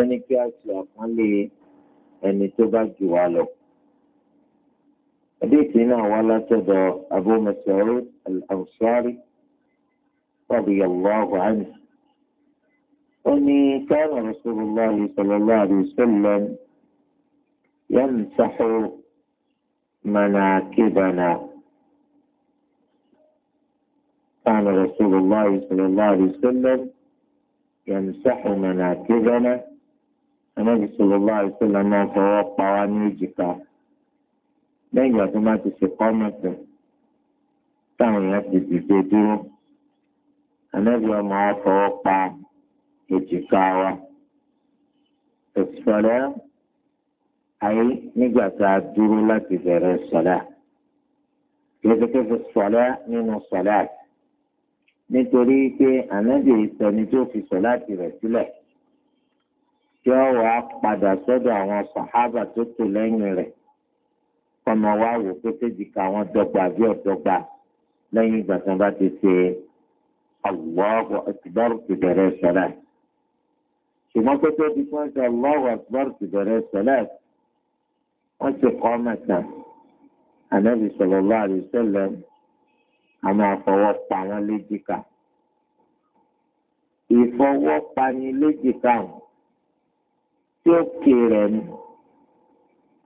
wọ́n ní kí a ṣe àpọ́nlé ẹni tó bá jù wá lọ. حديث هنا ولا تدع أبو مسعود الأنصاري رضي الله عنه أني كان رسول الله صلى الله عليه وسلم يمسح مناكبنا كان رسول الله صلى الله عليه وسلم يمسح مناكبنا ẹlẹ́bi sọ̀rọ̀ bá àìsílẹ̀ náà fọwọ́ pa wá ní èjìká lẹ́yìn ìgbà tó bá ti ṣe kọ́mọ̀tì táwọn èèyàn ti dìde dúró ẹlẹ́bi ọmọ wa fọwọ́ pa èjìká wa ìsọ̀rẹ́ ayé nígbà tá a dúró láti bẹ̀rẹ̀ sọ̀rẹ́ kẹ́kẹ́ fi sọ̀rẹ́ nínú sọ̀rẹ́ nítorí pé ànábìyí sọ ni tó fi sọ̀ láti rẹ̀ sílẹ̀ tí ó wàá padà sọ́dọ̀ àwọn sàhábà tó tò lẹ́yìn rẹ̀ kọ́mọ wa wò pété jìkà àwọn dọ́gba bí ọ̀dọ́gba lẹ́yìn ìgbà tí wọ́n bá ti ṣe Allahu Akbar ti bẹ̀rẹ̀ sọ́lá. ṣùgbọ́n pété bí wọ́n ṣe Allahu Akbar ti bẹ̀rẹ̀ sọ́lá wọ́n ti kọ́ mẹ́ta ànábì sallallahu alaihi wasallam a máa pa wọn léjìká. ìfọwọ́pani léjìká wọn tí ó ké rẹ̀ ni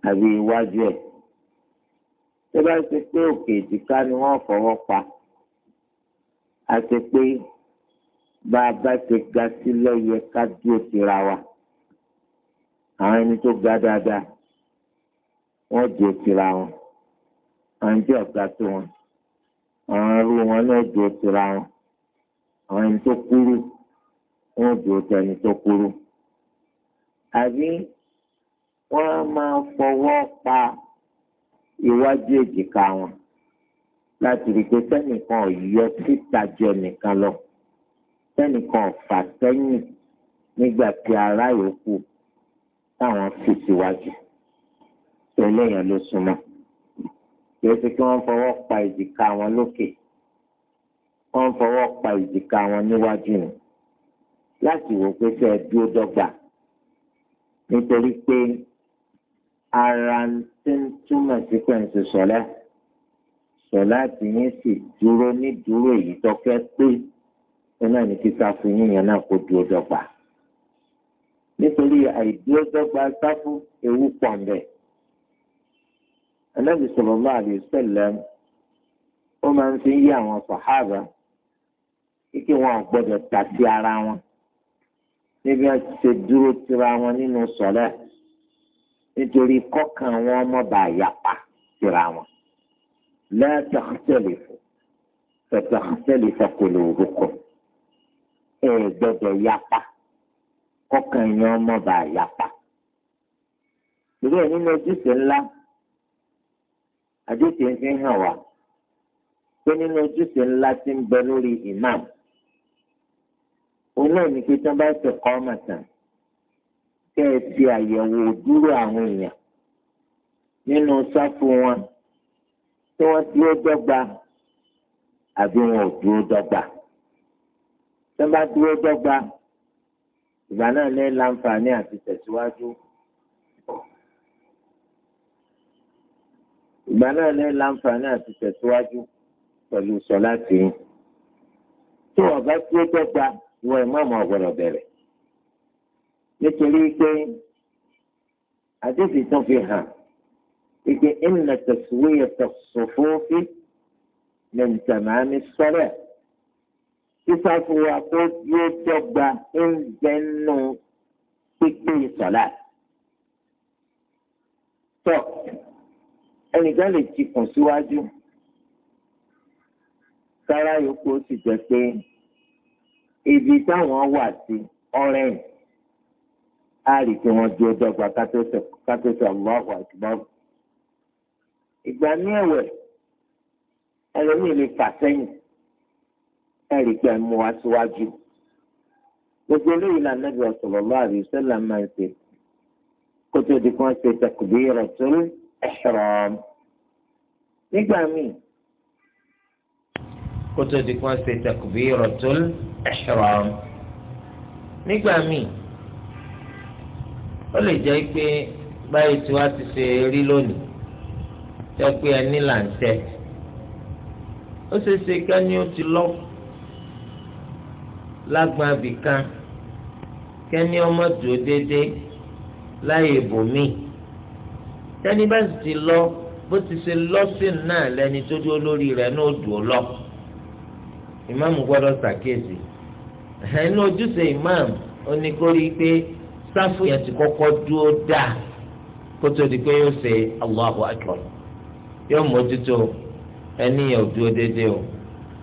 àbí iwájú ẹ̀ tó bá ti pé òkè ìdìká ni wọ́n fọwọ́ pa àti pé bá a bá ti ga sí lọ́yẹ ká dúró tira wa àwọn ẹni tó ga dáadáa wọ́n dúró tira wọn àwọn tí ọ̀gá tó wọn àwọn arúgbó wọn náà dúró tira wọn àwọn ẹni tó kúrú wọ́n dúró tẹni tó kúrú àbí wọ́n á máa fọwọ́ pa iwájú èjìká wọn láti rí i pé sẹ́nìkan yọ síta jọ nìkan lọ sẹ́nìkan fà sẹ́yìn nígbà tí ará yòókù táwọn fi síwájú eléyàn ló súnmọ́ kìí kí wọ́n fọwọ́ pa èjìká wọn lókè wọ́n fọwọ́ pa èjìká wọn níwájú ni láti wò pé sẹ́ẹ̀ dúró dọ́gba nítorí pé ara ti ń túmọ̀ sí pẹ̀ǹsì sọ̀lá sọ̀lá tí yín sì dúró ní dúró èyí tọ́kẹ́ pé ó náà ní kíkà fún yíyan náà kó dúró dọ́gba nítorí àìdúró dọ́gba sáfù ewu pọ̀ ń bẹ. Ànábì sallallahu alaihi ó máa ń fi yí àwọn sàhábà kíkí wọn gbọ́dọ̀ tà sí ara wọn níbi wọn ti ṣe dúró tira wọn nínú sọlẹ nítorí kọkàn wọn ọmọ bá yapa tira wọn la takhtalifu fatakhtalifa qulubukum ẹ gbọ́dọ̀ yapa kọkàn yẹn ọmọ bá yapa ìlú ẹ nínú ojúṣe ńlá àdéhùn fi hàn wá pé nínú ojúṣe ńlá ti ń bẹ lórí imam òun náà ní pé tí wọ́n bá ṣe kọ́ ọmọ tán kẹ́ ẹ ti àyẹ̀wò dúró àwọn èèyàn nínú sáfù wọn tí wọ́n dúró dọ́gba àbí wọn ò dúró dọ́gba tí bá dúró dọ́gba ìgbà náà ní láǹfààní àti tẹ̀síwájú. ìgbà náà ní láǹfààní àti tẹ̀síwájú pẹ̀lú sọ láti yín. tí wọ́n bá dúró dọ́gba wọ ìmọ̀ọ́mọ̀ ọ̀gbọ̀dọ̀ bẹ̀rẹ̀ nítorí pé àdéhùn tó fi hàn ike ẹnìyàn tẹ̀síwé tẹ̀sọ̀fọ́fí lẹ́ǹtẹ̀máàmì sọ́rẹ̀ sísáfúwa tó yóò dọ́gba ń bẹ́ nù pípé sọ̀lá. tọ́ ẹnìkan lè ti síwájú sára yòókù ó sì jẹ́ pé ibi táwọn wà sí ọ̀rẹ́yìn á rí i pé wọ́n jó dọ́gba kátẹ́sọ̀ Allahu Akbar. ìgbà ní ẹ̀wẹ̀ ẹlòmíì lè fà sẹ́yìn ẹ rí i pé ẹ mú wa síwájú. gbogbo eléyìí là Nabi sallallahu alaihi wasallam máa ń ṣe kó tó di kán ṣe takbiratul ihram. nígbà míì kó tó di kán ṣe takbiratul ihram ihram nígbà míì ó lè jẹ́ pé báyìí tí wàá ti ṣe rí lónìí jẹ́ pé ẹni là ń tẹ́ ó ṣeé ṣe ká ní ó ti lọ lágbọn abìkan kẹ́ni ọmọ dùn déédé láyé ibòmíì tẹ́ni bá sì ti lọ bó ti ṣe lọ́sìn náà lẹ́ni tó dúró lórí rẹ̀ náà dùn ó lọ ìmáàmù gbọ́dọ̀ ṣàkíyèsí ẹnu ojúṣe imam oníkórí pé sáfù yẹn ti kọ́kọ́ dúró dáa kó tó di pé yóò ṣe Allahu akbar yóò mójútó ẹni yẹn ò dúró déédéé o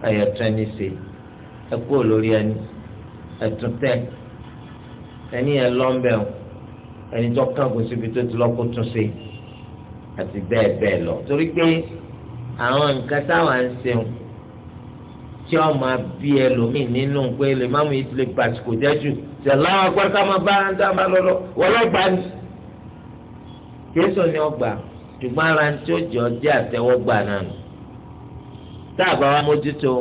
ayẹ̀tún ẹni ṣe ẹ kúrò lórí ẹni ẹ̀tún tẹ̀ ẹni yẹn lọ́nbẹ̀ o ẹni tó kángun síbi tó ti lọ́kọ́ tún ṣe àti bẹ́ẹ̀ bẹ́ẹ̀ lọ torí pé àwọn nǹkan táwọn ń ṣeun tí ọ máa bí ẹlòmíì nínú pé lè má mú ìdílé pàṣípò jẹ́jù tẹ̀láwọ́ agbára máa bá ń dá máa lọ́lọ́ wọlọ́gbà ni. jésù ni ọgbà ṣùgbọ́n ara ń tí ó jọ jẹ́ àtẹ́wọ́gbà náà nù. tá a bá wa mójútó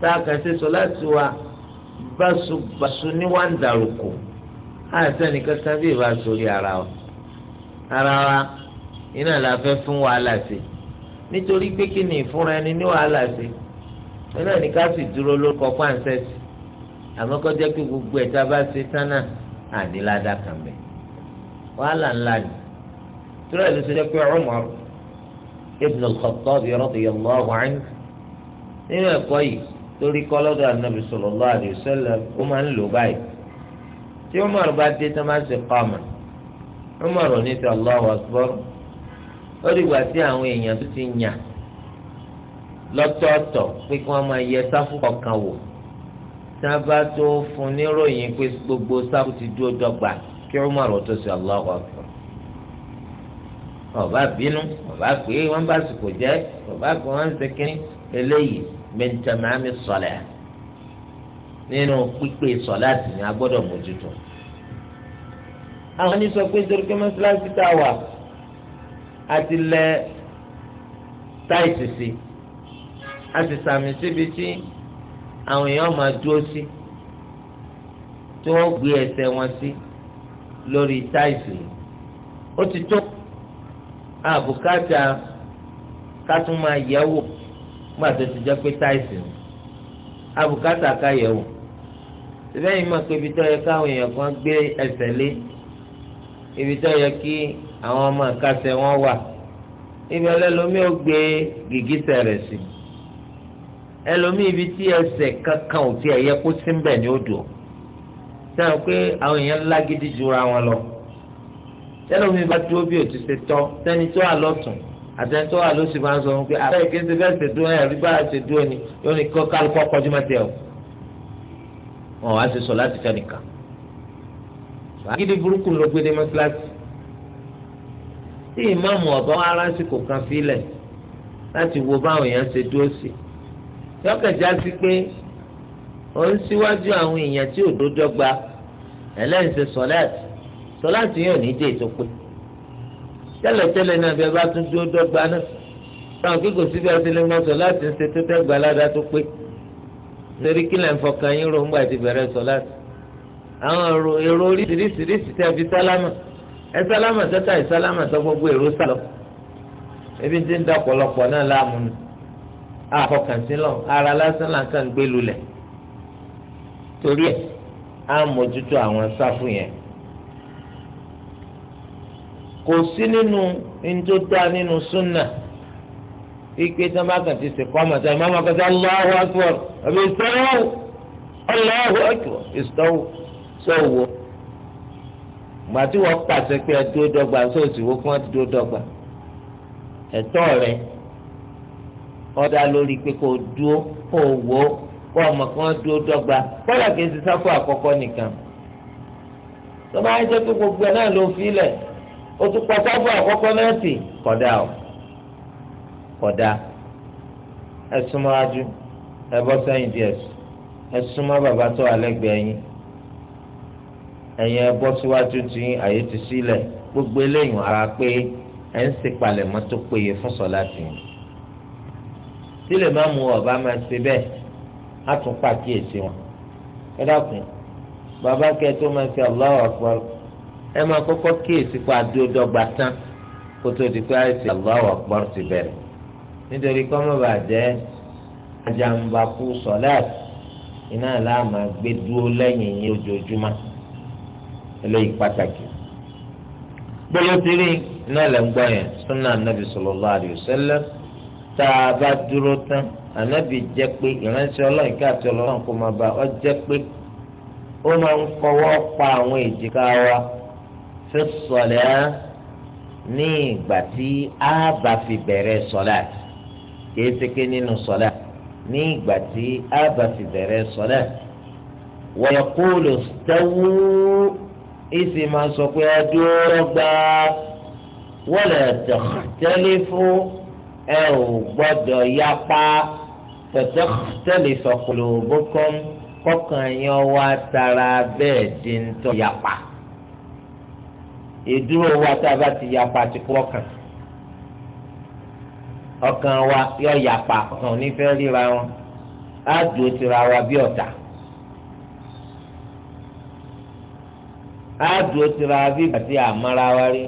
tá a kàn ṣe sọ láti wa báṣubàṣu níwáǹdàrúkọ àìsàn kankan bí ìbá sórí ara wa. ara wa iná la fẹ́ fún wàhálà sí nítorí pé kí ni ìfúnra ẹni ní wàhálà sí iná ní ká sì dúró lórúkọ pàǹsẹ́sì àmọ́ kọ́ jẹ́ pé gbogbo ẹ̀ta bá ṣe tánà àníláda kan bẹ̀ wàhálà ńlá ni tura ló ṣe jẹ́ pé Umar ibn al-Khattab radiyallahu anhu nínú ẹ̀kọ́ yìí torí kọ́ lọ́dọ̀ anabi sallallahu alayhi wa sallam ó máa ń lò báyìí tí Umar bá dé tán máa ń ṣe qama Umar ní ti Allahu akbar ó dìgbà tí àwọn èèyàn tó ti yàn lọ́tọ̀ọ̀tọ̀ pé kí wọ́n máa yẹ sáfù kọ̀ọ̀kan wò tí wọ́n bá tó fún níròyìn pé gbogbo sáfù ti dúró dọ́gba kí wọ́n máa rọ̀ tó sí Allahu Akbar. ọ̀bá bínú ọ̀bá pé wọ́n bá sùkò jẹ́ ọ̀bá pé wọ́n ń ṣe kí eléyìí mẹ́ntẹ́mẹ́mí sọ̀lẹ̀ nínú pípé sọ̀lá àti ní agbọ́dọ̀ mójútó. àwọn ní sọ pé torí pé mọ́ṣáláṣí tá a wà àti lẹ táìsì sí i a sì sàmì síbi tí àwọn èèyàn máa dúró sí tí wọ́n gbé ẹsẹ̀ wọn sí lórí táìsì ó ti tó àbùkátà ká tún máa yẹ̀wò gbà tó ti jẹ́ pé táìsì àbùkátà ká yẹ̀wò síbẹ̀ yìí mọ̀ pé ibi tó yẹ káwọn èèyàn kan gbé ẹsẹ̀ lé ibi tó yẹ kí àwọn ọmọ ìkàsẹ̀ wọn wà ibẹ̀ lẹ́lọ́mí ó gbé gìgísẹ̀ rẹ̀ sí i ẹlòmíì ibi tí ẹsẹ̀ kankan ò tí ẹ̀yẹ kó sí mbẹ̀ ní odò sẹ́wọ̀n pé àwọn èèyàn lágídí jura wọn lọ ẹlòmíì bá dúró bí òtún ṣe tọ́ sẹ́ni tó wà lọ́tún àtẹnudọ́ wa ló sì máa ń sọ wọn pé àbẹ́ ìkéde bẹ́ẹ̀ ṣe dúró ẹ̀ bá ṣe dúró ni yóò ní kọ́ kálukọ́ kọjú má tẹ̀ o. wọn wá ṣe sọ láti fẹ́ nìkan. àgídí burúkú ló gbé dé mọ́síláṣí. tí ìmáàmù ọ̀bá wa lásìkò kan sílẹ̀ láti wo báwọn èèyàn ṣe dúró sí yọkẹjà sí pé ó ń síwájú àwọn èèyàn tí òdodo gba ẹlẹ́yìn ṣe sọ́láàtì sọ́láàtì yóò ní jẹ́ ètò pé tẹ́lẹ̀tẹ́lẹ̀ náà bí ẹ bá tún dúró dọ́gba náà táwọn kíkò síbi àtìlẹ́ máa sọ láti ń ṣe tó tẹ́gbà ládàá tó pé nítorí kí lẹ́ ń fọkàn yín rò ńgbà tí bẹ̀rẹ̀ sọ́láàtì àwọn èrò oríṣiríṣiríṣi tẹ́ fi sálámà ẹ sálámà tẹ́tà ìsálámà tó gbogbo èrò sálọ ebi ti ń dá náà láàmú àfọkànsílọ ara lásán làǹkà ń gbé lulẹ̀ torí ẹ̀ á mójútó àwọn sáfù yẹn kò sí nínú ndódá nínú súnà ìgbé tí wọn bá kàn ti sèkọ́ ọmọ tí wọn máa ma kọ́ sí Allahu Akbar àbí ìsọ́wọ́ Allahu Akbar ìsọ́wọ́ sọ́wọ́ gbàtí wọ́n pàṣẹ pé ẹ dúró dọ́gba sóòsì wo kí wọ́n ti dúró dọ́gba ẹ̀tọ́ rẹ̀ ọ̀dà lórí pé kò dúó kò wò ó kó ọmọ kan dúó dọ́gba kọ́lá kìí ṣe sáfù àkọ́kọ́ nìkan tó bá jẹ́ pé gbogbo ẹ̀ náà ló fi lẹ̀ o tún pọ̀ sáfù àkọ́kọ́ náà sì kódà o kódà ẹ súnmọ́ ajú ẹ bọ́ sẹ́yìn díẹ̀ ẹ súnmọ́ bàbá tó alẹ́gbẹ̀ẹ́ yín ẹ̀yin ẹ bọ́ síwájú tí àyè ti sílẹ̀ gbogbo eléyìí ara pé ẹ ń ṣèpalẹ̀mọ́ tó péye fún sọ́láàtì yín. sílẹ̀ máa mu ọba máa ṣe bẹ́ẹ̀ á tún pàkíyèsí wọn ẹ dákun bàbá kẹ tó máa ṣe ẹ máa kọ́kọ́ kíyèsí pa àdúródọ́gba tán kó tó di pé àìsí Allahu ti bẹ̀rẹ̀ nítorí kọ́ mọ̀ bàjẹ́ ajàmbakú sọ̀láàtì iná làámà gbé dúró lẹ́yìn yín ojoojúmọ́ eléyìí pàtàkì gbọ́dọ̀ tí rí iná lẹ́ ń gbọ́ Nabi tá a bá dúró tán ànábì jẹ́ pé ìránṣẹ́ ọlọ́run kí àti ọlọ́run kò máa bá ọ jẹ́ pé ó máa ń fọwọ́ pa àwọn èjìká wa fi sọ̀lẹ́ ní ìgbà tí a bá fi bẹ̀rẹ̀ sọ̀lá kìí nínú sọ̀lá ní ìgbà tí a bá fi bẹ̀rẹ̀ sọ̀lá wa yaqulu istawu ìsì máa sọ pé ẹ dúró gbà wala takhtalifu ẹ ò gbọ́dọ̀ yapa tọ̀tọ̀ tẹ́lẹ̀ sọ̀kòlò bókọ́m kọ́kàn yẹn wá tara bẹ́ẹ̀ di ń tọ́ yapa ìdúró wa tá a bá ti yapa ti kú ọkàn ọkàn wa yọ yapa ọkàn onífẹ́ ríra wọn á dùn tira wa bí ọ̀tá. á dùn tira wa bí bàtí àmàrà wa rí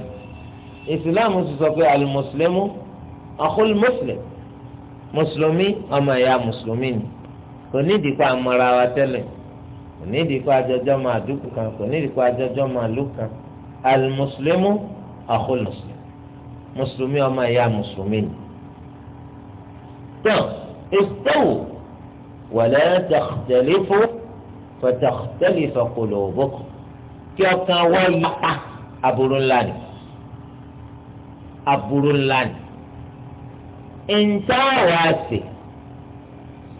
ìsìláàmù sì sọ pé alùmùsùlùmù akhul muslim mùsùlùmí ọmọ ẹ̀yà mùsùlùmí ni kò ní ìdìpọ̀ àmọ́ra wa tẹ́lẹ̀ kò ní ìdìpọ̀ àjọjọ́ máa dúkù kan kò ní ìdìpọ̀ àjọjọ́ máa lù kan alimusulumu akhul muslim mùsùlùmí ọmọ ẹ̀yà mùsùlùmí ni. tán istawu wala takhtalifu fatakhtalifa qulubukum kí ọkàn wọ́n yapa aburú ńlá ni aburú ńlá ni ẹ̀ǹtá wà sí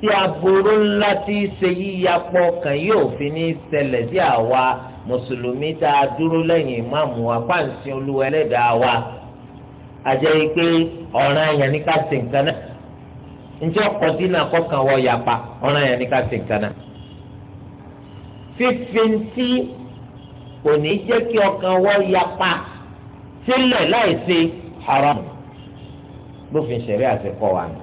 tí aburú ńlá tí í ṣe yíya pọ̀ kan yóò fi ní ṣẹlẹ̀ sí àwa mùsùlùmí tá a dúró lẹ́yìn ìmáàmù wa pàǹsí olúwa ẹlẹ́dàá wa àjẹ́ pé ọ̀ràn yẹn ní ká ṣe nǹkan náà njẹ́ ọkọ̀ dínà kọ́kàn wọ yapa ọ̀ràn yẹn ní ká ṣe nǹkan náà. fífin tí kò ní jẹ́ kí ọkàn wọ yapa sílẹ̀ láì ṣe haram. bófin ṣẹlẹ àti kọ́ wa nù.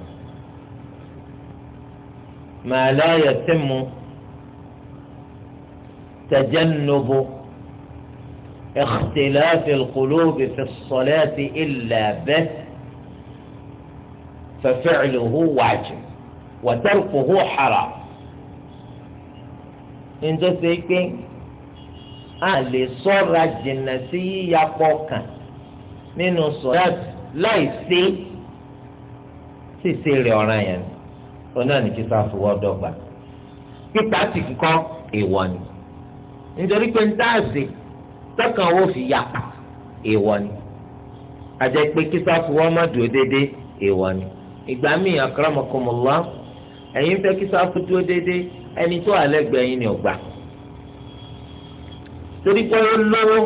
ما لا يتم تجنب اختلاف القلوب في الصلاة إلا به ففعله واجب وتركه حرام ń tó ṣe pé a lè sọ́ra jìnnà sí yíyá yíyapọ̀ kan nínú sọ̀rọ̀ láì sí ṣíṣe rẹ̀ ọ̀ràn yẹn ni òun náà ní kí sáfù wọ́dọ̀ gbà pípa ti kíkọ́ èèwọ̀ ni nítorí pé ntáàsì tọkàn owó fi yapa èèwọ̀ ni àjẹ pé kí sáfù wọ́n má dúró déédéé èèwọ̀ ni ìgbà míì akramakumullah ẹ̀yin fẹ́ kí sáfù dúró déédéé ẹni tó àlẹ́gbẹ̀ẹ́ yín ni ọ̀gbà torí pé ó lówó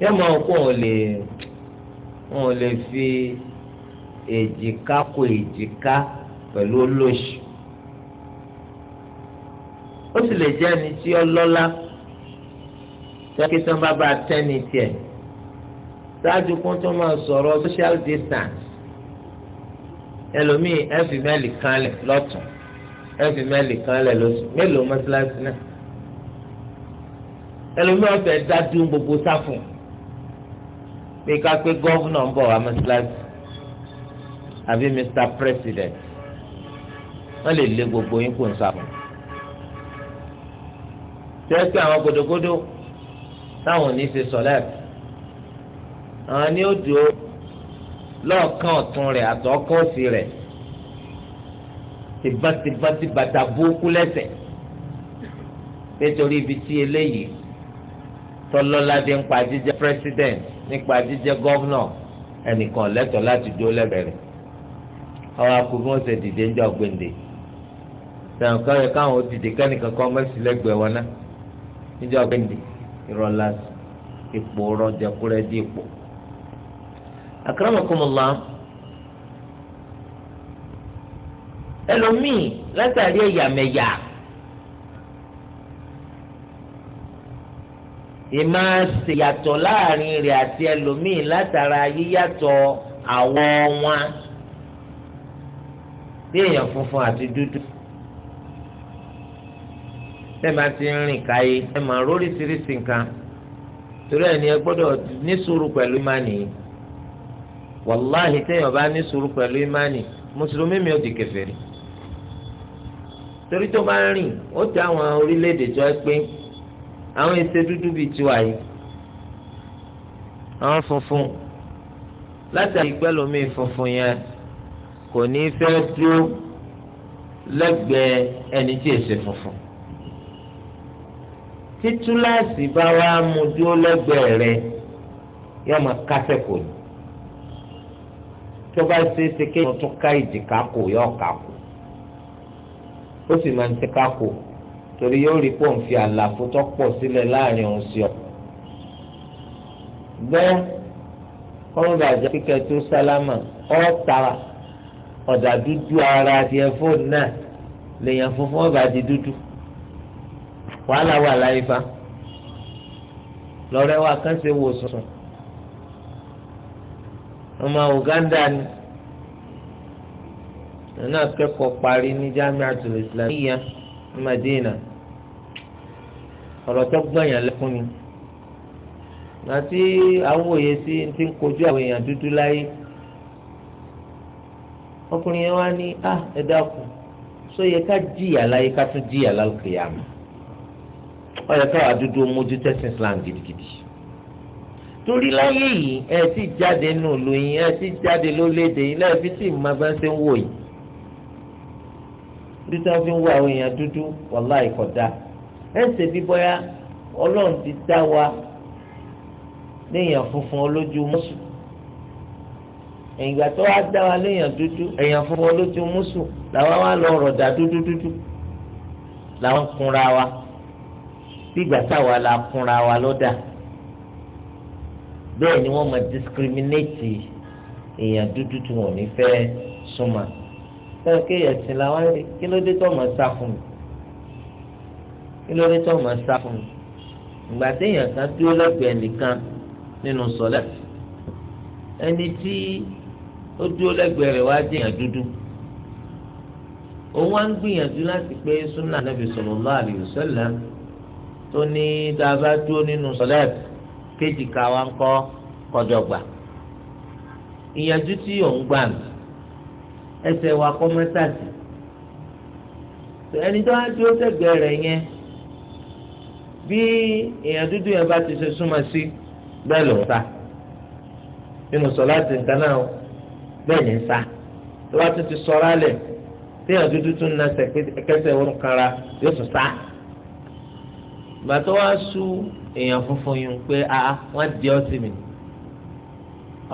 yẹ́n mọ̀ ọ́n kó òun lè òun lè fi èjìká kò èjìká pẹ̀lú olóṣù ó sì lè jẹ́ ẹni tí ó lọ́lá tọ́kítàn bàbá tẹ́ni tiẹ̀ ṣáájú kó tó máa sọ̀rọ̀ social distance ẹlòmíì ẹ fi mẹ́lì kan lẹ̀ lọ́tún ẹ fi mẹ́lì kan lẹ̀ lọ́tún mélòó mọ́ṣáláṣí náà ẹlòmíì ọ̀fẹ́ dá dún gbogbo sáfù bí ká pé gọ́vùnà ń bọ̀ wá mọ́ṣáláṣí àbí mr president wọ́n lè lé gbogbo yín kó n sáfún. tẹ́sí àwọn gòdògòdò táwọn ò ní ṣe sọ̀lẹ́ẹ̀tì àwọn ni ó dúró lọ́ọ̀kan ọ̀tún rẹ̀ àtọ́kọ́ òsì rẹ̀ tìbátìbátì bàtà búkú lẹ́sẹ̀ nítorí ibi tí eléyìí tọ́lọ́ládé ń pa jíjẹ́ president nípa jíjẹ́ gọ́vnọ̀ ẹnìkan lẹ́tọ̀ọ́ láti dúró lẹ́bẹ̀rẹ̀. àwọn akú bí wọ́n ṣe dìde ńjọ́ gbèǹde sàn kọ́ káwọn dìde kẹ́nìkan kọ́ mẹ́sì wọn náà ńjọ́ gbèǹde ìrọ̀lá ipò rọ̀jà kúrẹ́ dí ipò. akramakumullah ẹlòmíì látàrí ẹ̀yàmẹ̀yà ìmọ̀ ṣèyàtọ̀ láàrin rẹ̀ àti ẹlòmíì látara yíyàtọ̀ wọn. bí èèyàn funfun àti dúdú tẹ́ẹ̀bá ti ń rìn káyé ẹ máa róríṣiríṣi nǹkan torí ẹni ẹ gbọ́dọ̀ ní sùúrù pẹ̀lú ìmánì wàláhì téèyàn bá ní sùúrù pẹ̀lú ìmánì mùsùlùmí mi ò di kèfèrí torí tó bá ń rìn ó ti àwọn orílẹ̀-èdè tó ẹ pé àwọn èsè dúdú bíi tiwa yìí àwọn funfun látàrí pẹ́lú mi funfun yẹn. kò ní fẹ́ dúró lẹ́gbẹ̀ẹ́ ẹni tí èsè funfun títúláàsì bá wá mú dúró lẹ́gbẹ̀ẹ́ rẹ̀ yóò máa kásẹ̀ kò ní tó bá ṣe é ṣe kéèyàn tún ká ìjìká kò yóò ká kò ó sì máa ń tẹ́ka kò torí yóò rí pọ̀ ń fi àlàfo tó pọ̀ sílẹ̀ láàrin òun sí ọ. bẹ́ẹ̀ kọ́mọ́bàjẹ́ kíkẹ́ tó sálámà ọ́ tara ọ̀dà dúdú ara tiẹ̀ fóònù náà lèèyàn funfun ọba di dúdú wàhálà wà láyé lọ́rẹ́ wa kàn ṣe wò sùn ọmọ Uganda ni nínú akẹ́kọ̀ọ́ parí ní Jamiatul Islamiyya ní Madina ọ̀rọ̀ tó gbọ̀nyàn lẹ́kún ni àti àwọn òye sí ti ń kojú àwọn èèyàn dúdú láyé ọkùnrin yẹn wá ní à ah, ẹ dákun sọ yẹ ká jìyà láyé ká tún jìyà lálùkìyàmù ó yẹ káwa dúdú mójú tẹsán Islam gidigidi torí láyé yìí ẹ ti jáde nù lóyìn ẹ ti jáde lólédè yìí láì fi tí ì máa bá ṣe ń wò yìí bí tí fi ń wo àwọn èèyàn dúdú wàláì kódà ẹ ṣe bí bóyá Ọlọ́run ti dá wa léèyàn funfun olójú mọ́sùn ìgbà tó wá dá wa léèyàn dúdú èèyàn fún wọn ló ti mú sùn làwọn wá lọ rọ̀dà dúdú dúdú làwọn kúnra wa bígbà táwa la kúnra wa lọ́dà bẹ́ẹ̀ ni wọ́n máa discriminate èèyàn dúdú tí wọ́n ní fẹ́ súnmọ́ ẹ kí ẹ̀sìn làwọn rí kí ló dé tó máa sá fún mi kí ló dé tó máa sá fún mi ìgbà téèyàn kan dúró lẹ́gbẹ̀ẹ́ nìkan nínú sọ́lẹ̀ ẹni tí ó dúró lẹ́gbẹ̀ẹ́ rẹ̀ wá jẹ́yàn dúdú òun wá ń gbìyànjú láti pé súnà nàbì sallallahu alaihi wasallam tó ní tá a bá dúró nínú sọlẹ́ẹ̀tì kéjì ká wa ń kọ́ kọjọgbà ìyànjú tí òun gbà mí ẹsẹ̀ wa kọ́ mẹ́tàdì ẹni tó wá dúró sẹ́gbẹ̀ẹ́ rẹ̀ yẹn bí èèyàn dúdú yẹn bá ti ṣe súnmọ́ sí bẹ́ẹ̀ ló ń ta nínú sọlá ti náà bẹ́ẹ̀ ní sá tó bá tún ti sọ̀rọ̀ alẹ̀ téèyàn dúdú tún na kẹsẹ̀ òun kanra yóò tún sá. ìgbà tó wá sú èèyàn funfun yìí pé a wọ́n di ọ́ sí mi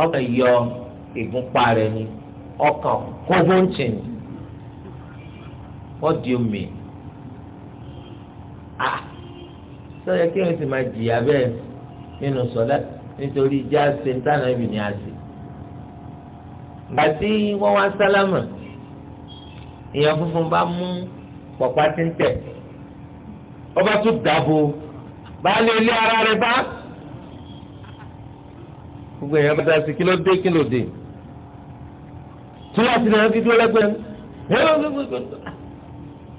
ọkàn yọ ìgúnpá rẹ̀ ni ọkàn kóhóńtìn wọ́n di omi a sọ yẹ kí wọ́n sì máa jìyà bẹ́ẹ̀ nínú sọ̀lá nítorí jáde ntànà ìbìnrin àti gbàtí wọ́n wá sálámà èèyàn funfun bá mú pọ̀pá tí ń tẹ̀ ọba tún dàbò baálé ilé ara rẹ̀ bá gbogbo èèyàn bá dá sí kí ló dé kí ló dé tí wọ́n ti dẹ̀rẹ́ kíkí lẹ́gbẹ̀ẹ́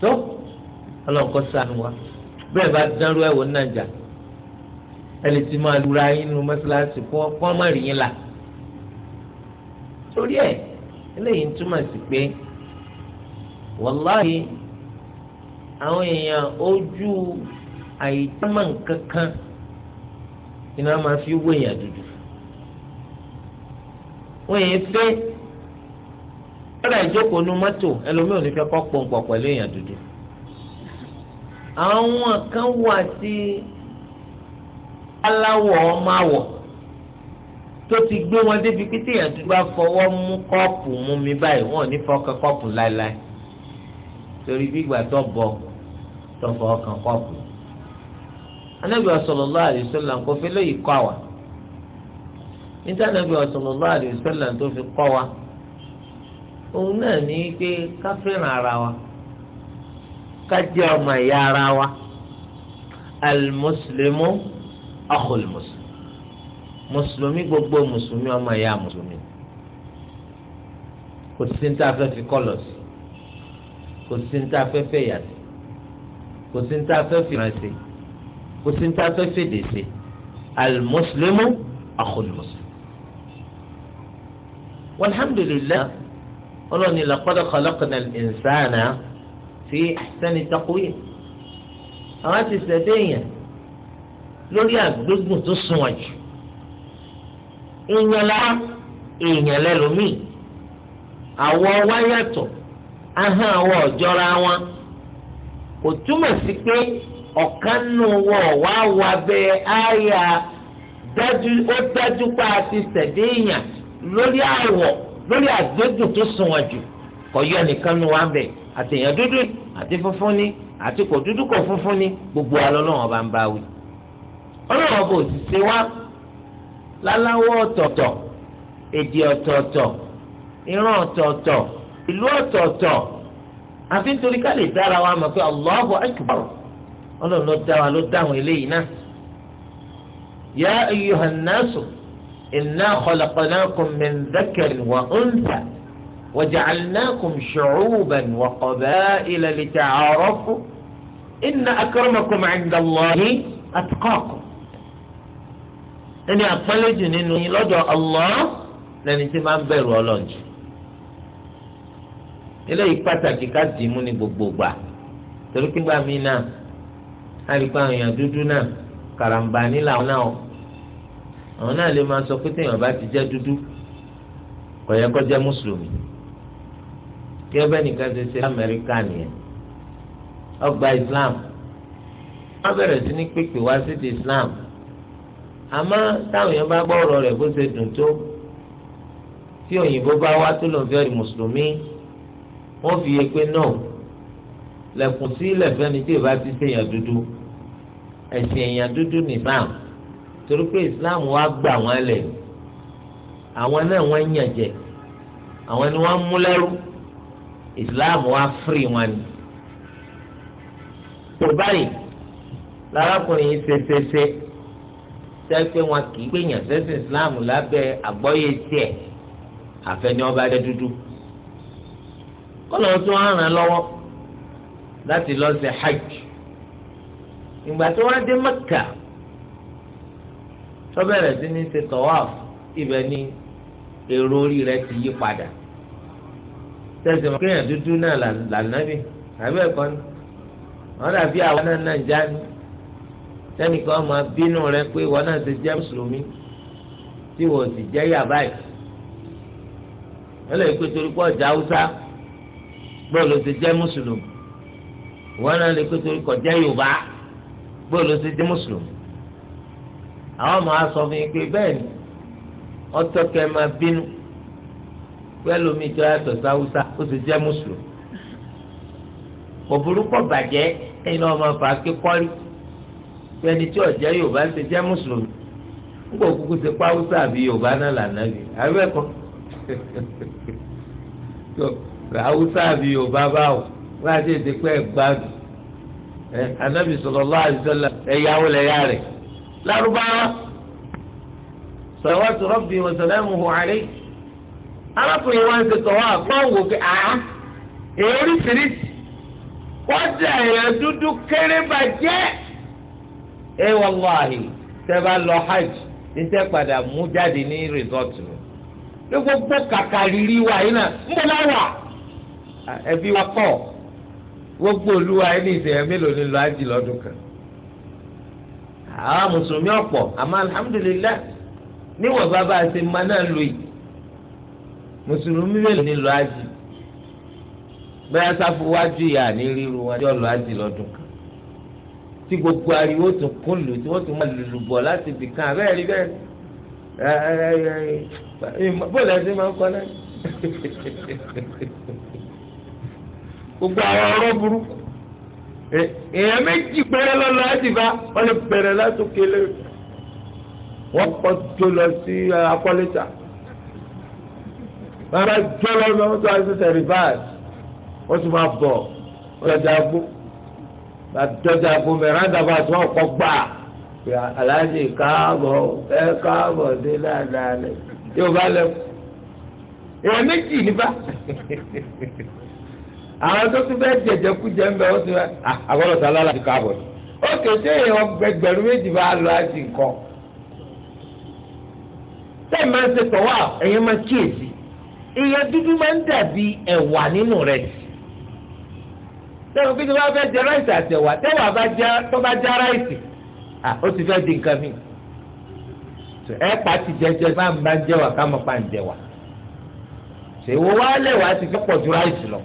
tó ọlọ́nkọ́ sànù wa bẹ́ẹ̀ bá dánrú ẹ̀wọ̀n náà jà ẹ lè ti máa lura yín nu mọ́ṣáláṣí kó ọmọ rìn yín là. torí e, eléyìí ń túmọ̀ sí pé wàláhì àwọn èèyàn ojú àìdámọ̀ kankan iná máa fi wé èèyàn dúdú wọ́n yẹn fẹ́ lọ́dà ìjókòó nu mọ́tò ẹlòmíì ní fẹ́ kọ́ pọ̀npọ̀ pẹ̀lú èèyàn dúdú àwọn kan wà tí aláwọ̀ ọmọ àwọ̀ tó ti gbé wọn débi pé téèyàn ti bá fọwọ́ mú kọ́ọ̀pù mú mi báyìí wọn ò ní fọkàn kọ́ọ̀pù láéláé torí bí ìgbà tó bọ tó fọkàn kọ́ọ̀pù. anábì sallallahu alaihi wasallam kò fi lóyìí kọ́ àwà níta anábì sallallahu alaihi wasallam tó fi kọ́ wa òun náà ní pé ká ara wa ká ọmọ ìyá ara wa al-muslimu muslim mùsùlùmí gbogbo mùsùlùmí ọmọ ẹ̀yà mùsùlùmí kò sí ní tá a fẹ́ fi kọ́lọ̀ sí kò sí ní tá a fẹ́ fẹ́ yà sí kò sí ní tá a fẹ́ fi ràn sí kò sí ní tá a fẹ́ fèdè sí alimuslimu akọlimuslimu. walhamdulilayi ọlọ́ni laqad khalaqna al fi ahsani taqwim àwọn ti sẹ́dẹ̀ẹ́yàn lórí àgbégbùn tó sunwọ̀n jù èèyàn la èèyàn lẹ́lòmíì àwọ̀ wa yàtọ̀ ahọ́n àwọ̀ ọ̀jọ́ra wọn kò túmọ̀ sí pé ọ̀kan nù wọ̀ wá wà bẹ́ẹ̀ àyà dájú ó dájú pa àti sẹ̀dé èèyàn lórí àwọ̀ lórí àgbégùn tó sunwọ̀n jù kò yọ nìkan nù wá bẹ̀ àtẹ̀yàn dúdú àti funfun ni àti kò dúdú kò funfun ni gbogbo alọ́ náà bá ń bá wí ọlọ́run ọba òṣìṣẹ́ wa. láláwọ́ ọ̀tọ̀ọ̀tọ̀ èdè ọ̀tọ̀ọ̀tọ̀ ìran ọ̀tọ̀ọ̀tọ̀ ìlú ọ̀tọ̀ọ̀tọ̀ àfi nítorí ká lè dára wa mọ̀ pé Allahu akbar ọlọ́run ló dá wa ló dáhùn eléyìí náà. ya ayyuhan nasu inna khalaqnakum min dhakarin wa untha waja'alnakum shu'uban wa qaba'ila lita'arafu inna akramakum 'inda Allahi atqakum. ẹni àpọ́nlẹ́jù nínú yín lọ́dọ̀ Allah lẹni tí máa ń bẹ̀rù Ọlọ́run jù eléyìí pàtàkì ká dì í mú ní gbogbo gbà torí pé gbàmí náà àríkpá èèyàn dúdú náà karambani làwọn náà àwọn náà lè máa sọ pé téèyàn bá ti jẹ́ dúdú kò yẹ kó jẹ́ mùsùlùmí kí ẹ bẹ́ẹ̀ nìkan ṣe ṣe amẹ́ríkà nìyẹn ọgbà Islam wọ́n bẹ̀rẹ̀ sí ní pèpè wá sí ti Islam àmọ́ táwọn èèyàn bá gbọ́ ọ̀rọ̀ rẹ̀ bó ṣe dùn tó tí òyìnbó bá wá tó lòun fẹ́ẹ́ di mùsùlùmí wọ́n fi yé pé náà lẹ̀kùn sí lẹ̀fẹ́ni tí ìbá ti ṣèyàn dúdú ẹ̀sìn èèyàn dúdú ní Islam torí pé Islam wá gbà wọ́n lẹ̀ àwọn náà wọ́n ń yànjẹ àwọn ni wọ́n mú lẹ́rú Islam wá firi wọn ni. tó báyìí lárakùnrin yìí ṣe ṣe ṣe sẹ́yìn pé wọn kì í pé sẹ́sìn islam lábẹ́ àgbọ́yé tiẹ̀ àfẹ́ni ọba dẹ dúdú kọ́nà tó ń ràn lọ́wọ́ láti lọ ṣe hajj ìgbà tó wá dé mẹ́kà tó sí ní ṣe tọ́wáf ibẹ̀ ni èrò orí rẹ ti yí padà tẹ̀sán kéèyàn dúdú náà lànà bí àbẹ́ẹ̀kọ́ ni wọ́n dàbí àwọn náà náà já tẹnìkan máa bínú rẹ pé ìwọ náà ti jẹ́ mùsùlùmí tí ìwọ sì jẹ́ yàrá ẹ̀ ẹlẹ́yìn pé torí pé ọjà haúsá bọ́ọ̀lù ti jẹ́ mùsùlùmí ìwọ náà lè pé torí kò jẹ́ yorùbá bọ́ọ̀lù ti jẹ́ mùsùlùmí àwọn máa sọ fún yín pé bẹ́ẹ̀ ni ọtọ́ kẹ́ máa bínú pẹ́lú mi jọ yàtọ̀ sáwùsá ó ti jẹ́ mùsùlùmí òbúrúkọ bàjẹ́ ẹ̀yin náà máa fà á ké kọ́rí. pẹ́ni tí ọ̀jẹ́ yorùbá ṣe jẹ́ mùsùlùmí ńgbà òkúkú ṣe pa haúsá àbí yorùbá náà lànà bí kan tó haúsá àbí yorùbá báwò wọ́n á ṣe ṣe pé anábì sallallahu alaihi wasallam ẹ̀yàwó lẹ̀yà rẹ̀ lárúbáwá salawatu àá wọ́n ẹ̀yà dúdú kéré bàjẹ́. ẹ wàláhì tẹ́ bá lọ hajj níṣẹ́ padà mú jáde ní rìsọ́ọ̀tù mi ní gbogbo kàkà rírí wa yìí náà ń bọ̀ náà wà ẹbí wa kọ́ gbogbo olúwa yìí ní ìṣẹ̀yẹ mélòó ni lọ́ọ́ hajj lọ́dún kan àwọn mùsùlùmí ọ̀pọ̀ àmọ́ alihamudulilayi níwọ̀n bàbá àti mma náà lò yìí mùsùlùmí mélòó ni lọ́ọ́ hajj bẹ́ẹ̀ sáfù wájú ìyá ní ríru wọn yóò lọ́ọ́ hajj lọ́dún kan tí gbogbo ariwo tún kún lù tí wọ́n tún máa lùlù bọ̀ láti ibì kan abẹ́rẹ́ rí bẹ́ẹ̀ bóòlù ẹsẹ̀ máa ń kọ́ náà gbogbo àwọn ọ̀rọ̀ burúkú èèyàn méjì péré lọ́lọ́ láti bá wọ́n lè bẹ̀rẹ̀ látòkè lé wọ́n kọ́ tó lọ sí akọ́lẹ́ta bàbá jọlọ́ lọ́wọ́ tó a ti wọ́n tún máa bọ̀ wọ́n lọ́jà gbó àtọ́jà boomeranga bá tún ọkọ̀ gbà pé aláàjì káàbọ̀ ẹ káàbọ̀ dé dáadáa lẹ yóò bá lẹ èèyàn méjì nípa àwọn tó tún bẹ́ẹ̀ jẹ̀jẹ̀ kú jẹ́ ń bẹ̀ wọ́n ti rẹ̀ ah, àgọ́dọ̀ sá lọ́la ti káàbọ̀ ó kéde èèyàn gbẹgbẹ̀rún méjì bá lọ àjì nǹkan tẹ́ máa ń ṣe tọ̀wá ẹ̀yẹn máa kíyèsí èèyàn dúdú máa ń dàbí ẹ̀wà nínú rẹ̀ sí sẹ́wọ̀n kí ni wọ́n fẹ́ jẹ ráìsì àtẹ̀wà tẹ́wà tó bá já ráìsì à ó ti fẹ́ di nǹkan mi ẹ pàtì jẹjẹ máa ń bá ń jẹwà ká mọ̀ pa ń jẹwà ṣèwọ́ wá lẹ́wà á ti fẹ́ pọ̀ ju ráìsì lọ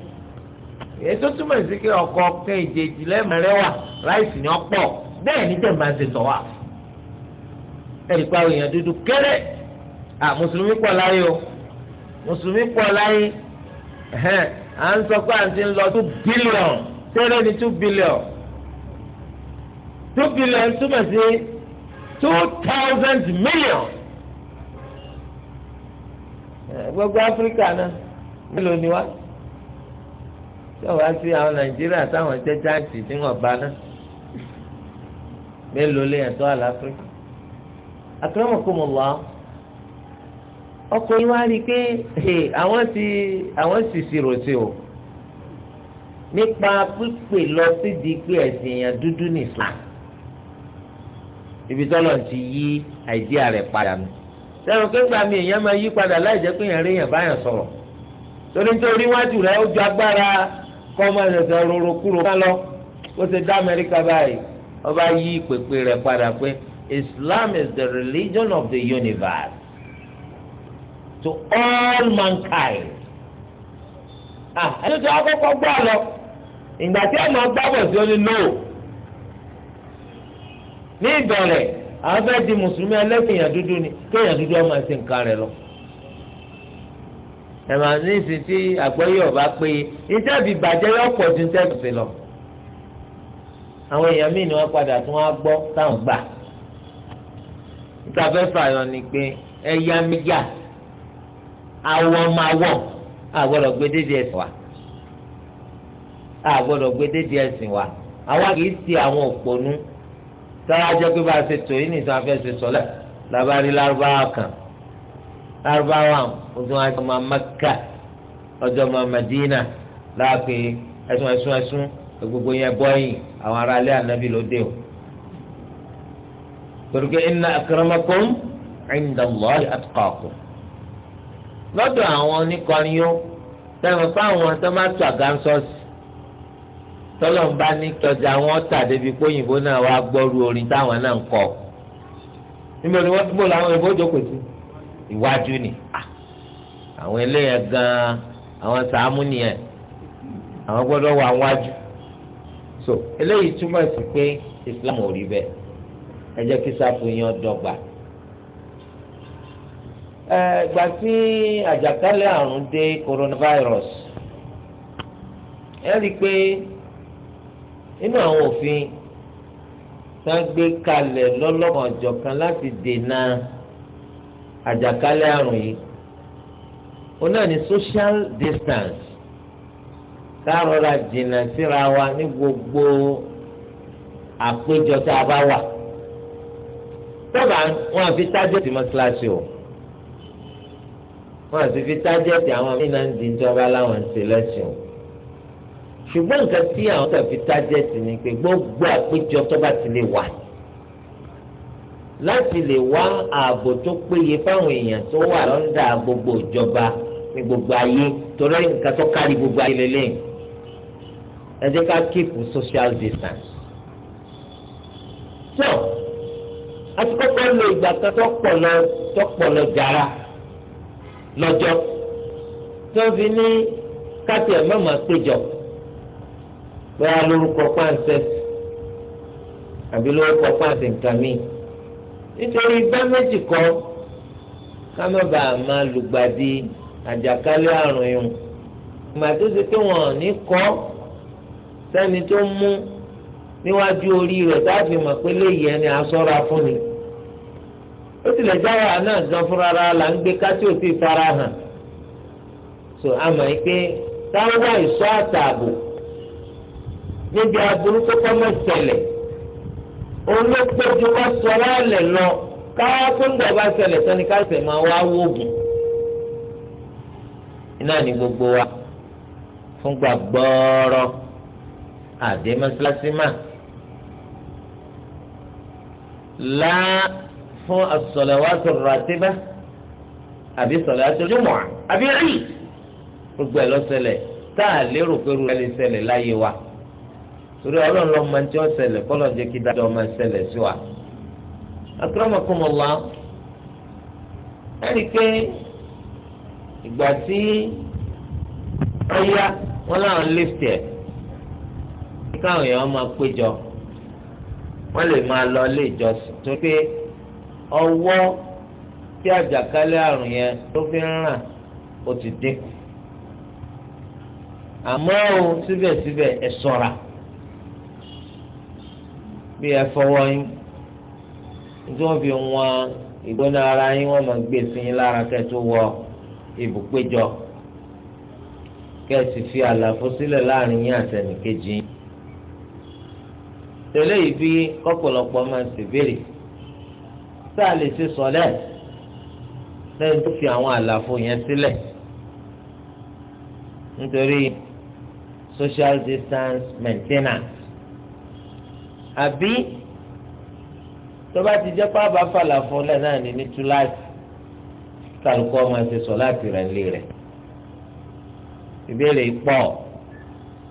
ètò túmọ̀ sí pé ọkọ̀ kan ìjèjì lẹ́mẹ̀rẹ́wà ráìsì ni ó pọ̀ bẹ́ẹ̀ ni tẹ̀ máa ń ṣe sọ̀wà ẹ̀rí pa èèyàn dúdú kéré à mùsùlùmí pọ̀ láyé o mùsùlùmí pọ̀ láyé à ń sọ pé à ń ti lọ tó bílíọ̀nù tẹ́lẹ̀ ní two billion two billion túmọ̀ sí two thousand million gbogbo áfíríkà náà mélòó ni wá tí wọ́n wá sí àwọn nàìjíríà táwọn jẹ́ jáǹtì tí wọ́n bá náà mélòó lè yàtọ̀ àlà áfíríkà àkàràmọ̀kọ́mọ̀lá ọkọ̀ yìí wá rí i pé àwọn ti àwọn sì ṣirò sí o nípa pípè lọ sídìí pé ẹ̀sìn èèyàn dúdú ní Islam ibi tọ́lọ̀ ti yí àìdíà rẹ̀ padà nù sẹ́nu kéńgbà mi èèyàn máa yí padà láì jẹ́ pé èèyàn rí èèyàn báyàn sọ̀rọ̀ torí nítorí wájú rẹ̀ ó ju agbára kọ́ máa ṣẹ̀ṣẹ̀ rorò kúrò ká lọ ó ti dá Amẹ́ríkà báyìí ọba yí ìpèpè rẹ̀ padà pé Islam is the religion of the universe to all mankind. ah ẹni tó akọ́kọ́ gbọ́ àlọ́ ìgbà tí ọmọ gbábọ̀ sí ó ní no ní ìdọ̀lẹ̀ àwọn fẹ́ di mùsùlùmí ẹlẹ́sìn dúdú ni kéèyàn dúdú ọmọ ẹ̀sìn nǹkan rẹ̀ lọ. ẹ̀mà ní ìsìn tí àgbẹ̀yẹ ọba pé ìjẹ́bi ìbàjẹ́ yọ pọ̀ ju ìjẹ́bi lọ. àwọn èèyàn míì ni wọ́n padà tún wá gbọ́ táwọn gbà. ìta fẹ́ fààyàn ni pé ẹ̀yà méjà àwọ̀ máa wọ̀ àgbọ̀dọ̀ gbé dédé ẹ̀sìn wa a gbọ́dọ̀ gbé dédé ẹ̀sìn wa àwa kì í ṣe àwọn òpònú sára jẹ́ pé bá a ṣe tòyí ní ìsàn afẹ́ṣe sọ́lẹ̀ làbárí lárúbáwá kan lárúbáwá ọdún ajọ́ máa Mẹ́kà ọjọ́ máa Mẹ́dínà láàpẹ́ ẹ̀sùn ẹ̀sùn ẹ̀sùn gbogbo yẹn bọ́yìn àwọn aráalé ànábì ló dé o torí pé inna akramakum inda Allahi atqakum àwọn oníkọrin yó sẹ́wọ̀n fáwọn tó máa tọ́lọ̀ ń bá ní tọ́jà wọn tà débi pé òyìnbó náà wá gbọ́rú orin táwọn náà ń kọ. níbo ni wọ́n gbọ́ làwọn òyìnbó jókòó sí iwájú ni àwọn eléyẹn gan àwọn sàámù nìyẹn àwọn gbọ́dọ̀ wà wájú. so eléyìí túmọ̀ sí pé Islam ò rí bẹ́ẹ̀ ẹ jẹ́ kí sáfù yẹn dọ́gba. ẹ tí àjàkálẹ̀ àrùn dé coronavirus ẹ rí i pé inú àwọn òfin tá a gbé kalẹ̀ lọ́lọ́kan ọ̀jọ̀kan láti dènà àjàkálẹ̀ àrùn yìí ó náà ní social distance ká rọra jìnnà síra wa ní gbogbo àpéjọ tá a bá wà sábà wọn àfi tájẹ́tì mọ́ṣáláṣí o wọn àti fi tájẹ́tì àwọn mí náà ń di ìjọba láwọn ń ṣe lẹ́sìn o ṣùgbọ́n nǹkan tí àwọn kan fi tájẹ́tì ni pé gbogbo àpéjọ tó bá ti lè wà láti lè wá ààbò tó péye fáwọn èèyàn tó wà lọ́ndà gbogbo ìjọba ní gbogbo ayé torí nǹkan tó kárí gbogbo ayé lélẹ́yìn ẹ jẹ́ ká keep social distance. so àti kọ́kọ́ lo ìgbà kan tó pọ̀ lọ tó pọ̀ lọ jàrá lọ́jọ́ tó fi ní káàtì ẹ̀ péjọ. bóyá lórúkọ pàǹsẹ̀ àbí lórúkọ pàǹsẹ̀ nǹkan nítorí bá méjì kọ ká má bàa máa lùgbàdì àjàkálẹ̀ àrùn yìí ìgbà tó ṣe pé wọn ní kọ́ sẹ́ni tó mú níwájú orí rẹ̀ mọ̀ pé ni ó tilẹ̀ jáwọ́ àná gan fúnra ra ń gbé kátó fara hàn so àmọ́ yìí pé táwọn níbi aburú kókó mẹ́sẹ̀lẹ̀ olókojúmọ sọlá lẹ lọ káwá tó ń dọ̀bà ṣẹlẹ̀ sani káṣẹ̀ máa wá wóògùn iná ní gbogbo wa fún gbàgbọ́rọ̀ àdé mọ́sálásí mà lá fún as-salawatu ar-ratiba àbí salawatu al-jumu'ah àbí rí gbogbo ẹ̀ lọ́sẹ̀lẹ̀ tá a lérò pé rúra lè ṣẹlẹ̀ láyé wa torí ọlọ́run lọ mọ tí ó ṣẹlẹ̀ kọ́lọ̀ jẹ́ kí dájọ́ máa ṣẹlẹ̀ sí wa. akramakumullah ẹni pé ìgbà tí wọ́n yá wọ́n láwọn lift ẹ̀ kí káwọn èèyàn máa péjọ wọ́n lè máa lọ ilé ìjọsìn tó pé ọwọ́ tí àjàkálẹ̀ àrùn yẹn tó fi ń ràn ó ti dínkù àmọ́ o síbẹ̀síbẹ̀ ẹ ṣọ́ra. E bí ẹ fọwọ́ yín fi wọn ìgbóná ara yín máa gbé sí yín lára kẹtù wọ ibùpéjọ kẹ́ fi àlàfo sílẹ̀ láàrin yín àtẹnìkejì yín tẹ̀lé yìí bí kọ́pọ̀lọpọ̀ máa ń sáà lè ṣe sọ̀lẹ́ lẹ́yìn tó fi àwọn àlàfo yẹn sílẹ̀ nítorí social distance maintenance àbí tó bá ti jẹ́ pàbá fàlà fún lẹ́ náà ní ní túláàsì kálukọ́ máa ṣe sọ láti rẹ̀ nílé rẹ̀ ìbéèrè pọ̀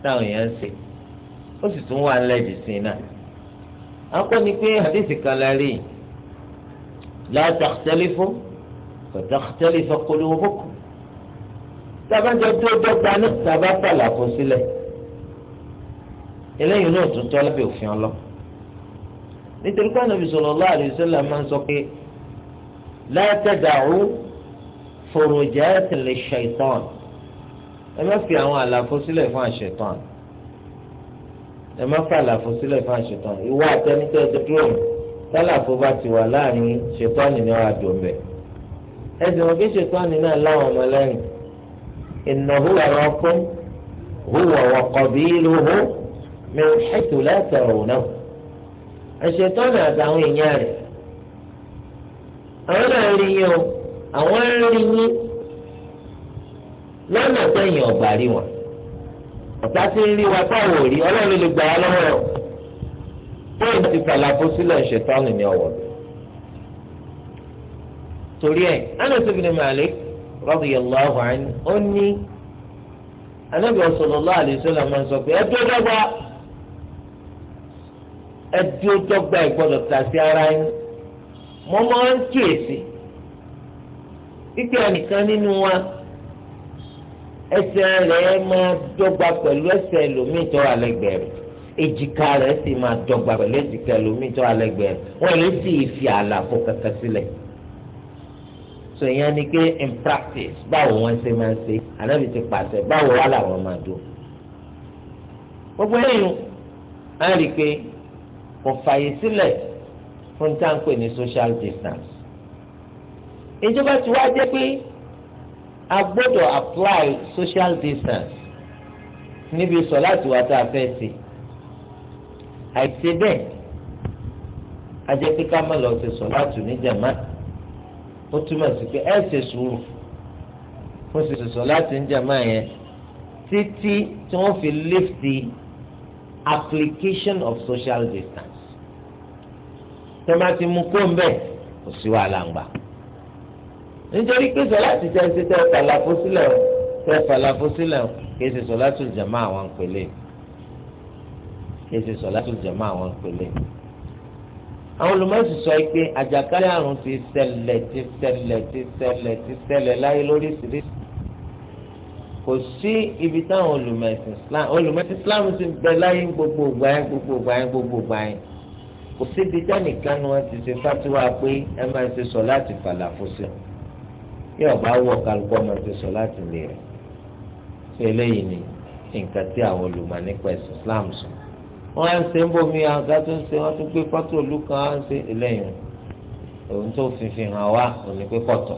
táwọn èèyàn ń ṣe ó sì tún wà nílẹ̀dì sí náà akọ́ ni pé àdéhìí kan la rí la takhtalifu fa takhtalifa qulubukum tabajọ tó dọ́gba náà tabafàlà fún sílẹ̀ eléyìí náà tún tọ́ lábẹ́ òfin ọlọ́pàá nítorí pé Ànábì sallallahu alaihi wasallam máa ń sọ pé la tada'u furujatin lish-shaytan ẹ má fi àwọn àlàfo sílẹ̀ fún àṣetán ẹ má fi àlàfo sílẹ̀ fún àṣetán ìwọ àtẹnitẹ ti dúró tálàfo bá ti wà láàrin ṣetán ni wàá dùn bẹ ẹ sì mọ bí ṣetán náà láwọn ọmọ lẹ́yìn innahu yarakum huwa wa qabiluhu min haythu la tarawnahu ẹ̀ṣẹ̀ tọ́nà àtàwọn èèyàn rẹ̀ àwọn náà rí yín o àwọn rí yín lọ́nà sẹ́yìn ọ̀gbà rí wọn ọ̀tá tí ń rí wa táwọn ò rí ọlọ́run lè gbà wá lọ́wọ́ rẹ̀ fóònù ti fàlàfó sílẹ̀ ẹ̀ṣẹ̀ tọ́nà ní ọ̀wọ́ rẹ̀ torí ẹ̀ Anas ibn Malik radiyallahu anhu ó ní Ànábì sallallahu alaihi wasallam máa ń sọ pé ẹ tó dọ́gba ẹbí ó dọ́gba ìgbọ́dọ̀ tà sí ara yín mo máa ń kíyèsí kíkẹ́ ẹnìkan nínú wa ẹsẹ̀ rẹ̀ máa dọ́gba pẹ̀lú ẹsẹ̀ ẹlòmíì tó wà lẹ́gbẹ̀ẹ́ rẹ̀ èjìká rẹ̀ sì máa dọ́gba pẹ̀lú èjìká ẹlòmíì tó wà lẹ́gbẹ̀ẹ́ rẹ̀ wọ́n lè sì fi àlàfo kankan sílẹ̀ so ìyẹn ni pé in practice báwo wọ́n ṣe máa ṣe ànábì ti pàṣẹ báwo wà làwọn máa dùn gbogbo ẹ̀yìn á rí i pé kò fàyè sílẹ̀ fún táǹpè ní social distance ìjọba ti wá jẹ́ pé a gbọ́dọ̀ apply social distance níbi sọ̀láàtì wa tá a fẹ́ ṣe àìṣe bẹ́ẹ̀ a jẹ́ pé ká má lọ ṣe sọ̀láàtì níjàmá ó túmọ̀ sí pé ẹ ṣe sùúrù fún ṣe sọ̀láàtì níjàmá yẹn títí tí wọ́n fi lift application of social distance tọ́ba ti mú kó ń bẹ̀ kò sí wàhálà ń gbà nítorí pé sọlá ti tẹ́ ṣe tẹ́ falafó sílẹ̀ o tẹ́ falafó sílẹ̀ o kì í ṣe sọlá tó jẹ̀mọ́ àwọn pèlè kì í ṣe sọlá tó jẹ̀mọ́ àwọn pèlè àwọn olùmọ̀ọ́sì sọ pé àjàkálẹ̀ àrùn ti ṣẹlẹ̀ ti ṣẹlẹ̀ ti ṣẹlẹ̀ ti ṣẹlẹ̀ láyé lóríṣiríṣi kò sí ibi táwọn olùmẹ̀sìn islam olùmẹ̀sìn islam ti bẹ láyé gbogbo ìgbà yẹn gbogbo ìgbà yẹn gbogbo ìgbà yẹn kò síbi tánìkan ni wọ́n ti ṣe fatiwa pé ẹ máa ṣe sọ láti fàlàfo sí bí ọba wọ kálukọ máa ṣe sọ láti lè rẹ ṣe eléyìí ni nǹkan tí àwọn olùmọ̀ nípa ẹ̀sìn islam sọ wọ́n á ń ṣe ń bomi àga tó ń ṣe wọ́n tún gbé fọ́tò olú kan á ń ṣe eléyìí òun tó fi fi hàn wá òní pé kọ̀tọ̀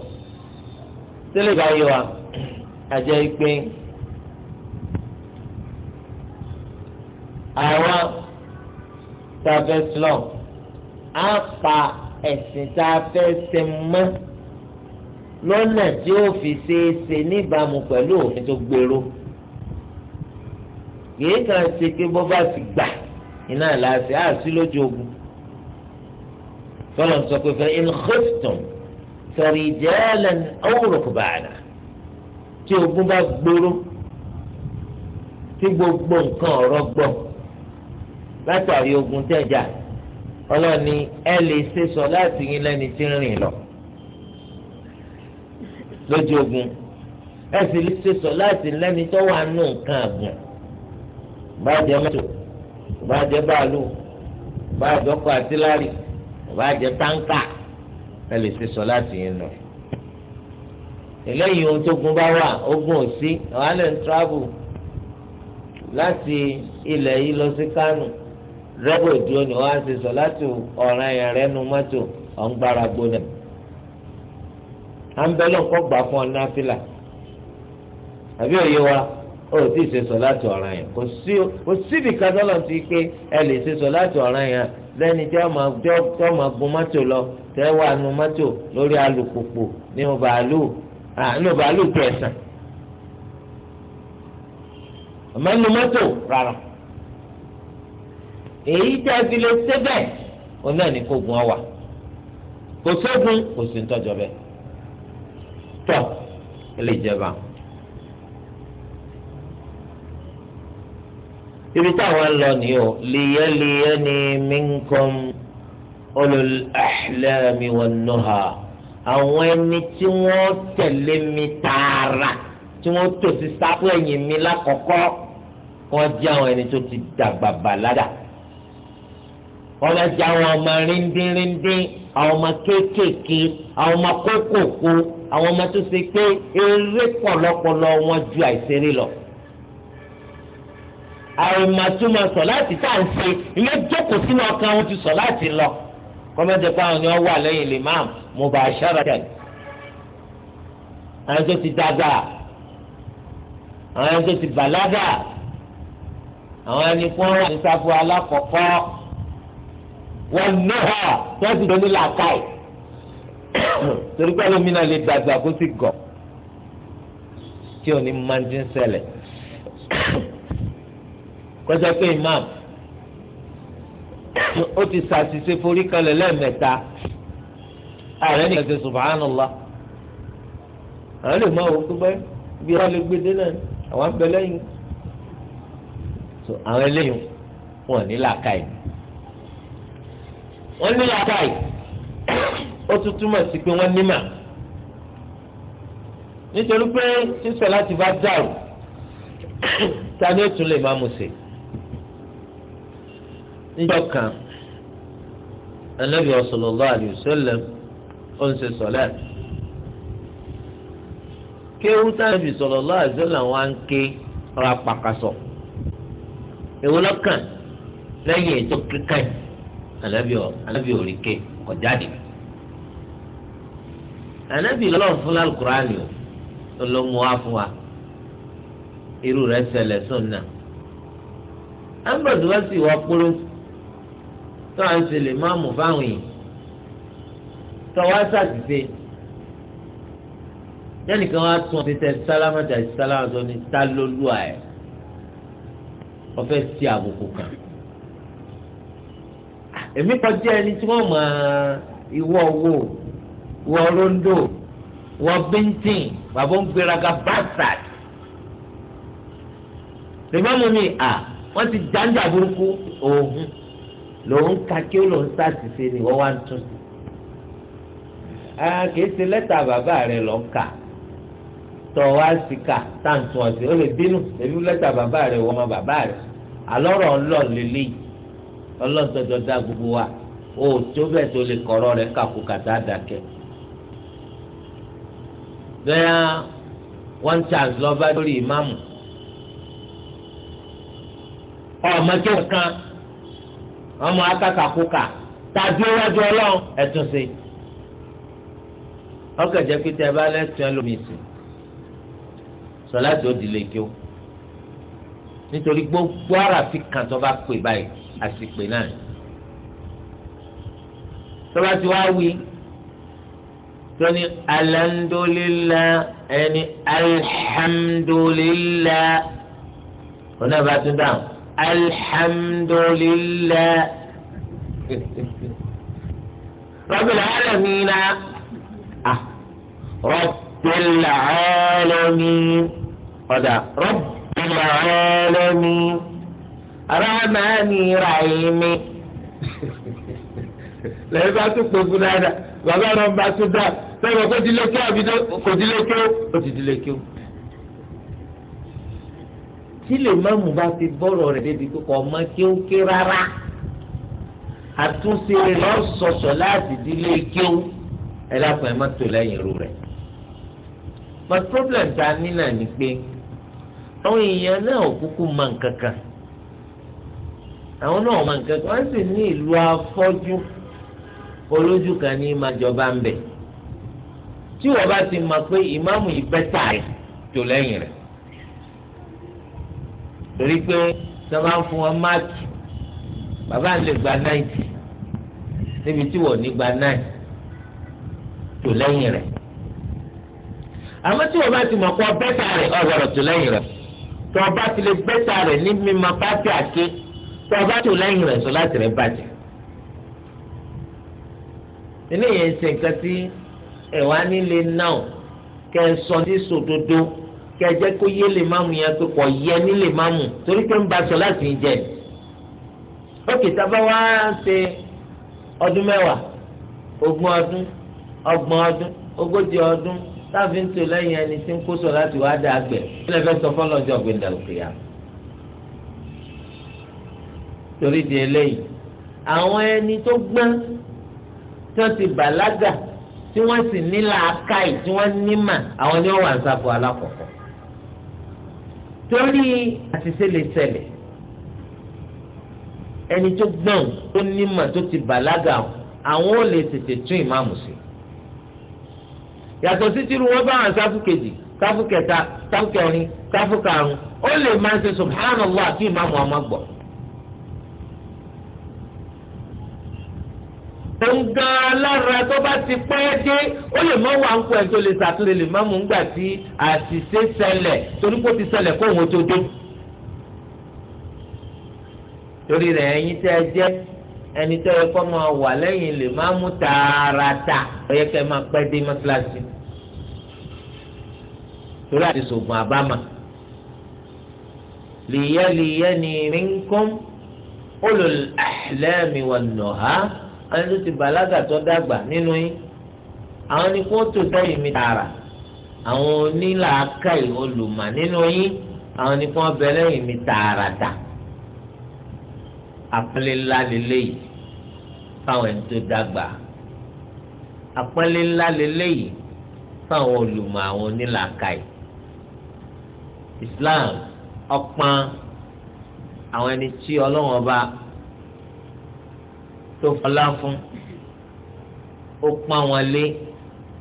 ajẹ́ ìpè àwọn tàbí slum á pa ẹ̀sìn tá a fẹ́ ṣe mọ́ lọ́nà tí ó fi ṣeé ṣe níbàámu pẹ̀lú òfin tó gbèrò kìí kan ṣe pé bó bá ti gbà iná làásì á sí lójú ogun fọlọ́n sọ pé fẹ́ in khiftum farijalan aw rukbana tí ogun bá gbòòrò tí gbogbo nǹkan ọ̀rọ̀ gbọ̀ látàrí ogun tẹ̀jà ọlọ́ni ẹ lè ṣe sọ láti yín lẹ́ni tí ń rìn lọ lójú ogun ẹ sì lè ṣe sọ láti lẹ́ni tó wà nù nǹkan àgùn bàjẹ́ mọ́tò bàjẹ́ bàálù bàjẹ́ ọkọ̀ àtìláàrí bàjẹ́ táǹkà ẹ lè ṣe sọ láti yín lọ eléyìí ohun tó gun bá wà ogun ò sí àwọn alẹ́ ń travel láti ilẹ̀ yìí lọ sí Kánò rẹ́bù ìdúró ni wọ́n á ti sọ láti ọ̀ràn ẹ̀yà rẹ̀ nu mọ́tò ọ̀ngbára gbóná. à ń bẹ́ lọ́kọ́ gbà fún ọ náfìlà àbí òye wa ó ti ṣe sọ láti ọ̀ràn yẹn kò sí kò síbi kadọ́lọ̀ ti pé ẹ lè ṣe sọ láti ọ̀ràn yẹn lẹ́ni tí wọ́n máa gun mọ́tò lọ tẹ́ wà nu mọ́tò lórí alùpùpù nínú àánú ah, bàálù tó ẹ̀sán àmọ́ nu mọ́tò rárá èyí tẹ́ fi lè ṣe bẹ́ẹ̀ òun náà kó gun ọ wà kò sógun kò sí ń tọ́jọ bẹ́ẹ̀ tọ́ ilé ìjẹba. ibi táwọn lọ ní o lìyẹ́lìyẹ́ ni minkum ulul ahlami wan nuha àwọn ẹni tí wọ́n tẹ̀lé mi tààrà tí wọ́n tò sí sáfù ẹ̀yìn mi lákọ̀ọ́kọ́ wọ́n jẹ́ àwọn ẹni tó ti dàgbà bàlágà wọ́n máa jẹ́ àwọn ọmọ ríndínríndín àwọn ọmọ kéékèèké àwọn ọmọ kókòkò àwọn ọmọ tó ṣe pé eré pọ̀lọpọ̀lọ wọn ju àìṣeré lọ àìmọ̀túmọ̀ sọ láti tá à ń ṣe ilé jókòó sínú ọkàn wọn ti sọ láti lọ kọ́mẹ́tẹ̀ àwọn ni wọ́n wà lẹ́yìn lè máàmù mubasharatan àwọn tó ti dàgbà àwọn tó ti bàlágà àwọn ẹni kó wà ní sáfù alákọ̀ọ́kọ́ wọn náà tó ti dọ́ ní làákàyè torí pé ẹlòmíì náà lè dàgbà kó sì gọ̀ tí ò ní máa ń dín ṣẹlẹ̀ kọjá pé imam ó ti ṣàṣìṣe forí kalẹ̀ lẹ́ẹ̀mẹ́ta ààrẹ nìkan ṣe subhanallah àwọn lè máa wò ó pé bí wọn lè gbé dé náà àwọn abẹ lẹ́yìn so àwọn eléyìí wọn ní làákàyè wọn ní làákàyè ó tún túmọ̀ sí pé wọ́n nímà nítorí pé sísọ láti bá dàrú ta ó tún lè máa mú sí níjọ́ kan anabi sallallahu alayhi ó ń ṣe sọ̀lẹ́. kéwú tábì sallallahu alaihi wasallam ń ké ọ̀rọ̀ apàkàsọ̀ èwo lọ́kàn lẹ́yìn ètò kíkàn ànábì òrìké kọjáde. ànábì lọ́lọ́run fún lálùkùránì o ló mú wá fún wa irú rẹ̀ ṣẹlẹ̀ sọ̀nà. ambrose wá sí ìwà pọ́lọ́ tó à ń ṣe lè máàmù fáwọn yìí tọ́wọ́ ṣàṣìṣe yẹ́nìkan wá tún ọ̀sẹ̀ tẹ sálámà tàbí sálámà tó ní ta ló lù àyẹ̀ ọ̀fẹ́ sí àbùkù kan èmi kọjá ẹni tí wọ́n mọ̀ ìwọ wo ìwọ rondo ìwọ bíntín bàbá ń gbéraga bastard tèmi ọmọ mi à wọ́n ti jáńjà burúkú òun lòun ka kí ó lòun ṣàṣìṣe ni wọ́n wá ń tún sí kìí ṣe lẹ́tà bàbá rẹ lọ kà tọ́ wá sí kà táǹtù ọ̀sẹ̀ ó lè bínú ẹbí lẹ́tà bàbá rẹ wọ́n mọ bàbá rẹ alọ́rọ̀ ọlọ́ọ̀lélẹ́ ọlọ́ọ̀tọ́jọ́ dá gbogbo wa o tó bẹ́ẹ̀ tó lè kọ̀rọ̀ rẹ kàkú kàtà dàkẹ́ bẹ́ẹ̀ one chance lọ bá lórí ìmáàmù ọmọ kẹ́kọ̀ọ́ kan ọmọ akákàkú kà tàbí wájú ọlọ́run ẹ̀túnṣe ọkàn jẹ́ pé tẹ́ ẹ bá lẹ́sìn ẹlòmíì sí sọ láti ó di lè kí o nítorí gbogbo àràfin kan tó bá pè báyìí àsìpè náà tó bá ti wá wí tó ní alhamdulillah ẹni alhamdulillah ọ̀nà bá tún dáhùn alhamdulillah rabbil alamina. Rabbil alamin ọ̀dà Rabbil alamin Rahmani Rahimi lẹ́yìn bá tún pẹ̀kú dáadáa bàbá rẹ̀ bá tún dá sọ̀rọ̀ kó dilé kí àbí kò dilé kí ó ti dilé kí ó. tí lè má mú bá fi bọ́ọ̀rọ̀ rẹ̀ débi kó ọmọ kí ó ké rárá àtúnṣe lọ́sọ̀ọ̀sọ̀ láti dilé kí ó ẹ̀ lápẹ̀ má tó lẹ́yìn irú rẹ̀ but problem tá a ní náà ni pé àwọn èèyàn náà ò kúkú mọ nǹkan kan àwọn náà mọ nǹkan kan wọ́n sì ní ìlú afọ́jú olójú kan ní ìmájọba ń bẹ̀ tí wọ́n bá ti mọ̀ pé ìmáàmù yìí bẹ́tà rẹ̀ tó lẹ́yìn rẹ̀ torí pé sọ máa ń fún wọn máàkì bàbá ń lè gba náìtì níbi tí wọ́n ní gba náìtì tó lẹ́yìn rẹ̀ àmọ́ tí wọ́n bá ti mọ̀ pé bẹ́tà rẹ̀ ọ̀rọ̀ tó lẹ́yìn rẹ̀ tó o bá ti lè bẹ́tà rẹ̀ ní mímọ pátí àké tó o bá tó lẹ́yìn rẹ̀ sọ láti rẹ̀ bàjẹ́. eléyìí ṣe nǹkan tí ẹ̀wá nílé náà kẹ́ ẹ sọ ní sòdodo kẹ́ ẹ jẹ́ kó yé lè máàmù yẹn pé kò yẹ nílé máàmù torí pé ń ba sọ láti jẹ. ókè tábà wá ṣe ọdún mẹ́wàá ogún ọdún ọgbọ̀n ọdún ogójì ọdún táàfin ń tò lẹ́yìn ẹni tí ń kó sọ láti wá dáa gbẹ̀ kí lè fẹ́ sọ fọlọ́jọ́ gbẹ̀dàlùkìyà torí di eléyìí àwọn ẹni tó gbọ́n tí wọ́n ti bàlágà tí wọ́n sì ní làákàyè tí wọ́n ní àwọn ni wọ́n wà ń sáfù alákọ̀ọ́kọ́ torí àtisẹ́ lè ṣẹlẹ̀ ẹni tó gbọ́n tó ní mà tó ti bàlágà àwọn ò lè tètè tún ìmáàmù sí i yàtọ̀ sí tìrú wọn bá wọn sáfù kejì sáfù kẹta sáfù kẹrin sáfù karùn ó lè máa ṣe subhanallah kí ìmáàmù ọmọ gbọ́. nǹkan alára tó bá ti pẹ́ dé ó lè mọ wà ń kó ẹ̀ tó lè ṣàtúnṣe lè má mú nígbà tí àṣìṣe ṣẹlẹ̀ torí kó ti ṣẹlẹ̀ kó òun tó dé. torí rẹ̀ ẹ̀yin tẹ́ ẹ jẹ́ ẹni tẹ́ ẹ kọ́ máa wà lẹ́yìn lè má mú tààràtà ó máa pẹ́ dé mọ́ṣáláṣí torí àti sògùn àbámà lìyẹ́lìyẹ́ni minkum ulul ahlami wan nuha àwọn tó ti bàlágà tó dàgbà nínú yín àwọn ni kó tó sẹ́yìn mi tààrà àwọn onílàákàyè olùmọ̀ nínú yín àwọn ni kó bẹ lẹ́yìn mi tààràtà àpẹẹlẹ ńlá lélẹ́yìí fáwọn ẹni tó dàgbà àpẹẹlẹ ńlá fáwọn olùmọ̀ àwọn onílàákàyè. Islam ọpọn àwọn ẹni tí Ọlọ́run ọba tó fọlá fún ó pọn wọn lé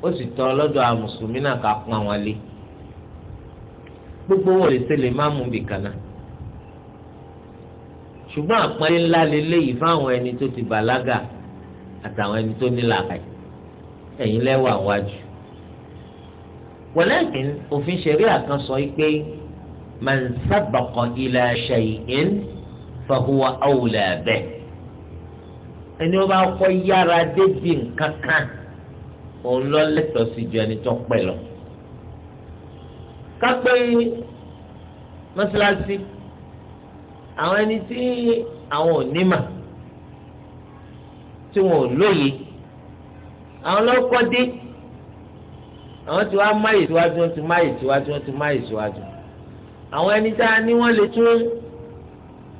ó sì tọ́ lọ́dọ̀ àwọn mùsùlùmí náà ká pọn wọn lé gbogbo wọn lè ṣe lè má mú bìkan náà ṣùgbọ́n àpọ́nlé ńlá leléyìí fáwọn ẹni tó ti bàlágà àtàwọn ẹni tó nílà àkàyè ẹ̀yin lẹ́wà wájú. wọ̀lẹ́kìn òfin ṣẹ̀ríà kan sọ pé من سبق إلى شيء فهو awla به ẹni wọ́n bá kọ́ yára débi nǹkan kan òun lọ lẹ́tọ̀ọ́ sí ju ẹni tó pẹ́ lọ. kápẹ́ mọ́ṣáláṣí àwọn ẹni tí àwọn ò ní mà tí wọn ò lóye àwọn lọ́kọ́ dé àwọn tí wọ́n á máyè síwájú wọ́n ti máyè síwájú wọ́n ti máyè síwájú àwọn ẹni tá a ní wọ́n lè tún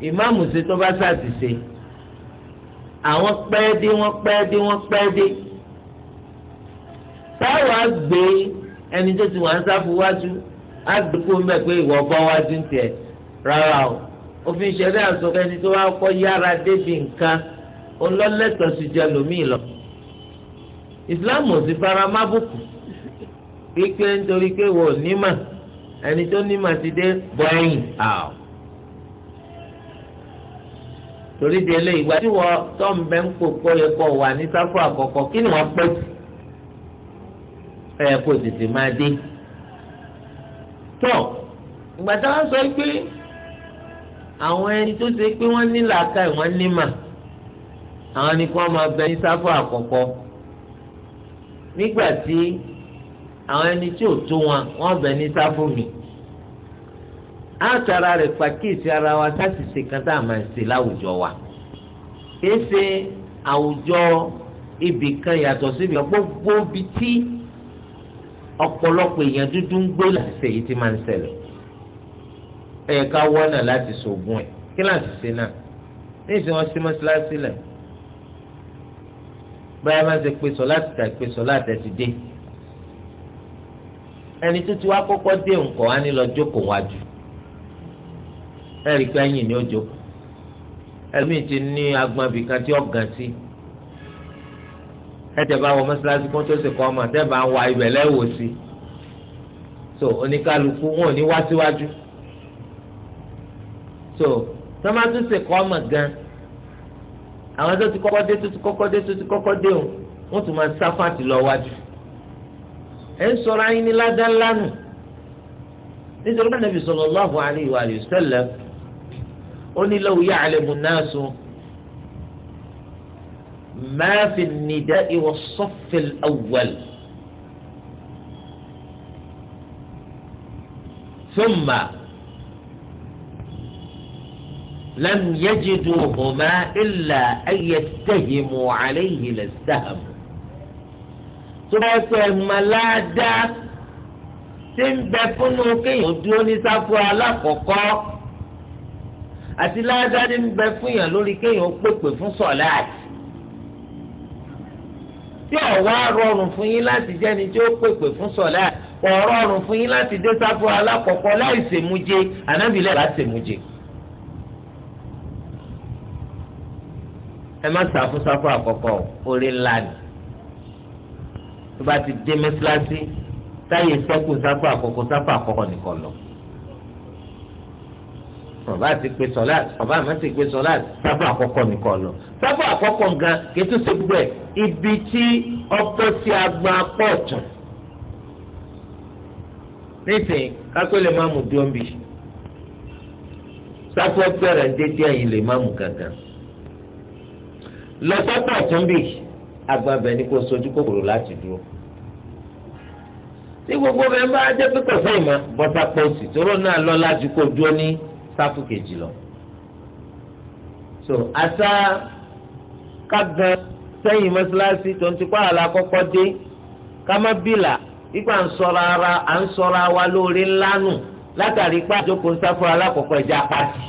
ìmáàmù ṣe tó bá ṣàṣìṣe àwọn pẹ́ẹ́dé wọ́n pẹ́ẹ́dé wọ́n pẹ́ẹ́dé táwa gbé ẹni tó ti wà ń sáfù wájú á gbé kó mbẹ pé ìwọ bọ́ wájú ń tiẹ̀ rárá o òfin ìṣẹ̀lẹ̀ àsọ̀kọ ẹni tó wá kọ́ yára débi nǹkan ọlọ́lẹ́tọ̀ sì jẹ lómìn lọ. ìsìláàmù ò sì fara mábùkù pípé nítorí pé wọ́n ò ní mà ẹni tó ní màtídé bọ́ ẹ̀yìn àw torí di eléyìí ìgbà tí wọ́n tó ń bẹ́ ń kó kó yẹ kó wà ní sáfù àkọ́kọ́ kí ni wọ́n pẹ́ tì ẹ̀ kó tètè máa dé tó ìgbà tí wọ́n sọ pé àwọn ẹni tó ṣe pé wọ́n ní làákàyè wọ́n ní mà àwọn ni kí wọ́n máa bẹ ní sáfù àkọ́kọ́ nígbà tí àwọn ẹni tí ò tó wọn wọn bẹ ní sáfù mi àtàrà rẹ̀ pàkíyèsí ara wa sásìsì kan tá a máa ṣe láwùjọ wa kìí ṣe àwùjọ ibì kan yàtọ̀ síbi gbogbo ibi tí ọ̀pọ̀lọpọ̀ èèyàn dúdú ń gbé làṣẹ yìí ti máa ń ṣẹlẹ̀ ẹ ká wọ́nà láti ṣògùn ẹ̀ kí láti ṣe náà ní ìsìn wọn sí mọ́ṣáláṣí lẹ̀ báyìí máa ń ṣe pé sọ láti tà pé sọ láti tẹ̀ ti dé ẹni tó ti wá kọ́kọ́ dé nǹkan á ní lọ jókòó wájú ẹ̀rí pé ẹ̀yìn ni ó jókòó ẹlòmíì ti ní agbọ̀n bìkan tí ó gàn sí ẹ̀jẹ̀ bá wọ mọ́ṣáláṣí kó tó ṣe kọ́ ọmọ tẹ́ bá ń wa ibẹ̀ lẹ́wò sí so oníkálukú wọn ò ní wá síwájú so tọ́mátù ṣe kọ́ ọmọ gan àwọn tó ti kọ́kọ́ dé tó ti kọ́kọ́ dé tó ti kọ́kọ́ dé òun tún máa sáfà ti lọ wájú. ẹ̀ ń sọ̀rọ̀ ayé ní ládàlá nù nítorí pé nàbì sallallahu alayhi wa sallam ó ní law ya'lamu an-nasu ma fi an-nida'i was-saff al-awwal thumma لم يجدوهما إلا أن يتهموا عليه لاستهموا tó bá fẹ́ malada ṣé ń bẹ fúnnu kéèyàn dúró ní sáfù alákọ̀ọ́kọ́ àti ládàá ní ń bẹ fún yàn lórí kéèyàn pèpè fún sọ̀láàtì tí ọ̀wá rọrùn fún yín láti jẹ́ni tí ó pèpè fún sọ̀láàtì kò rọrùn fún yín láti dé sáfù alákọ̀ọ́kọ́ láì ṣèmúje ànábìlẹ̀ láti ṣèmúje. ẹ má sàfún sáfù àkọ́kọ́ orí ńlá ni tó bá ti dé mẹ́sàlásí táyé sẹ́kù sápò àkọ́kọ́ sápò àkọ́kọ́ nìkan lọ. bàbá ti pe sọláàtì bàbá àmọ́ ti pe sọláàtì sápò àkọ́kọ́ nìkan lọ. sápò àkọ́kọ́ gan kìtù sí gbogbo ẹ̀ ibi tí ọkọ̀ sí agba pọ̀ tún. nísìnyí kákó lè má mú dúnbì sápò ẹgbẹ́ rẹ̀ ń dé díẹ̀ yìí lè má mú gàgà. lọ sápò àtúnbì agbábẹ ní kó sojú kòkòrò láti dúró tí gbogbo bẹ́ẹ̀ bá jẹ́ pé kò sẹ́yìn mọ́ bọ́tà pọ́ọ̀sì tóró náà lọ láti kó dúró ní sáfù kejì lọ. so àṣà kágan sẹ́yìn mọ́ṣáláṣí tó ń tipá àlàkọ́kọ́ dé ká má bìlà ipa ń sọra ara à ń sọra wa lóore ńlá nù látàrí ipá àjókòó ń sáfù alákọ̀ọ́kọ́ ẹja pàtì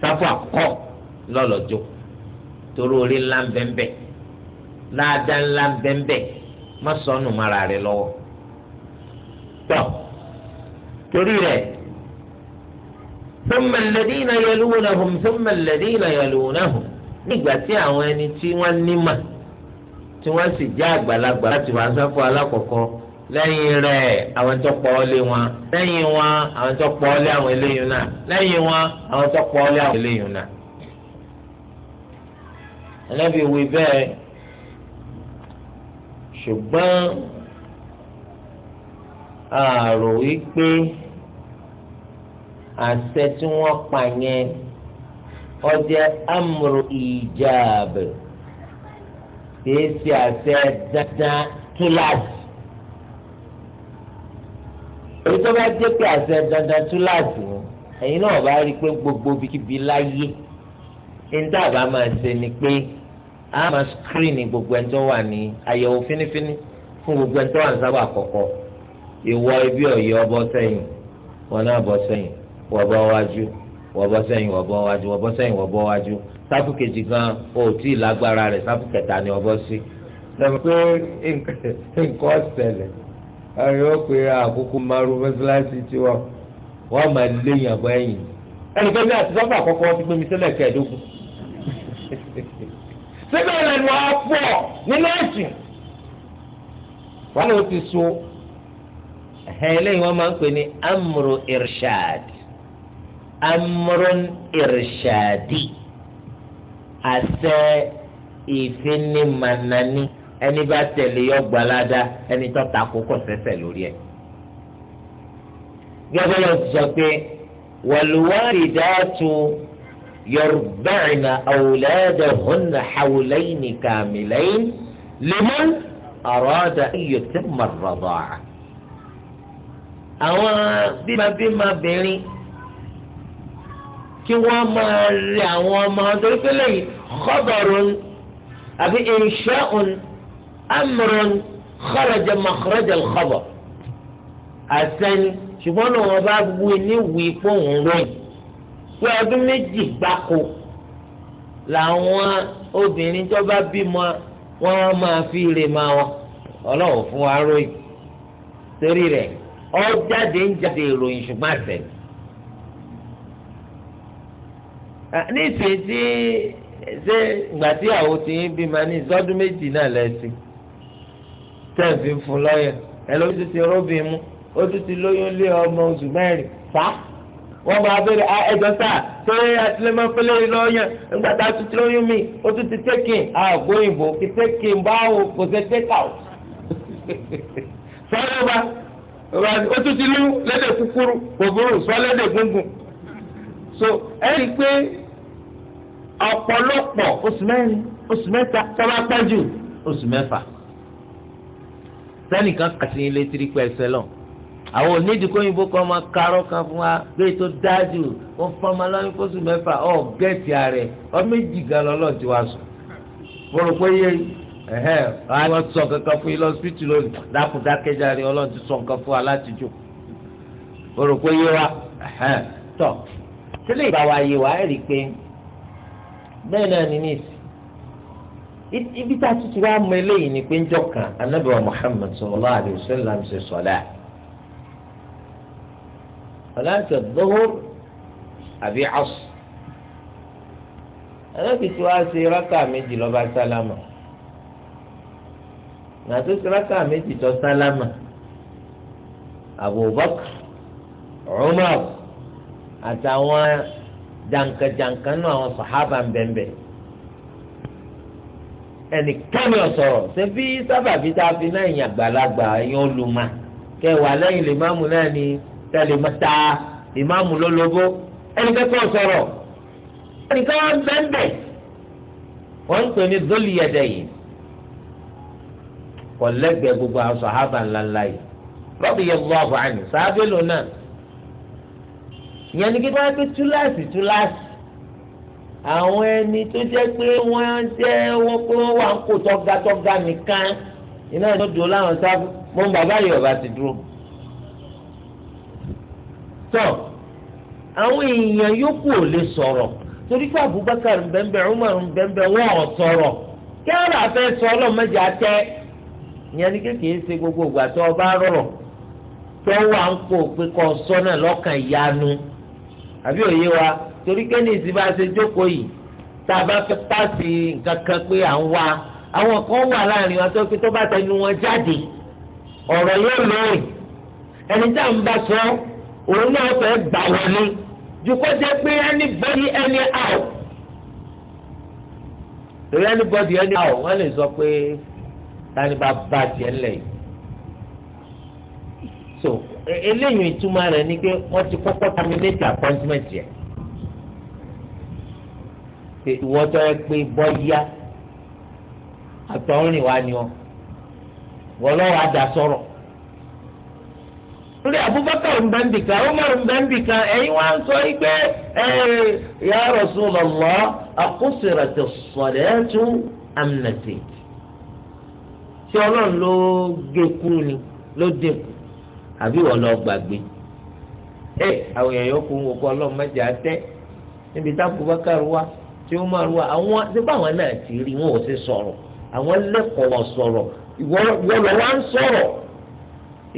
sáfù àkọ́kọ́ lọ́lọ́jọ́ torí orí ńlá ń bẹ́ńbẹ́ láàdá ńlá ń bẹ́ńbẹ́ má sọnù mara rẹ lọ́wọ́ tọ́ torí rẹ̀ thumma alladhina yalunahum thumma alladhina yalunahum nígbà tí àwọn ẹni tí wọ́n nímà tí wọ́n sì jẹ́ àgbàlagbà láti wàá sáfọ́ alákọ̀ọ́kọ́ lẹ́yìn rẹ̀ àwọn tó pọ̀ ọ́ wọn lẹ́yìn wọn àwọn tó pọ̀ ọ́ àwọn eléyìí náà lẹ́yìn wọn àwọn tó pọ̀ ọ́ àwọn eléyìí náà. Ànábì wí bẹ́ẹ̀ ṣùgbọ́n àrò wípé àṣẹ tí wọ́n pa yẹn ọjẹ́ amúrò ìjààbẹ kìí ṣe àṣẹ dandan túláàsì. èyí tó bá jẹ́ pé àṣẹ dandan túláàsì ẹ̀yin náà bá rí i pé gbogbo bíkíbi láyé níta àbá máa ṣe ni pé a máa skírìnì gbogbo ẹni tó wà ní àyẹ̀wò fínífíní fún gbogbo ẹni tó wà ní sábà àkọ́kọ́ ìwọ ibi ọ̀yẹ́ ọbọ̀ sẹ́yìn wọn náà bọ́ sẹ́yìn wọ́n bọ́ wájú wọ́n bọ́ sẹ́yìn wọ́n bọ́ wájú wọ́n bọ́ sẹ́yìn wọ́n bọ́ wájú sáfù kejì gan o tí ì lágbára rẹ̀ sáfù kẹta ni ọbọ̀ sí. lọ́mọ pé nǹkan ọ̀sẹ̀lẹ̀ ọ̀rẹ́ ó pe àkókò márùn mọ́sálásí tí wọ́n wọ́n máa léyìn àbọ̀ ẹ̀yìn. ẹnì síbẹ̀ lẹ́nu ọ̀pọ̀ nínú ẹ̀sìn wọn ni ó ti so ẹ̀hẹ́n eléyìí wọ́n máa ń pè ní amúrò irshad amúrò irshadi àṣẹ ìfinimànani ẹni bá tẹ̀lé yọ ẹni tó ta kókó sẹ́sẹ̀ lórí ẹ̀. gẹ́gẹ́ bí wọ́n ti sọ pé wal walidatu. يرضعن أولادهن حولين كاملين لمن أراد أن يتم الرضاعة أو بما بما بيني كي وما وما لي خبر أبي إنشاء أمر خرج مخرج الخبر أسن شوفوا أنا وباب ويني ويفون وين pé ọdún méjì gbáko làwọn obìnrin tó bá bímọ wọn máa fi rè máa wọn ọlọ́run fún wa ròyìn torí rẹ̀ ọ jáde ń jáde ìròyìn ṣùgbọ́n àtẹ̀lẹ́. nífẹ̀ẹ́ tí ṣé ìgbà tí àwọn ti ń bímọ ní ìsọdún méjì náà lẹ́sìn tẹ̀sí fún lọ́yẹ̀ ẹ ló tún ti róbìn mú ó tún ti lóyún lé ọmọ oṣù mẹ́rin pa wọ́n máa bẹ̀rẹ̀ à ah, ẹ̀jọ̀ sá torí àtìlẹ́mọ́ fẹ́lẹ́ lọ́yàn nígbà tá a ti ti lóyún mi ó tún ti tẹ́kìn àgbóyìnbó kì tẹ́kìn báwo kò ṣe tẹ́kà ó. sọ́yìn bá ó tún ti lú lédè kúkúrú kòkòrò sọ lédè gúngùn. so ẹ rí i pé ọ̀pọ̀lọpọ̀ oṣù mẹ́rin oṣù mẹ́ta sábà pẹ́ jù oṣù mẹ́fà sẹ́nìkan kàtí ní létírí pẹ́ sẹ́lọ̀n àwọn onídìí kóyìnbó kan máa karọ́ kan fún wa pé tó dájú wọn fọmọ lọ́yìn fóṣù mẹ́fà ọ̀ gẹ̀ẹ́tì ààrẹ ọdún méjì gan lọ́lọ́ ti wá sùn. mo rò pé yé ẹ̀hẹ́ wọ́n sọ kankan fún yín lọ síbítù lónìí dákúdákẹ́járe ọlọ́run ti sọ nǹkan fún wa láti jò. mo rò wa tọ̀ sílẹ̀ ìgbà wa yé wa ẹ̀ pé bẹ́ẹ̀ náà ní níìsì ibi tá a ti ti wá mọ eléyìí ni pé ń jọ kan anábìwá Muhammad sallallahu alaihi wasallam ṣe ọ̀làǹtẹ̀ gbóhùn àbí asù anábì tí wàá ṣe rákà méjì lọ́ba sálámà nàtó ṣe rákà méjì tó sálámà Abubakar Umar àtàwọn jàǹkàjàǹkà náà àwọn sàhábà ń bẹ̀ẹ̀ ẹnìkanì ọ̀sọ̀rọ̀ ṣe bí sábàbí tá a fi náà yàn àgbàlagbà yàn olùmọ̀ kẹwàá lẹ́yìn lè má mú náà ni kẹlẹ mẹ́ta ìmáàmù lólobó ẹnì kẹ́kọ̀ọ́ sọ̀rọ̀ ẹnì kẹ́kọ̀ọ́ bẹ́ẹ̀bẹ́ wọ́n ń pè ní zoli ẹ̀dẹ̀ yìí kò lẹ́gbẹ̀ẹ́ gbogbo àwọn sàhábà ńláńlá yìí lọ́bì yẹ gbọ́ àbọ̀ àná sàábẹ́ lò náà ìyẹn ni kíkọ́ pé túláàsì túláàsì àwọn ẹni tó jẹ́ pé wọ́n jẹ́ wọ́n pé wọ́n wà ń kó tọ́gá nìkan iná ìdúró láwọn sáfù mọ́ bàbá yìí ọ̀bà ti dúró tọ àwọn èèyàn yòókù ò lè sọ̀rọ̀ torí pé Abubakar bẹ́ẹ̀nbẹ́ Umar bẹ́ẹ̀nbẹ́ wọ́n ò sọ̀rọ̀ kí ara fẹ́ sọ ọlọ́mọdé atẹ́ ìyẹn ni kékeré ṣe gbogbo ìgbà tó o bá rọrọ̀ tó wà ń kó pé kọ́ sọ náà lọ́kàn ìyanu àbí òye wa torí kẹ́ni ìsìn bá ṣe jókòó yìí tá a bá fẹ́ pàṣẹ nǹkan kan pé à ń wá àwọn kan wà láàrin wa tó pé tó bá tẹnu wọn jáde ọ̀rọ̀ yóò lóye ẹni tá à ń bá sọ ọ́ òun náà fẹ́ gbà wọlé ju kó jẹ́ pé anybody any how torí anybody any how wọ́n lè sọ pé tani bá bá tiẹ̀ ńlẹ̀ yìí so eléyìí ìtumọ̀ rẹ̀ ni pé wọ́n ti kọ́kọ́ terminate appointment yẹn ìwọ tó yẹ pé bọ́yá àtọ̀rìn wa ni ọ wọ́n lọ́wọ́ adà sọ̀rọ̀. nri Abubakar ń bẹ ń Umar ń bẹ ń ẹ̀yin wá ń sọ yìí ya Rasulullah aqsirat as-salatu am nasiyat tí ọlọ́run ló gé kúrú ni ló àbí lọ gbàgbé ẹ àwọn èèyàn ń wọkọ ọlọ́run àtẹ níbi tá Abubakar wá tí Umar wá àwọn àwọn náà ti rí wọn ò àwọn ìwọ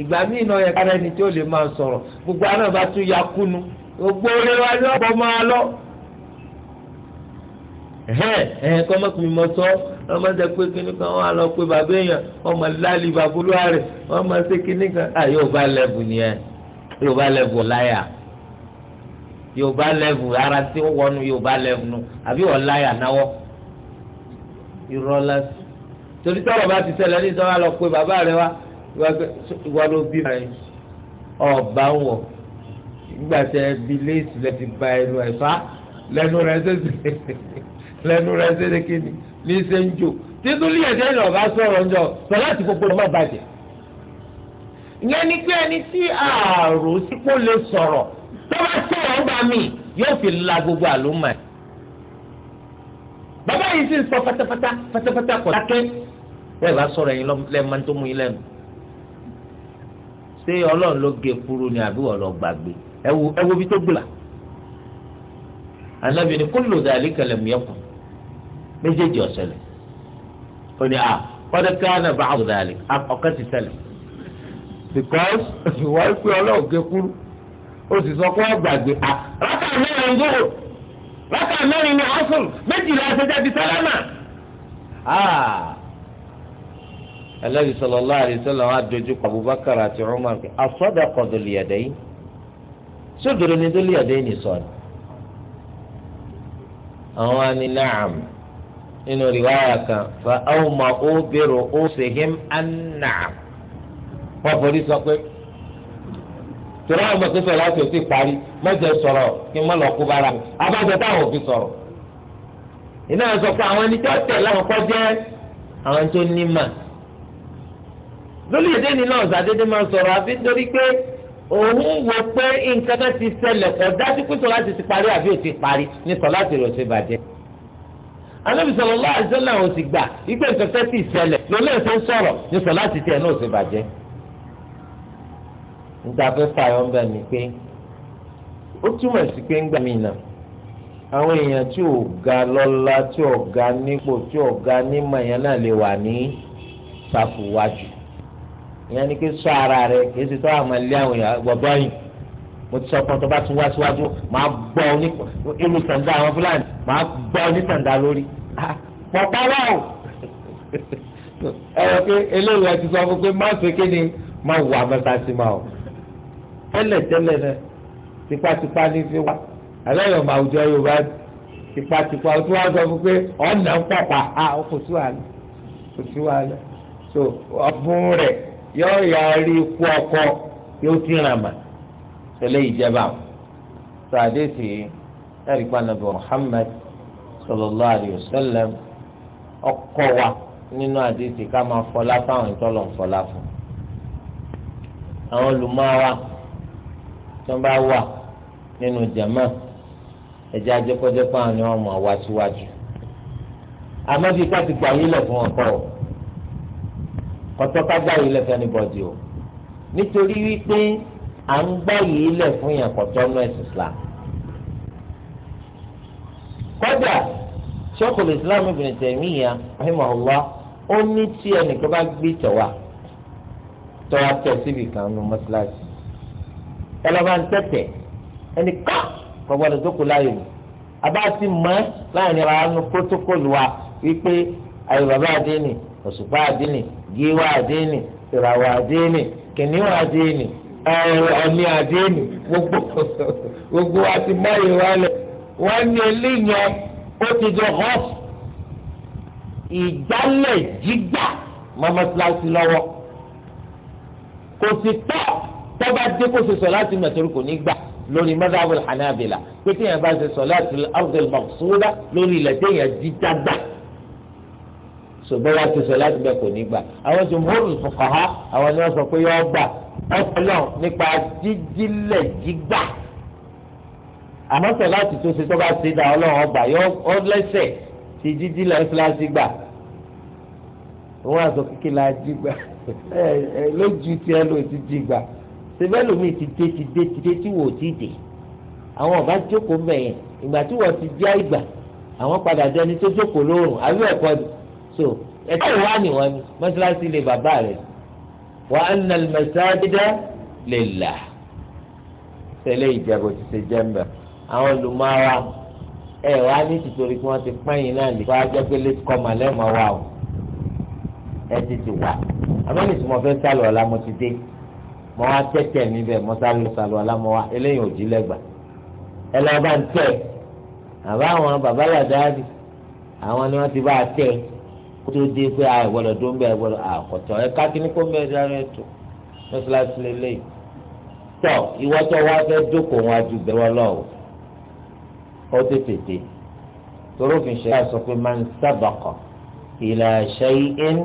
ìgbà míì náà yẹ kára ẹni tí ó lè máa sọ̀rọ̀ gbogbo àná bá tún ya kúnu gbogbo orí wa ni ọ̀bọ máa lọ. ẹ̀hẹ́n kọ́mọ́kùnrin mọ sọ wọ́n máa ń sẹ pé kíní kan wọ́n á lọ pé bàbá èèyàn wọ́n máa lálì bàbúrò rẹ̀ wọ́n máa ṣe kíní kan. yóò bá lẹ́bù nìyẹn yóò bá lẹ́bù láyà yóò bá lẹ́bù ara tí ó wọnú yóò bá lẹ́bù nù àbí wọ́n láyà náwọ́ irọ́ lásì bá ti ṣẹlẹ̀ ní ìtọ́wá lọ pé bàbá rẹ̀ wá ìwà ló bí ma yẹn ọba ń wọ nígbà tẹ bí léèsì lẹ ti ba ẹnu ẹ fa lẹnu rẹ ṣẹṣẹ lẹnu rẹ ṣẹṣẹ kíni ní í ṣe ń jò títúlí ẹ̀jẹ̀ ni ọba sọ̀rọ̀ ńjọ sọ láti gbogbo ọmọ bàjẹ́ ìyẹn ni pé ẹni tí ààrò sípò lè sọ̀rọ̀ tó bá sọ̀rọ̀ ń gbà mí yóò fi la gbogbo àlùmọ̀ ẹ̀ bàbá yìí sì ń sọ pátápátá pátápátá kọ̀ dákẹ́ bẹ́ẹ̀ bá sọ̀rọ̀ ẹ̀yin lẹ́ẹ̀mọ́ tó mú yín lẹ́nu ṣé ọlọ́run ló gé kúrú ni àbí wọ́n lọ gbàgbé ẹ wo bí tó gbìlà anabi ni kullu dhalika lam yakun méjèèjì ọ̀sẹ̀lẹ̀ ó ní à kọ́dé káàdà bá àwùdá àlè ọ̀kẹ́ ti ṣẹlẹ̀ because ìwà ìpè ọlọ́run gé kúrú ó sì sọ pé wọ́n gbàgbé à ah, rákà mẹ́rin gbòòrò rákà mẹ́rin ni ọ̀sùn méjìlá ṣẹjá di sálámà. Ah, Ànábì sallallahu alaihi wasallam adójú kọ Abubakar ati Umar pé asadaqa dhul yadayn sódòdó ni dhul yadayn ni sọ ni àwọn na'am nínú rìwáyà kan fa awma ó bèrò ó sèhìm an-na'am wọn forí sọ pé "Tura àwọn mọ̀tòtò láti òsì parí mọ̀jẹ̀ sọ̀rọ̀ kí n kú bára abájọ táwọn òfin sọ̀rọ̀ iná sọ pé àwọn ẹni tó tẹ̀ láwọn lórí èdè ni náà ṣàdédé máa sọ̀rọ̀ àfi nítorí pé òun wò pé nǹkan náà ti ṣẹlẹ̀ kọ́ dájú pé sọlá ti ti parí àbí ò ti parí ní sọlá ti rọ̀ ṣe bàjẹ́. anábì sọ̀rọ̀ lọ́wọ́ àìsàn náà ò sì gbà ìpè nǹkan tẹ́ ti ṣẹlẹ̀ lọ́lẹ́ ìṣe sọ̀rọ̀ ní sọlá ti tiẹ̀ náà ò ṣe bàjẹ́. níta fẹ́ fààyàn bẹ́ẹ̀ ni pé ó túmọ̀ sí pé ń gbà mí náà àwọn èèyàn tí ò ga lọ́lá tí ò ga nípò tí ò ga nímọ̀ ìyẹn ni kí sọ ara rẹ kì í ṣe tọ́ àwọn ilé àwọn èèyàn gbọ̀gbọ́ yìí mo ti sọ pé tó bá tún wá síwájú máa gbọ́ irú sàǹdà àwọn fúlàní máa gbọ́ ní sàǹdà lórí pọ̀pá náà ẹ wọ pé eléyìí ẹ ti sọ fún pé má ṣe kí ni má wù amọ́sáàsì máa o tẹ́lẹ̀tẹ́lẹ̀ náà tipátipá ní fi wá àlẹ́yìn ọmọ àwùjọ yorùbá tipátipá o tún wá sọ fún pé ọ̀nà ń pọ̀pá a ah, kò sí kò sí so ọ̀bùn rẹ̀ yóò yarí ikú ọkọ yóò ti ràn mà tẹ́lẹ̀ ìjẹba sàdé sí ẹrìkpa nàbẹ Muhammad sallallahu alayhi wa sallam ọkọ wa nínú àdéhìí ká máa fọlá fáwọn ìtọ́lọ̀ ń fọlá fún àwọn olùmọ́wá tó bá wà nínú jama ẹ̀jẹ̀ ajẹ́kọ́jẹ́kọ́ àwọn ni wọ́n síwájú àmọ́ bí ká ti gbà yílẹ̀ fún ọkọ o kọtọ ká gbá yìí lẹ fẹ ní bọdì o nítorí wípé à ń gbá yìí lẹ fún yẹn kọtọ nù ẹsìn islam kọjá sọkùlù islam ibn Taymiyyah rahimahullah ó ní tí ẹnìkan bá gbé tẹwà tọwà tẹ síbi kan nù mọ́sálásí ẹlọba ń tẹtẹ ẹnìkan gbọgbọdọ jókòó láàyè mi àbá mọ láàrin ara nu protocol wa wípé àyè bàbá adé ni òṣùpá àdínì gíwá àdínì ìràwọ̀ àdínì kìnìún àdínì ẹ̀mí àdínì gbogbo gbogbo àti báyìí wà lẹ̀ wọ́n ní eléyẹn ó ti jọ họ́f ìjálẹ̀ jígbà mọ́mọ́síláṣí lọ́wọ́ kò sì tọ́ tọ́ba dé kó ṣe sọ láti mọ̀ torí kò ní gbà lórí madhabul hanabila pé téèyàn bá ṣe sọ láti al-ardh lórí ilẹ̀ téèyàn jíjá gbà sọgbọ́n ti sọ láti bẹ kò ní gbà àwọn jumhurul fuqaha àwọn ni wọ́n sọ pé yọ gbà ọ̀pọ̀lọ́ nípa jíjílẹ̀ jígbà àmọ́ sọ láti tó ṣe tọ́ba ṣe dá ọlọ́run ọgbà yọ ọlẹ́sẹ̀ ti jíjílẹ̀ fúláṣí gbà òun àzọ kékeré la jígbà ẹ ẹ lójú tí ẹ lò ti jígbà ṣẹbẹ́ lómi ti dé ti dé ti dé tí wò ó ti dé àwọn ọba jókòó mẹ́yìn ìgbà tí wọ́n ti já ìgbà àwọn padà jẹ́ni tó jókòó lóòrùn àbí ẹ̀kọ́ ni so ẹ̀tọ́ ìwá ni wọ́n ní mọ́ṣáláṣí lè bàbá rẹ̀ wa anna al-masajida lillah tẹ́lẹ̀ ìjẹ́bù ti ṣe jẹ́mbẹ̀ àwọn olùmọ̀ọ́ra ẹ̀ wá ní tìtorí kí wọ́n ti pẹ́yìn náà lè fọ́ ajẹ́ pé late kọ́mà lẹ́mọ̀ wa o ẹ ti ti wà àmọ́ni tí mo fẹ́ sálọ ọ̀la mo ti dé mo wá tẹ́tẹ̀ níbẹ̀ mo sálọ sálọ ọ̀la mo wá eléyìí ò jí lẹ́gbà ẹ lọ́ọ́ bá ń tẹ̀ àbá àwọn bàbá yàdáàdì àwọn ni wọ́n ti bá a tẹ̀ ẹ́ tó di pé a ìwọlọ̀ tó ń bẹ ìwọlọ̀ àkọ́tọ̀ ẹ ká kí ni kó ń bẹ dáná ètò mọ́ṣáláṣí lélẹ́yìí tọ́ ìwọ tó wá fẹ́ dókòó wọn ju bẹ́ẹ̀ wọ́n o ó tètè dé torófin ṣe é sọ pé man sabaqa ila shay'in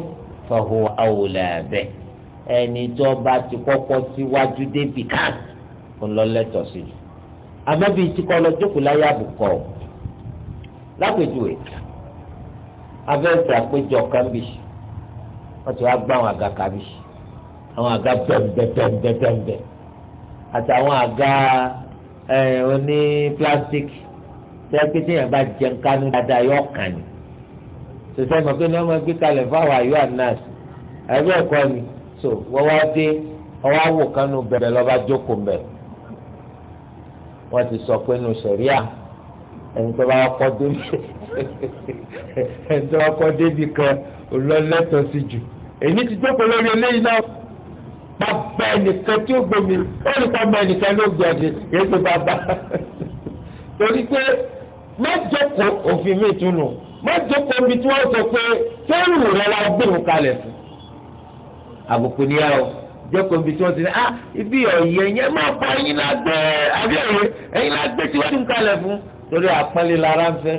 fahuwa awla bih ẹni tó bá ti kọ́kọ́ síwájú débi kan ń lọ lẹ́tọ̀ọ́ sí i àmọ́ bíi tí kọ́ lọ jókòó láyé àbùkọ́ lápèjúwe abẹ́ẹ̀sì àpéjọ kan bì wọ́n ti wá gbá àwọn àga kan bì àwọn àga bẹ́ẹ̀nbẹ́ẹ̀bẹ́ẹ̀bẹ́ẹ̀ àtàwọn àga oní plastic tẹ́kí téèyàn bá jẹun kánú dáadáa yọ kàn ní sọsẹ́ mọ̀ pé ní wọ́n máa gbé kalẹ̀ fáwọn àyọ̀ ànáàs ẹgbẹ́ ẹ̀kọ́ ni so wọ́n wá dé ọwọ́ àwò kánú bẹ̀rẹ̀ lọ́ba jókòó mbẹ̀ wọ́n ti sọ pé nù sẹ̀ríà ẹni tó bá kọ́ dórí ẹ̀dọ́ ọkọ̀ débi kan olólẹ́tọ̀ sí jù èyí ti jókòó lórí eléyìí náà bàbá ẹnìkan tí ó gbomi ó ní kó ọmọ ẹnìkan ló gbé ọdẹ yéé tó bàbá torí pé má jókòó òfin mi tún nù má jókòó ibi tí wọ́n sọ pé sẹ́rù rẹ̀ la gbèrò kalẹ̀ fún àbùkù níyàwó jókòó ibi tí wọ́n ti ní ah ibi ọ̀yẹ́ yẹn máa pa ẹ̀yin la gbé àbí ẹ̀yin la gbé tí wọ́n ti ń kalẹ̀ fún torí àpọ́nlé lára ń fẹ́.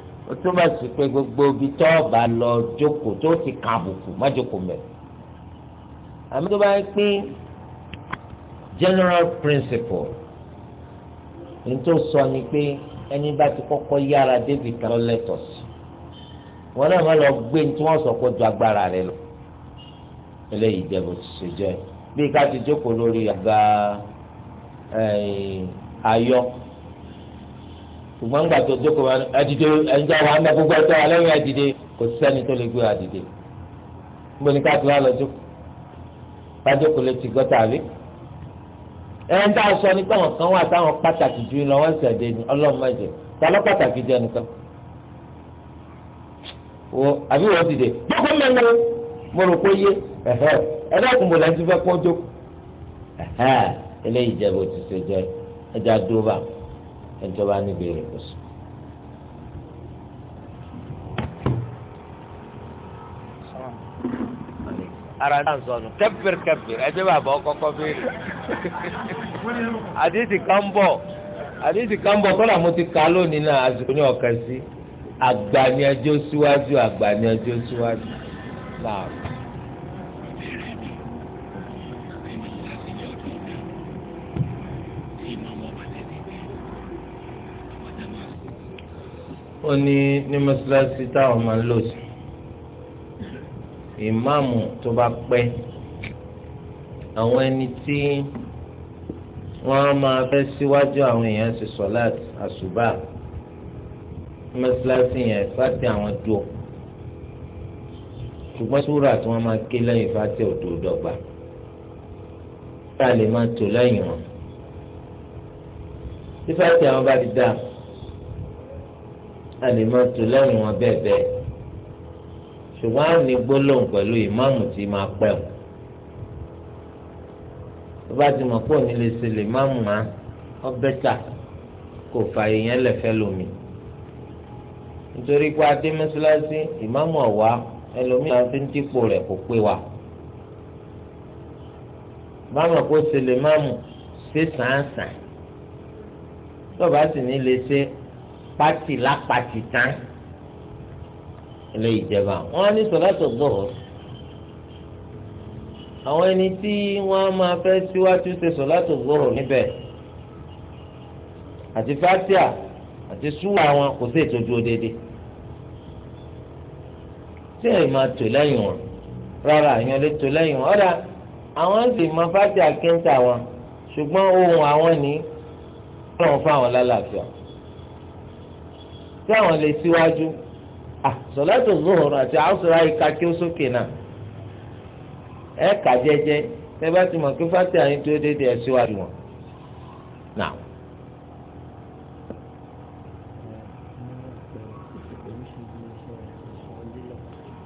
o túmọ̀ sí pé gbogbo ibi tó bá lọ jókòó tó ti kà àbùkù má jókòó mẹ́. àmì tó bá ń pín general principle ní tó sọ ni pé ẹni bá ti kọ́kọ́ yára david kan lẹ́tọ̀ sí wọn náà má lọ gbé ní tí wọ́n sọ pé ju agbára rẹ lọ eléyìí jẹ́ ti ṣe jẹ́ bí ká ti jókòó lórí àga ayọ̀ ṣùgbọ́n gbà tó jókòó adìde ẹnjẹ wa ń bẹ gbogbo ẹtọ́ wa lẹ́yìn adìde kò sẹ́ni tó lè gbé adìde níbo ni ká ti wá lọ jókòó bájókòó lè ti gọ́tà rí ẹn tá a sọ ní pé àwọn kan wà táwọn pàtàkì ju lọ wọ́n ṣẹ̀dẹ̀ ní ọlọ́mọdé ta ló pàtàkì jẹ nìkan wo àbí wọ́n dìde jókòó mẹ́rin mo rò pé yé ẹ dákun mo lẹ́yìn fẹ́ kó jókòó eléyìí jẹ́ bó ti ṣe jẹ́ ẹja dóbà ẹni tó bá ní ìbéèrè kò sí. ara náà sọnù kẹfìrì kẹfìrì ẹjẹ bàbá ọkọkọ béèrè àdìsí kan bọ àdìsí kan bọ kọ́nà mo ti ka lónìí náà àzùkú ní ọ̀kẹ́ sí àgbàní síwájú àgbàní síwájú náà. ó ní ní mọ́ṣáláṣí táwọn máa ń lò sí ìmáàmù tó bá pẹ́ àwọn ẹni tí wọ́n máa fẹ́ síwájú àwọn èèyàn ṣe sọ̀láàt àṣùbà mọ́ṣáláṣí yẹn fàtí àwọn dùn ṣùgbọ́n súrà tí wọ́n máa ké lẹ́yìn fàtí òdò dọ́gba tá a lè máa tò lẹ́yìn wọn tí fàtí àwọn bá ti dáa a lè máa tó lẹ́yìn wọn bẹ́ẹ̀ bẹ́ẹ̀ ṣùgbọ́n a ní gbólóhùn pẹ̀lú ìmáàmù tí máa pẹ́ o tó bá ti mọ̀ pé òní lè ṣe lè máàmù á ọbẹ̀ tà kò fààyè yẹn lẹ̀fẹ́ lómi nítorí pé adé ìmáàmù ọ̀wá ẹlòmíì máa ń dípò rẹ̀ kó pé wa bá mọ̀ ṣe lè máàmù ṣe sàn án sàn tó bá sì ní lè ṣe pati lápati tán ilé ìjẹba wọn ní sọlátò gbòòrò àwọn ẹni tí wọn máa fẹ́ síwájú ṣe sọlátò gbòòrò níbẹ̀ àti fatia àti súwà wọn kò sí ìtọ́jú òdede tí ẹ máa tò lẹ́yìn wọn rárá èèyàn lè tò lẹ́yìn wọn ọ̀dà àwọn sì máa fatia kẹ́ńtà wọn ṣùgbọ́n ohun àwọn ní wọn fún àwọn lálàáfíà táwọn lè síwájú sọlẹ́tò zuhùn àti àwùsọ̀rọ̀ àyíká kí ó sókè náà ẹ kà jẹ́jẹ́ ẹ bá ti mọ̀ kí fásitì àyín tó dédé ẹ síwájú wọn. Now.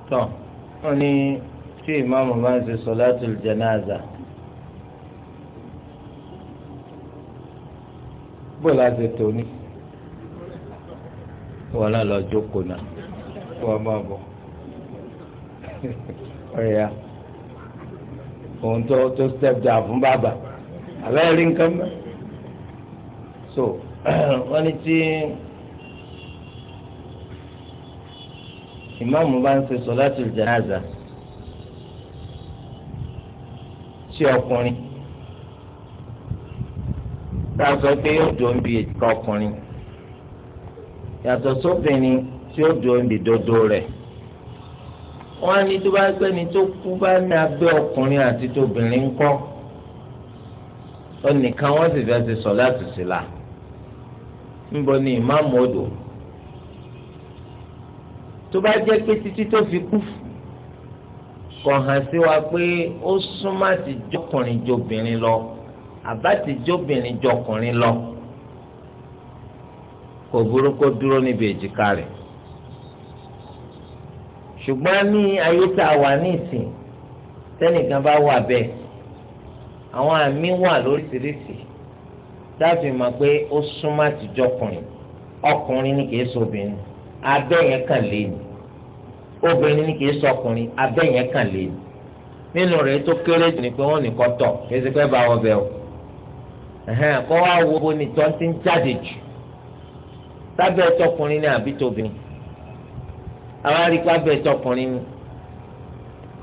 tọ́ wọ́n ní tí ìmáàmù bá ń ṣe sọlẹ́tò jẹnáàzà. bó la ṣe tó ní wọn náà lọ jókòó náà kó wọn máa bọ̀ ọ̀yà ohun tó tó step down fún bàbá àbẹ́rẹ́ rí nǹkan mọ́ so wọ́n ní tí ìmáàmù bá ń ṣe sọ̀látul jánásà sí ọkùnrin tá a sọ pé yóò dùn bí ètò ọkùnrin yàtọ̀ sóbìnrin tí ó do ibi dodo rẹ̀ wọ́n á ní tó bá pẹ́ ni tó kú bá ní abẹ́ ọkùnrin àti tóbìnrin ń kọ́ ọnìkan wọ́n sì fẹ́ ti sọ láti sí la ńbọ ni ìmáàmù odò tó bá jẹ́ pé títí tó fi kú kọ̀ hàn sí wa pé ó súnmọ́ àti jọkùnrin jọbìnrin lọ àbá ti jọbìnrin jọkùnrin lọ. kò burú kó dúró níbi èjìká rẹ̀ ṣùgbọ́n ní ayé tá a wà ní ìsìn tẹ́nìkan bá wà bẹ́ẹ̀ àwọn àmì wà lóríṣiríṣi dáàfin mọ̀ pé ó súnmọ́ àtijọ́ ọkùnrin ọkùnrin ni kìí í obìnrin, abẹ́ yẹn kàn lé ni obìnrin ni kìí í ọkùnrin, abẹ́ yẹn kàn lé ni nínú rẹ̀ tó kéré jù ni pé wọ́n nìkan tọ̀ kí ẹ ti pẹ́ bá wọn bẹ̀ o kọ́ wá wo bo ni tọ́ ti ń jáde jù sábẹ́ tọkùnrin ni àbí tóbìnrin àwọn arìkú abẹ́ tọkùnrin ni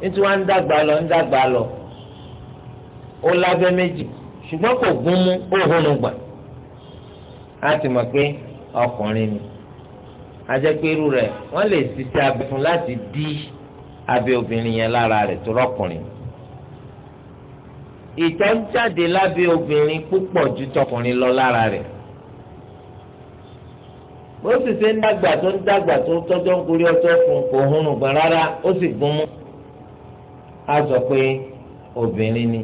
nítorí wọn ń dàgbà lọ ń dàgbà lọ ó lábẹ́ méjì ṣùgbọ́n kò gún mú ó hónú gbà á ti mọ̀ pé ọkùnrin ni ajẹ́pẹ́rú rẹ̀ wọ́n lè ṣiṣẹ́ abẹ fún láti dí abẹ́ obìnrin yẹn lára rẹ̀ tó rọ́kùnrin ìtọ́jáde lábẹ́ obìnrin púpọ̀ ju tọkùnrin lọ lára rẹ̀. bó sì ṣe ń dàgbà tó ń dàgbà tó tọ́jọ́ ń gorí ọtọ́ fún kò hun nùgbọ́n rárá ó sì gún mú. a sọ pé obìnrin ni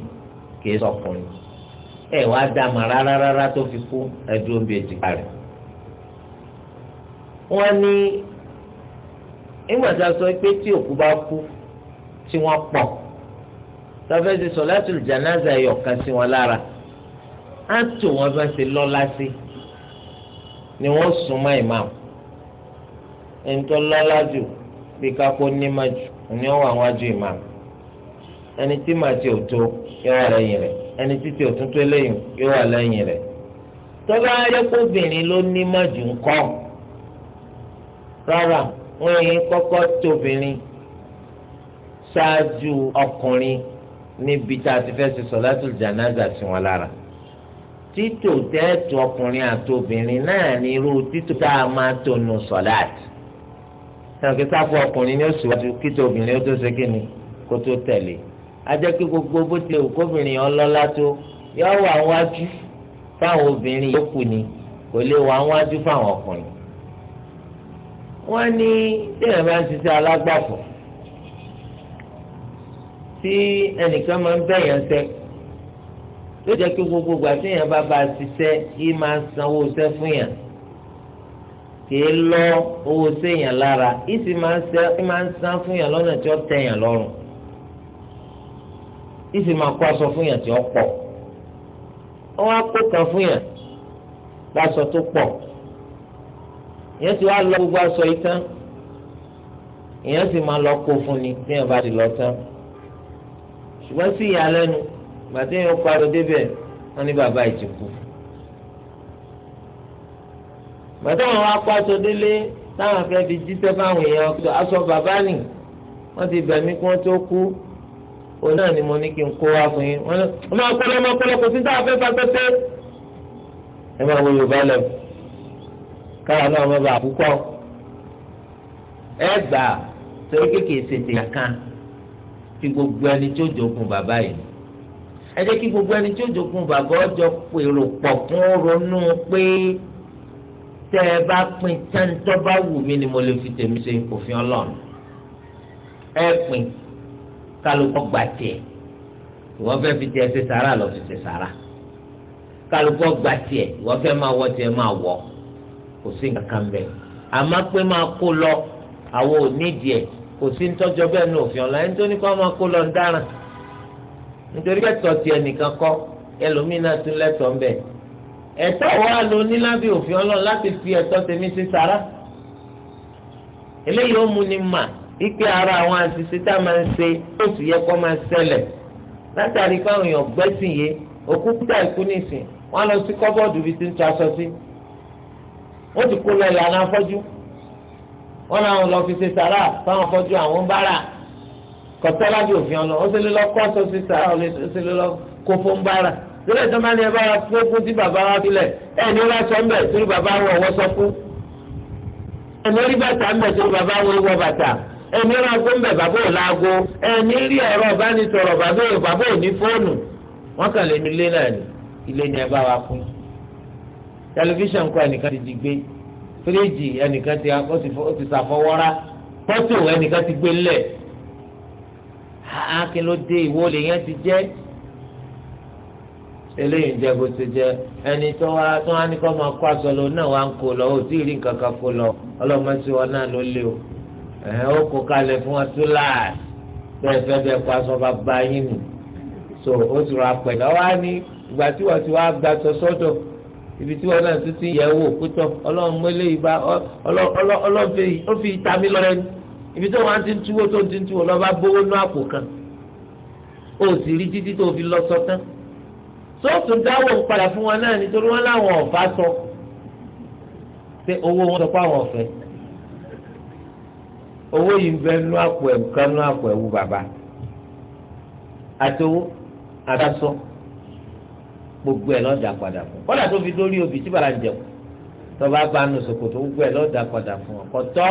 kì í sọkùnrin ẹ dá rárá rárá tó fi kú ẹdúró bíi èjìká rẹ̀. wọ́n ní ìgbà tí a sọ bá kú tí wọ́n pọ̀ ti sọ láti lùjànáza wọn lára á tò bá ṣe lọ́lá ni wọ́n sún mọ́ imam ẹni tó lọ́lá jù bí kakó nímọ̀ jù ni wọ́n wà wájú imam ẹni tí màtí ò tó yóò wà lẹ́yìn rẹ̀ ẹni tí tí ò tún tó lẹ́yìn yóò wà lẹ́yìn rẹ̀ tọ́lá ayẹ́kọ́bìnrin ló nímọ̀ jù ń kọ́ rárá wọ́n yẹn kọ́kọ́ tóbìnrin ṣáájú ọkùnrin níbi tá a ti fẹ́ ṣe sọ̀látùl jánásà sí wọn lára títò tẹ́ẹ̀tù ọkùnrin àti obìnrin náà ní irú títò tá a máa tonu sọ̀láàtì. sọ̀rọ̀ kí sáfù ọkùnrin ni ó síwájú kí tó obìnrin ó tó ṣe kí ni kó tó tẹ̀lé. a jẹ́ kí gbogbo bó tilẹ̀ wù kóbìnrin ọlọ́lá tó yọ wà wájú fáwọn obìnrin yòókù ni kò lè wà wájú fáwọn ọkùnrin. wọ́n ní téèyàn bá ń ṣiṣẹ́ alágbàfọ̀ tí ẹnìkan máa ń bẹ̀yàn sẹ́kù yóò jẹ́ kí gbogbo ìgbà tí èèyàn bá bá ṣiṣẹ́ yìí máa sanwó iṣẹ́ fún yàn kìí lọ owó séèyàn lára yìí sì máa ń san fún yàn lọ́nà tí ó tẹ̀yàn lọ́rùn yìí sì máa kó aṣọ fún yàn tí ó pọ̀ ó wá kó kan fún yàn láṣọ tó pọ̀ ìyẹn sì wá lọ gbogbo aṣọ yìí tán ìyẹn sì máa lọ kó fún ni bí yàn bá ti lọ tán ṣùgbọ́n sí ìyàlẹ́nu gbàtí yẹn ó parọ débẹ̀ wọ́n ní bàbá yìí ti kú gbàtí àwọn apáṣọ délé táwọn afẹ́ fi jíṣẹ́ fáwọn èèyàn aṣọ bàbá nì wọ́n ti bẹ̀ mí kí wọ́n tó kú òun náà ni mo ní kí n kó wá fún yín wọ́n ní ọmọ akọlọ ọmọ akọlọ kò sí táwọn afẹ́ fà pẹ́pẹ́ ẹ máa wo Yorùbá lẹ káwa náà ọmọ bàbá púpọ̀ ẹ gbà torí kékeré ṣètìlá kan tí gbogbo ẹni tí ó jogun bàbá yìí ẹ jẹ́ kí gbogbo ẹni tí ó jogún bàbá ọjọ́ pèrò pọ̀ fún ronú pé tẹ́ ẹ bá pín táńtọ́ bá wù mí ni mo lè fi tèmi ṣe òfin ọlọ́run ẹ pín kálukọ́ gba tiẹ̀ ìwọ fẹ́ fi tiẹ̀ ṣe sàrà lọ fi ṣe sàrà kálukọ́ gba tiẹ̀ ìwọ fẹ́ máa wọ tiẹ̀ máa wọ kò sí nǹkan kan bẹ́ẹ̀ pé máa kó lọ àwọn ò nídìí ẹ̀ kò sí ń tọ́jọ́ bẹ́ẹ̀ ní òfin ọ̀la ẹni tó ní kó máa kó lọ ń dáràn nítorí ẹ̀tọ́ tiẹ̀ nìkan kọ́ ẹlòmíín náà tún lẹ́tọ̀ọ́ ńbẹ̀ ẹ̀tọ́ wa lo ní lábẹ́ òfin Ọlọ́run láti fi ẹ̀tọ́ tèmi sí sàrà eléyìí ó mú ni mà ike ara àwọn àṣìṣe tá a máa ń ṣe ó sì yẹ kó máa ṣẹlẹ̀ látàrí pé àwọn èèyàn gbẹ́sìn yé òkú kúta ìkú nìsín wọn lọ sí kọ́bọ́ọ̀dù bíi ti ń tọ́ aṣọ sí ó ti kó lọ ìlànà afọ́jú wọn làwọn lọ fi ṣe sàrà fáwọn afọ́jú àwọn bára kọtọ́lá bí òfin ọlọ ọsẹlẹ lọ kọ́ ọsọ sísá ọsẹlẹ lọ kó fún bára lórí ẹ̀sán máa ní ẹ bá wa fún fún tí bàbá wa filẹ̀ ẹ ní wọ́n sọ mbẹ̀ torí bàbá wọ ọwọ́ sọ fún ẹ ní rí bàtà mbẹ̀ torí bàbá wọ ìwọ bàtà ẹ ní rí aago mbẹ̀ bàbá ò láago ẹ ní rí ẹ̀rọ ìbánisọ̀rọ̀ bàbá ò bàbá ò ní fóònù wọ́n kàn lé ilé náà ní ilé ní ẹ bá wa fún tẹlifíṣàn kọ ẹnìkan ti di gbé fíríjì ẹnìkan ti ó pọ́tò ẹnìkan ti gbé lẹ̀ akin ah, ló dé ìwọ lè yẹn ti jẹ́ eléyìí jẹ bó ti jẹ ẹni tó wá tó wá ní kó máa kó aṣọ lọ náà wá ń kó lọ ò tí ì rí nǹkan kan kó lọ ọlọ́mọ náà ló lé o ẹ̀hẹ́n ó kó kalẹ̀ fún wọn tó láàásì bẹ́ẹ̀ fẹ́ bẹ́ẹ̀ kó aṣọ bá ba yín nù so ó sì rà pẹ̀lú ọ wá ní ìgbà tí wọ́n ti wá gba aṣọ sọ́dọ̀ ibi tí wọn náà tún ti yẹ wò kótó ọlọ́run mọ́lẹ́ ìbá ọlọ́run fi ìta mi lọ́rẹ́ ni ibi tó wọn ti ń túwó tó ń ti ń túwó lọ́ba bówó nú àpò kan o sì rí títí tó fi lọ sọ́tán sóòtù dáwọ̀ ń padà fún wọn náà nítorí wọn láwọn ọ̀fà sọ pé owó wọn sọ pé àwọn ọ̀fẹ́ owó yìí ń bẹ nú àpò ẹ̀ kan nú àpò ẹ̀wù bàbá àti owó àdásọ gbogbo ẹ̀ lọ́dà padà fún kọ́dà tó fi dórí obì tí bàrà ń jẹun tọ́ba bá nù sòkòtò gbogbo ẹ̀ lọ́dà padà fún ọ̀kọ́tọ́.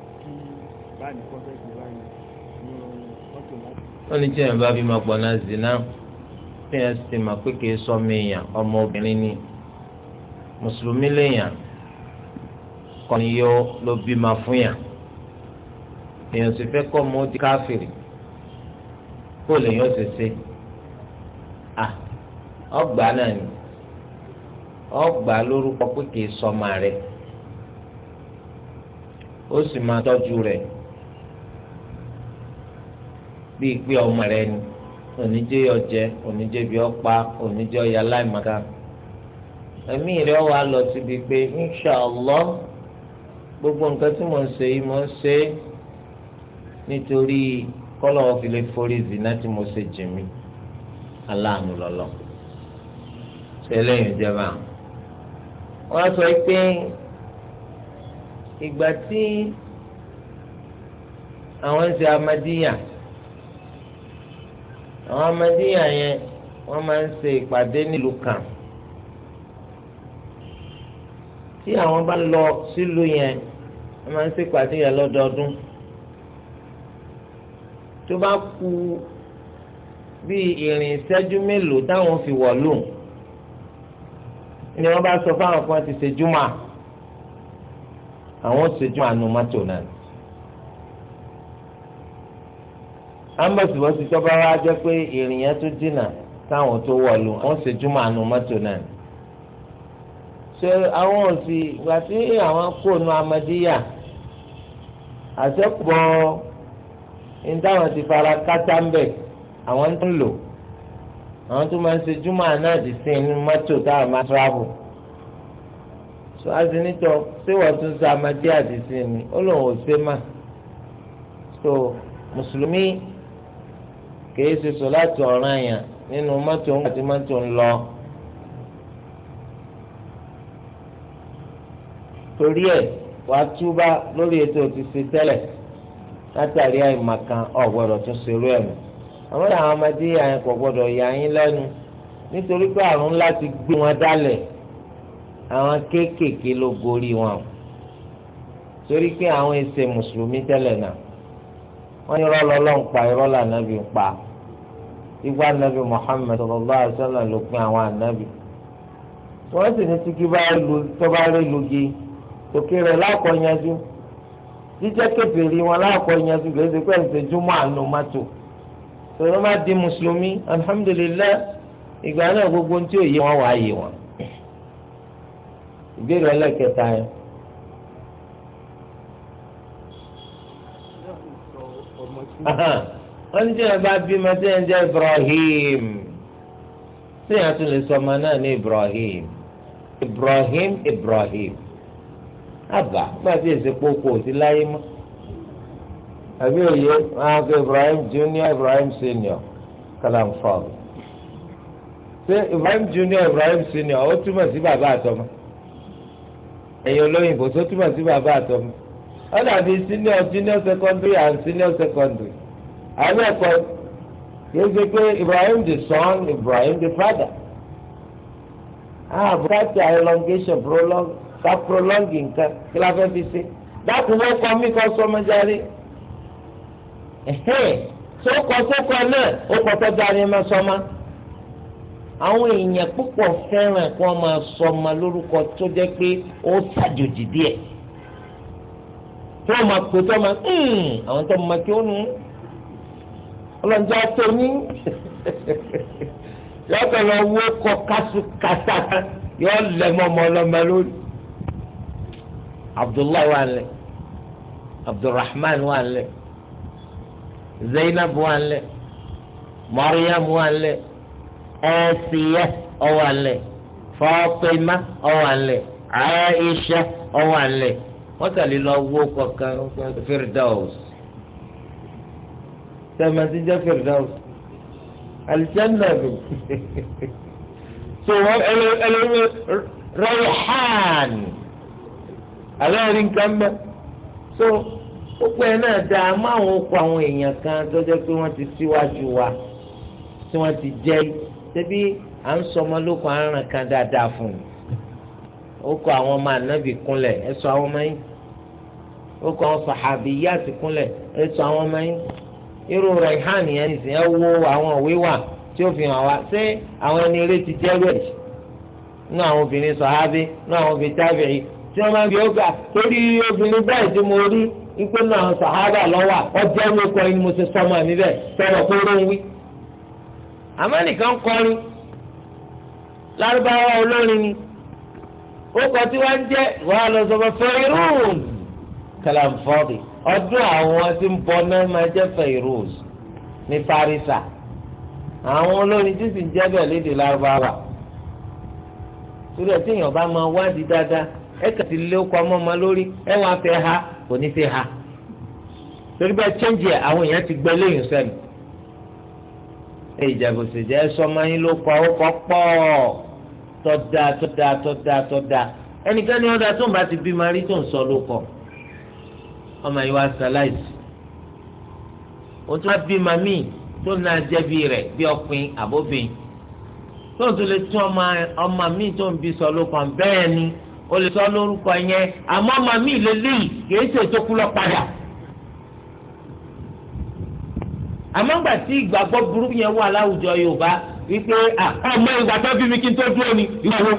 wọ́n ní tí èèyàn bá bí máa gbọ́ná zina tí èèyàn sì máa pé kìí sọmọ èèyàn ọmọ obìnrin ni mùsùlùmí lèèyàn kọ́ni yóò ló bí máa fún yàn èèyàn sì fẹ́ kọ́ mọ́ di káfìrì kó lèèyàn ṣe ṣe ọgbà náà ni ọgbà lórúkọ pé kìí sọmọ rẹ̀. ó sì máa tọ́jú rẹ̀ bíi pé ọmọ rẹ ni oníjẹ́ ọjẹ́ oníjẹ́ ọpa ọya láìmọ̀ká ẹ̀mí rẹ̀ wà lọ síbi pé inshallah gbogbo nǹkan tí mo ń ṣe yìí se ń ṣe nítorí kọ́lọ̀ fi lè forí tí mo ṣe jì mí aláàánú lọ́lọ́ wọ́n sọ pé. ìgbà tí àwọn ń ṣe amadíyà àwọn amadíyà yẹn wọ́n máa ń ṣe ìpàdé nílùú kan tí àwọn bá lọ sílùú yẹn wọ́n máa ń ṣe ìpàdé yẹn lọ́dọọdún tó bá kù bíi ìrìn ìṣẹ́jú mélòó táwọn fi wọ̀ lóhùn ni wọ́n bá sọ fáwọn kan ti ṣe júmọ̀ à àwọn ṣèjú àánú mọ́tò náà ni. ambọ̀sibọ́sí tó bá wá jẹ́ pé ìrìnyẹn tó dínà táwọn tó wọlú àwọn ṣèjú àánú mọ́tò náà ni. ṣé àwọn òsì ìgbà tí àwọn kóònù amadíyà àṣẹ́pọ̀ ìdáhùn ti fara kátá ń bẹ̀ àwọn tó ń lò àwọn tó máa ń ṣe júmọ̀ náà ti mọ́tò táwọn máa ń travel sọ asinitọ ṣé wọ́n tún sọ amadé àdìsí ni ó lóun ò ṣe má so mùsùlùmí kìí ṣe sọ láti ọ̀ràn yẹn nínú mọ́tò ń àti mọ́tò ń lọ. torí ẹ̀ wàá túbá lórí ètò ti ṣe tẹ́lẹ̀ látàrí àìmọ̀kan ọ̀gbọ́dọ̀ tún ṣerú ẹ̀ mọ́ àwọn àwọn ọmọdé yẹn kò gbọ́dọ̀ yà yín lẹ́nu nítorí pé àrùn ńlá ti gbé wọn dálẹ̀ àwọn kéékèèké ló gorí wọn torí pé àwọn ẹsẹ mùsùlùmí tẹ́lẹ̀ náà wọ́n ní rọlọ lọhùn pa irọ́ là nàbì ń pa igbá nàbì Muhammad sallallahu alaihi wasallam ló pin àwọn ànábì wọ́n sì ní tíkí bá lu tó bá rí lugi òkè rẹ̀ láàkọ yanjú jíjẹ kébèrè wọn láàkọ yanjú kò ṣe pé ẹsẹ júmọ àánú mọtò tòun má di mùsùlùmí alhamdulillah ìgbà náà gbogbo ohun tí ò yé wọn yé wọn ìbéèrè ẹlẹ́kẹta yẹn. wọ́n ní sèyàn bá bímọ sèyàn jẹ́ Ibrahim sèyàn tún lè sọ ọmọ náà ní Ibrahim Ibrahim Ibrahim àbá nígbà tí èsì kpókò sí láyé mọ́ àbí òye wọn kó Ibrahim junior Ibrahim senior kàlàǹfọ̀ọ́ ṣé Ibrahim junior Ibrahim senior ó túmọ̀ sí bàbá àtọmọ́ ẹ̀yin olóyìnbó tó túmọ̀ sí bàbá àtọmọ ó dàbí senior senior secondary and senior secondary àwọn ẹ̀kọ́ yóò ṣe pé Ibrahim the son Ibrahim the father ah bùkátà elongation prolong ká prolong nǹkan kí la fẹ́ fi ṣe dákun wọ́n kọ́ mí kọ́ sọmọjáde ẹ̀hẹ́n sókọ sókọ náà ó kọ́ tó darí ẹ̀ máa sọ àwọn èèyàn púpọ̀ fẹ́ràn kí wọ́n máa sọ ọmọ lórúkọ tó jẹ́ pé ó ṣàjòjì díẹ̀ tí wọ́n máa pè tó máa hmm, àwọn tó máa kí ó nu ọlọ́njẹ́ àtọ́ ní yọ̀ọ́tọ̀ lọ wó kọ kásùkásà yọ̀ọ́ lẹ́mọ̀ ọmọ ọlọ́mọ lórí Abdullahi wà lẹ́yìn. Abdulrahman wà lẹ Zainab wà lẹ Mariam wà lẹ Asiya ọwọ́ àlẹ̀ Fatima ọwọ́ Aisha ọwọ́ àlẹ̀ wọ́n tàlẹ́ lọ wó kankan Firdaus Firdaus so wọ́n ẹlẹ́rìí Rayhan so gbogbo ẹ náà dáa máa ń kó àwọn èèyàn kan tó jẹ́ pé ti síwájú wa tí ṣebí à ń sọmọ lóko aràn kan dáadáa fún un ó kọ àwọn ọmọ ànábì kúnlẹ̀ ẹ sọ àwọn ọmọ yín ó kọ àwọn sàhábì yíyá sí kúnlẹ̀ ẹ sọ àwọn ọmọ yín irú rẹ̀ hàn yẹn nìsín ẹ wo àwọn òwe wà tí ó fi hàn wá ṣé àwọn ẹni eré ti jẹ́ rẹ̀ nínú àwọn obìnrin sàhábì nínú àwọn obìnrin tábìrì tí wọ́n máa ń fi ó gbà torí obìnrin bẹ́ẹ̀ tí mo rí ikú náà sàhábà lọ́wọ́ ọjọ́ mi kọ́ ẹni mo ṣe sọmọ mi bẹ́ẹ̀ sọmọ àmọ́ nìkan kọrin lárúbáwá olórin ni ó kọ tí ń wàá lọ sọ́kọ́ fẹ́rùn kàlàǹfọ́ọ̀dì ọdún àwọn tí ń bọ náà máa jẹ́ fẹ́rùn ní parisa àwọn olórin tí sì ń jẹ́ bẹ́ẹ̀ lédè lárúbáwá torí ẹ̀ tí èèyàn ti lé ọkọ ọmọ ọmọ lórí ẹ ha kò ní ha torí àwọn ti ìjàgòsèjẹ sọmọ yín ló kọ ọkọ pọ tọdà tọdà tọdà tọdà ẹnikẹ́ni ọ̀dà tó ń bá ti bímọ rí tó ń sọ ló kọ ọmọ yìí wá o tún bá bímọ tó bí ọmọ tó ni o lè sọ lórúkọ yẹn àmọ́ ọmọ míì lè léyìí àmọ́ gbà tí ìgbàgbọ́ burúkú yẹn wà láwùjọ Yorùbá wípé ọmọ ìgbà tó bí mi kí n tó dúró ni ìwọ.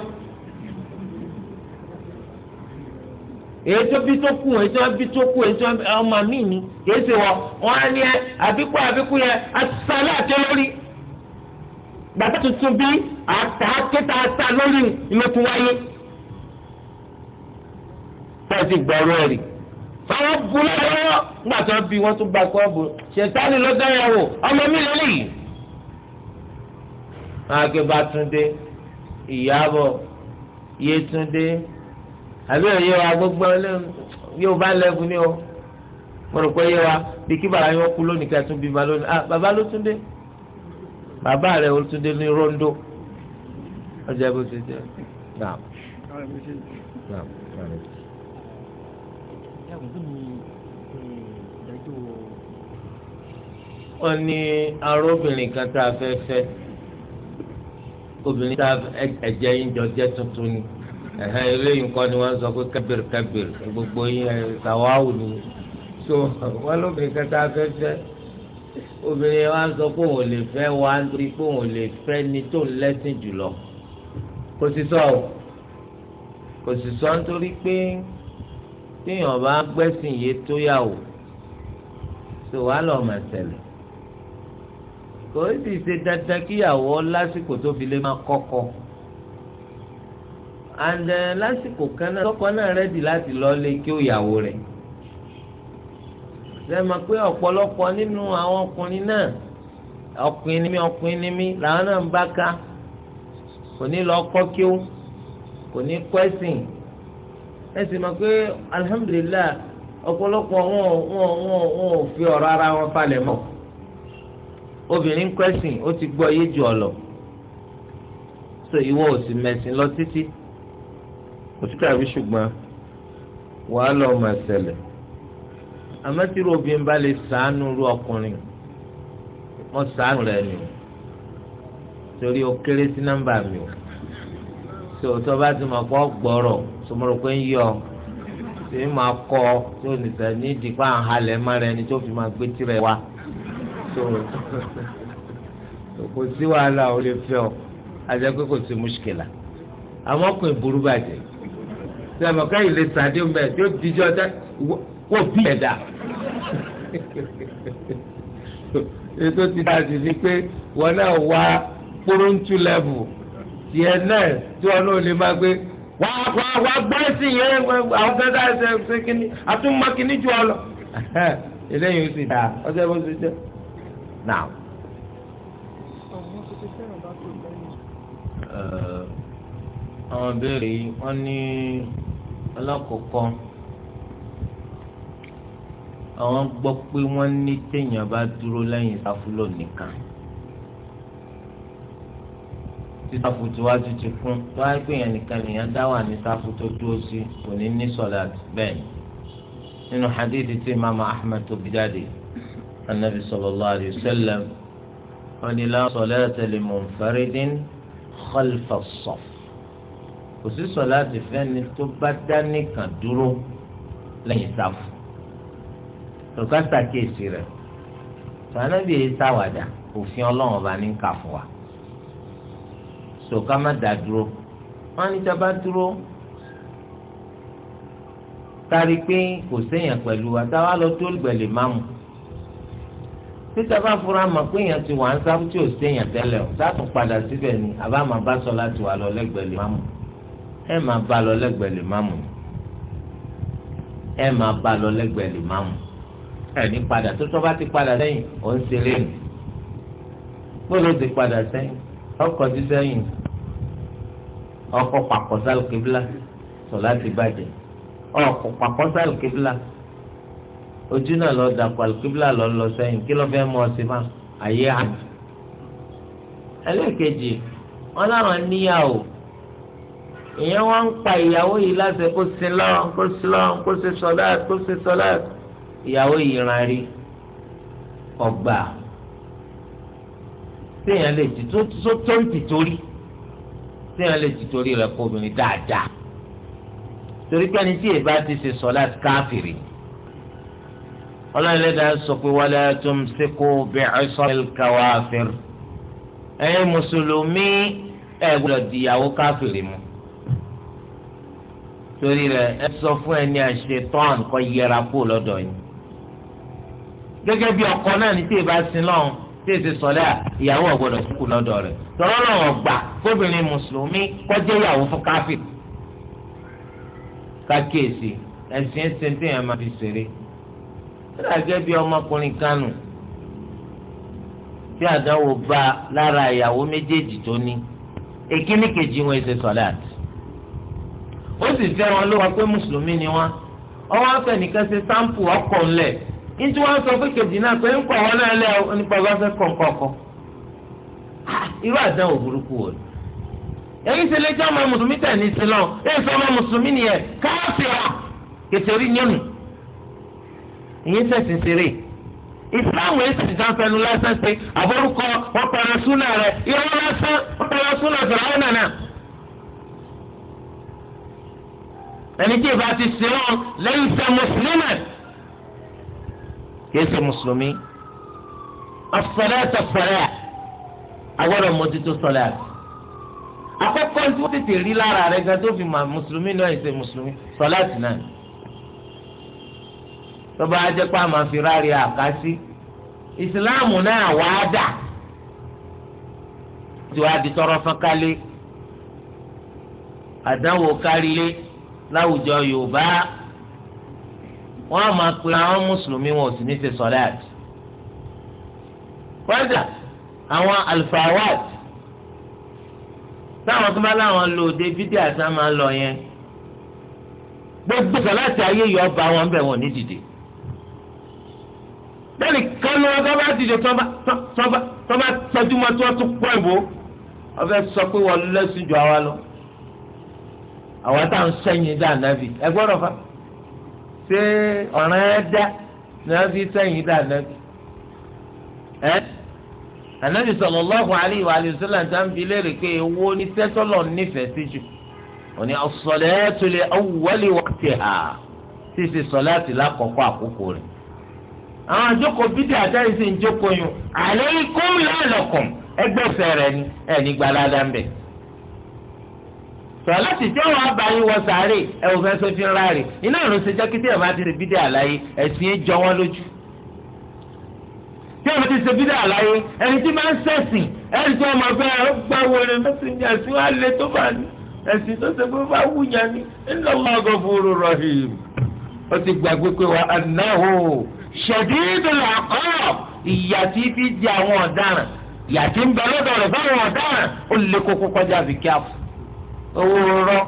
èyí tó bí tó kù èyí tó bí tó kù èyí tó ọmọ mi ni kìí ṣe wọ wọn á ní ẹ àbíkú àbíkú yẹn àtúnṣe àti lórí gbàtà tuntun bí àtàkéta àtà lórí ìlú tó wáyé. pẹ́ẹ́sì gbọ́rọ̀ rẹ̀ àwọn gun lọ́wọ́ nígbà tó bí wọ́n tún gba sọ́ọ̀bù ṣètánì ló dáyà wò ọmọ mi lè yìí. àgbẹ̀bá túndé ìyábọ̀ yétúndé àbí òye wa gbogbo yóò bá lẹ́gùn ní o mo rò pé yé wa bí kí bàbá yẹn kú lónìí ká tún bí ma lónìí ah bàbá ló túndé bàbá rẹ̀ ó túndé ní rondo ọjà bó ti jẹ náà ẹ̀wọ̀n kí ni ìdájọ́. wọ́n ní arọ́bìnrin kan tá a fẹ́ fẹ́ obìnrin tá ẹ̀jẹ̀ yín jọ jẹ́ tuntun ni eléyìí nǹkan ni wọ́n sọ pé kẹ́bìrì kẹ́bìrì gbogbo yín ṣàwáwù ni so wọ́n lóbìnrin kan tá a fẹ́ fẹ́ obìnrin wa sọ pé òun lè fẹ́ wa nítorí pé òun lè fẹ́ ni tó ń lẹ́sìn jùlọ kò sì sọ kò sì sọ nítorí pé téèyàn bá gbẹ́sìn yé tó yà wò tó wà lọ́ọ́ mà ṣẹlẹ̀ kò í sì ṣe dandan kíyàwó lásìkò tó fi lè máa kọ́kọ́ and lásìkò kan náà tọkọ náà rẹ́dì láti lọ lé kí ó yàwó rẹ̀ sẹ́mi pé ọ̀pọ̀lọpọ̀ nínú àwọn ọkùnrin náà ọkùnrin mi ọkùnrin ni mí làwọn náà ń bá ká kò ní lọ kọ́ kí ó kò ní kọ́ ẹ sì mọ̀ pé alihamudulilayi ọ̀pọ̀lọpọ̀ wọn wọn wọn wọn ò fi ọ̀rọ̀ ara wọn falẹ̀ mọ́ obìnrin kwẹ́sìn ó ti gbọ́ yé jù ọ lọ so ìwọ ò sì mẹ̀sìn lọ títí òtítọ́ àbí ṣùgbọ́n wàá lọ mà ṣẹlẹ̀ àmọ́ tí obìnrin bá lè sàánú ru ọkùnrin wọ́n sàánú rẹ̀ nìyẹn torí o kéré sí nọ́mbà mi o tó tó bá ti mọ̀ kọ́ gbọ́rọ̀ sọmọrọ pé ń yọ tí ń máa kọ́ tó nìta ní ìdìpá àhálẹ̀ mọ́ra ẹni tó fi máa gbé tirẹ̀ wá tó kò sí wàhálà ò lè fẹ́ ọ àti ẹgbẹ́ kò sí mùṣkìlà àmọ́ kò ń burú bàjẹ́ tí a mọ̀ ká ìlẹ̀ sàdé mbẹ́ tó dijọ́ dá wò bí ẹ̀ dá ètò ti dájú ni pé wọn náà wá kúrúntù lẹ́bù tiẹ̀ náà tí wọn náà lè máa gbé wà wà wà gbọ́ sí yẹn àwọn kan dá ẹsẹ̀ ṣe kínní àtúmọ̀ kínní ju ọ lọ. eléyìí ó sì dáa ọsẹ bó ṣe jẹ náà. àwọn ìbéèrè yìí wọ́n ní alákọ̀ọ́kọ́ àwọn gbọ́ pé wọ́n ní téèyàn bá dúró lẹ́yìn sáfúlò nìkan tí sáfù tiwájú ti kún tó wáyé pé yẹn nìkan lèèyàn dá wà ní sáfù tó dúró sí kò ní ní sọ̀lá bẹ́ẹ̀ nínú hadithi tí imaamu ahmed tó bidade anabi sallallahu alayhi wa sallam wọn ni la salata li munfaridin khalfa as-saff kò sí sọlá ti tó bá dá nìkan dúró lẹ́yìn sáfù lùkà sàkíyèsí rẹ̀ sànàbí èyí sáwàdà òfin ọlọ́run ọba ní ká so ká má dá dúró wọn ní tá a bá dúró tari pé kò séèyàn pẹ̀lú wa tá a lọ tó gbẹ̀lẹ̀ má mu títa bá fura mọ̀ pé èèyàn ti wà ń sáfù tí ò séèyàn tẹ́lẹ̀ o sátún padà síbẹ̀ ni àbá máa bá sọ láti wà lọ lẹ́gbẹ̀lẹ̀ má mu ẹ máa bá lọ lẹ́gbẹ̀lẹ̀ má mu ẹ máa bá lọ lẹ́gbẹ̀lẹ̀ má mu ẹ padà tó tọ́ bá ti padà sẹ́yìn ò ń ṣe lẹ́yìn bó ló ti padà sẹ́yìn ọkọ̀ ti sẹ́yìn ọkọ̀ pàkọ́sálù kébìlà sọ̀lá ti bàjẹ́ ọkọ̀ pàkọ́sálù kébìlà ojú náà lọ dàpọ̀ àlùkébìlà lọ lọ sẹ́yìn kí ló fẹ́ mú ọ sí máa àyè àjù. ẹlẹ́ẹ̀kejì wọn láwọn níyàwó ìyẹn wọn ń pa ìyàwó yìí láti kó sí lọ́wọ́n kó sí lọ́wọ́n kó sí sọ́lá kó sí sọ́lá ìyàwó yìí ràn rí ọgbà téèyàn lè ti tó tó tó ń tì torí téèyàn lè jì torí rẹ̀ kó obìnrin dáadáa torí pé ẹni tí èèbá ti ṣe sọlá káfìrì ọlọ́run lẹ́dàá sọ pé wala tumsiku bi'isril kawafir ẹ̀yin mùsùlùmí ẹ̀ gbọ́dọ̀ dìyàwó káfìrì mu torí rẹ̀ ẹ sọ fún ẹni àṣetán kó yẹra kó lọ́dọ̀ yìí gẹ́gẹ́ bí ọkọ náà ní tí èèbá sin lọ́hùn tí èsì sọlẹ ìyàwó ọgbọdọ kúkú lọ́dọ̀ rẹ̀ tọrọ lọ́wọ́ gbà kóbìnrin mùsùlùmí kọjá ìyàwó fún káfí kákíyèsí ẹsìn ẹsìn tí èèyàn máa fi ṣeré nígbà gẹ́gẹ́ bí ọmọkùnrin kánù tí àdánwò bá lára ìyàwó méjèèjì tó ní èkíní kejì wọn èsì sọlẹ àti ó sì fẹ́ wọn ló wá pé mùsùlùmí ni wọn ọwọ́ afẹ́ nìkan ṣe sáǹpù ọkọ̀ ńlẹ̀ ntí wọ́n sọ pé kejì náà pé ńkọ wọn náà lẹ nípa bá fẹ́ kọkọkọ irú àdán òburúkú wò ni èyí ṣe lè jẹ́ ọmọ mùsùlùmí tẹ̀ ní sílọ̀ èyí sọ ọmọ mùsùlùmí nìyẹn káfíà kẹsẹ̀rí yẹnu ìyẹn sẹ̀sìn ṣeré ìsìláàmù èsì ìjànfẹ́nu lásán ṣe àbórúkọ ọ̀pẹ̀rẹ̀ súnà rẹ̀ irọ́ lásán ọ̀pẹ̀rẹ̀ súnà fìlàwọ́ nànà. ẹni tí ìbá ti ṣe wọn lẹ́yìn sẹ́ mùsùlùmí kìí ṣe mùsùlùmí as-salatu as-salat agbọ́dọ̀ mójútó sọlẹ àkọ́kọ́ tí wọ́n tètè rí lára rẹ̀ gan tó fi mà mùsùlùmí náà ṣe mùsùlùmí sọláàtì náà tọba ajẹ pé a máa fi rárí àkásí ìsìláàmù náà wà á dà tí wàá di tọrọ fọnkálé àdánwò kárílé láwùjọ Yorùbá wọ́n á máa pe àwọn mùsùlùmí wọn ò sì ní ṣe sọ́láàt. kọ́ńtà àwọn alfawat táwọn tó bá láwọn lò dé fídíò àti àmà lọ yẹn gbogbo sọ́láàtì ayé yọ ọba wọn bẹ̀ wọ́n ní dìde. bẹ́ẹ̀ni kánú ọgá bá dìde tọ́ba tọ́jú mọ́ tí wọ́n tún pọ̀ ìbò ọbẹ̀ sọ pé wọ́n lẹ́sùn ju àwa lọ. àwa táwọn sẹ́yìn dáa nàbì ẹ gbọ́dọ̀ fa. ṣé ọ̀ràn ẹ dá ni wọ́n fi sẹ́yìn dá ànábì ẹ́ ànábì sallallahu alaihi wa sallam tá ń fi léèrè pé owó ní sẹ́tọ́lọ̀ nífẹ̀ẹ́ sí jù òní as-salatu li awwali waqtiha ṣíṣe sọ̀láàtì lákọ̀ọ́kọ́ àkókò rẹ̀ àwọn àjókòó bídẹ àtàrí sí ń jókòó yùn alaykum la'alakum ẹgbẹ́ sọ láti jọ wa bá yín wọ sàárè ẹ ò fẹ́ sọ fi ńlá rè iná ìrún ṣe jẹ́ kí tí ẹ̀ máa ti ṣe bídẹ́ àlàyé ẹ̀sìn ẹ̀ jọ wọ́n lójú. tí ẹ̀ máa ti ṣe bídẹ́ àlàyé ẹni tí máa ń ṣẹ̀sìn ẹni tí wọ́n máa fẹ́ gbà wọlé lọ́sìn ní ẹ̀sìn wa lè tó bá ní ẹ̀sìn tó ṣe pé bá wúyà ní ńlọ́wọ́ gọ̀fúrú rahim. ó ti gbàgbé pé wa anáhó ṣẹ̀dídùn àkọ́ ìyà tí fi di àwọn ọ̀daràn ìyà tí owó rọ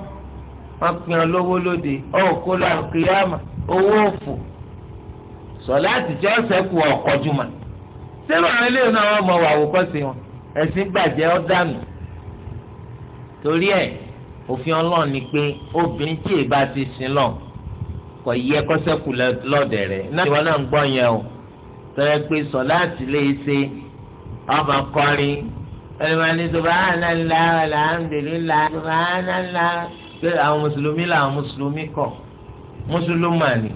wọn pin ọ lówó lóde ọkọ làkìyàmà owó òfò sọláàtì tí ó sẹkù ọkọjúmọ sínú àwọn eléyìí náà wọn mọ wàwò kọsí wọn ẹ̀sìn gbàjẹ ọ dànù torí ẹ̀ òfin Ọlọ́run ni pé obìnrin tí èèbá ti sin lọ kò yẹ kó sẹ́kù lọdẹ rẹ̀ náà ìwọ náà ń gbọ́ yẹn o tọrẹ pé sọláàtì lè ṣe ọmọ ẹlẹmọani subhanallah alhamdulillah subhanallah pé àwọn mùsùlùmí làwọn mùsùlùmí kọ mùsùlùmánì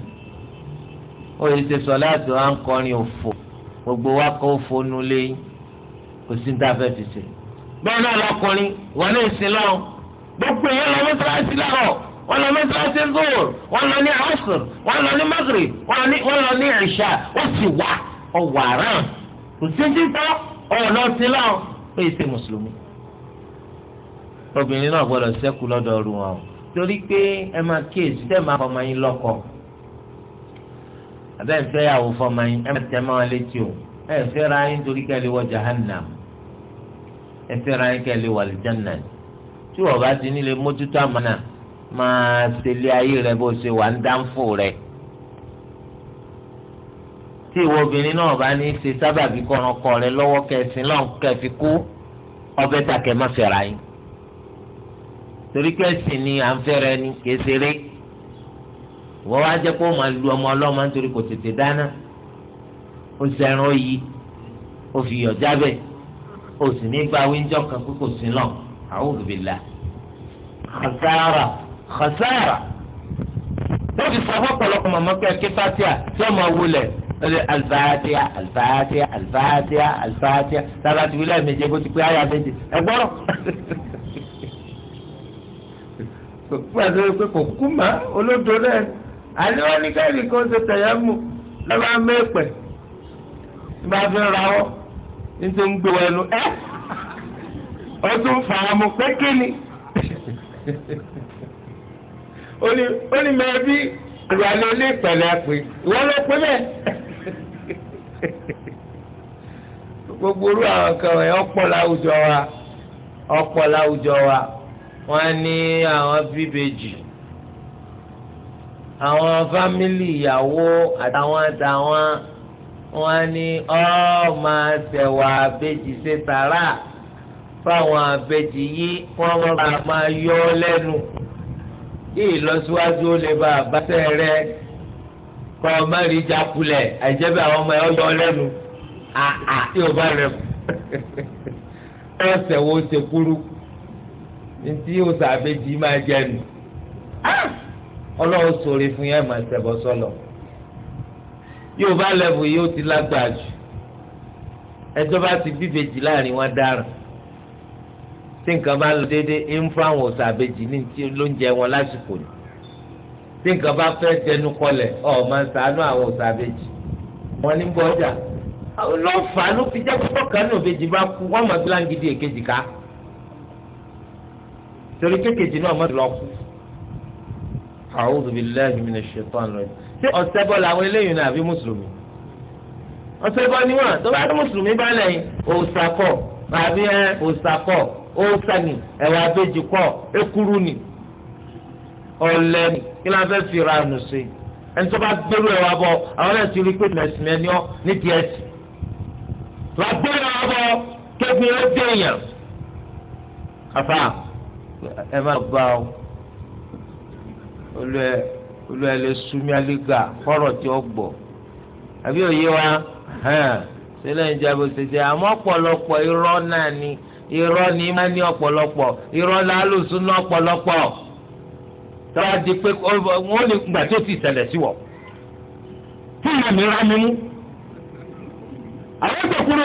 ó yẹ ṣe sọláàtì wa ń kọrin òfò gbogbo wa kọ òfò nulẹ̀ kò sí ní tàfẹ́ fi ṣe bẹ́ẹ̀ náà lọkùnrin wọn ní ìsìn lọ gbogbo èèyàn lọ mọ́sálásí lọ́rọ̀ wọn lọ mọ́sálásí zoro wọn lọ ní asr wọn lọ ní maghrib wọn lọ ní ìṣà ó sì wà ọwọ́ àrà kò sí ní tọ́ ọ̀nà sí lọ́rọ̀ ó yẹ ṣe mùsùlùmí obìnrin náà gbọ́dọ̀ ṣẹ́kù lọ́dọ̀ ọrùn wọn o torí pé ẹ máa kíyèsí tẹ́ máa fọmọ yín lọ́kọ abẹ́ ń fẹ́ yàwó fọmọ yín ẹ máa tẹ́ máa létí o ẹ fẹ́ ra yín torí kẹ́ lè wọ jahannam ẹ fẹ́ ra yín kẹ́ lè wọ alìjánná tí wọ́n bá ti nílé mójútó àmàna máa ṣe ilé ayé rẹ bó ṣe wà ń dáńfò rẹ̀ tí ìwọ obìnrin náà bá ní í ṣe sábàbí kọ̀ọ̀ràn kọ̀ rẹ lọ́wọ́ kẹsìn náà kẹfì kú ọbẹ̀ tàkẹ́ má fẹ́ra yín torí kẹsìn ni à ń fẹ́ra ẹni kì í ṣeré ìwọ wá jẹ́ pé ó máa lu ọmọ ọlọ́mọ nítorí kò tètè dáná ó sẹ́ran ó yí ó fi yọ̀ jábẹ̀ ó sì ní gba wíńjọ́ kan pé kò sí náà a'udhu billah khasara khasara lọ́ọ̀fì sọ fọ́pọ̀lọpọ̀ mọ̀mọ́ kẹ́kẹ́ fásíà tí ọmọ wulẹ̀ ọlẹ alifatiya alifatiya alifatiya alifatiya sábà tí wílẹ̀ méje bó ti pé àyà méje ẹgbọ́rọ̀ púpọ̀ àti pé kò kú mà olódò náà àní wọn ní káyìí kó ṣe tẹ̀yẹ́ mu lọ́ba mẹ́pẹ̀ bá fi ra ọ́ nítorí ń gbé wọn ẹnu ẹ́ ó tún fà á mu pé kíni ó ní mẹ́ẹ̀bí ìwà ló lé pẹ̀lẹ́ pé ìwọ ló pé bẹ́ẹ̀ gbogbo orú àwọn kan ẹ̀ ọ̀pọ̀ láwùjọ wa ọ̀pọ̀ láwùjọ wa wọ́n ní àwọn bíbejì àwọn fámìlì ìyàwó àtàwọn àtàwọn wọ́n ní ọmọ àtẹwà àbejì ṣe tààrà fáwọn àbejì yìí wọ́n máa yọ ọ lẹ́nu kí ìlọsíwájú ó lè bá àbáṣẹ rẹ̀ kọ́ ọ má rí ìjà kulẹ̀ àìjẹ́ bí àwọn ọmọ ẹ ọyọ lẹ́nu àà tí o bá rẹ̀ kù ọ̀sẹ̀ wo ṣe kúrú ntí o sàbẹ̀jì máa jẹ nù ọlọ́run sọ̀rọ̀ fún yẹn máa ṣẹ̀bọ̀ sọ̀lọ̀ yóò bá lẹ́bù yóò ti lágbàá jù ẹjọ́ bá ti bíbejì láàrin wọn dára tí nǹkan bá lọ déédéé ń fún àwọn òsàbẹ̀jì ní ti lóúnjẹ wọn lásìkò ni tí nǹkan bá fẹ́ dẹnu kọlẹ̀ ọ̀ máa ń sànú àwọn òsàbẹ̀jì wọn ní bọ́jà lọ́fà ló fi jẹ́ púpọ̀ kan ní òbejì bá kú wọ́n máa gbé láǹgídì èkejì ká torí kékejì náà mọ́tò lọ́kù a'udhu billahi minash shaitani rajim ṣé ọ̀sẹ̀ bọ́ làwọn eléyìí náà àbí mùsùlùmí ọ̀sẹ̀ bọ́ ni wọ́n tó bá dé mùsùlùmí bá lẹ́yìn òòsàkọ̀ àbí òòsàkọ̀ òòsàní ẹ̀wà abẹ́jì ọlẹ́ni kí ló ń fẹ́ fi ra ànú sí ẹni tó bá gbẹ́rù ẹ̀ wá bọ̀ àwọn ẹ̀ ti rí pé mẹ̀sìn ẹ̀ ní ọ́ ní tiẹ̀ sí. wàá gbẹ́rù ẹ̀ wá bọ̀ kébi ó dé èèyàn. afa ẹ má gbà ọ olú ẹ olú ẹ lè súnmí alígà fọ́rọ̀ tí ó gbọ́ àbí òye wa sílẹ̀ ń jẹ́ bó ṣe jẹ́ àmọ́ ọ̀pọ̀lọpọ̀ irọ́ náà ni irọ́ ni má ní ọ̀pọ̀lọpọ̀ irọ́ làálùsùn náà ọ̀pọ̀lọpọ̀ tọ́wọ́ di pé wọ́n lè gbà tó ti ṣẹlẹ̀ sí wọ̀ tí ìyá mi rá mi mú àwọn ìṣèkúrú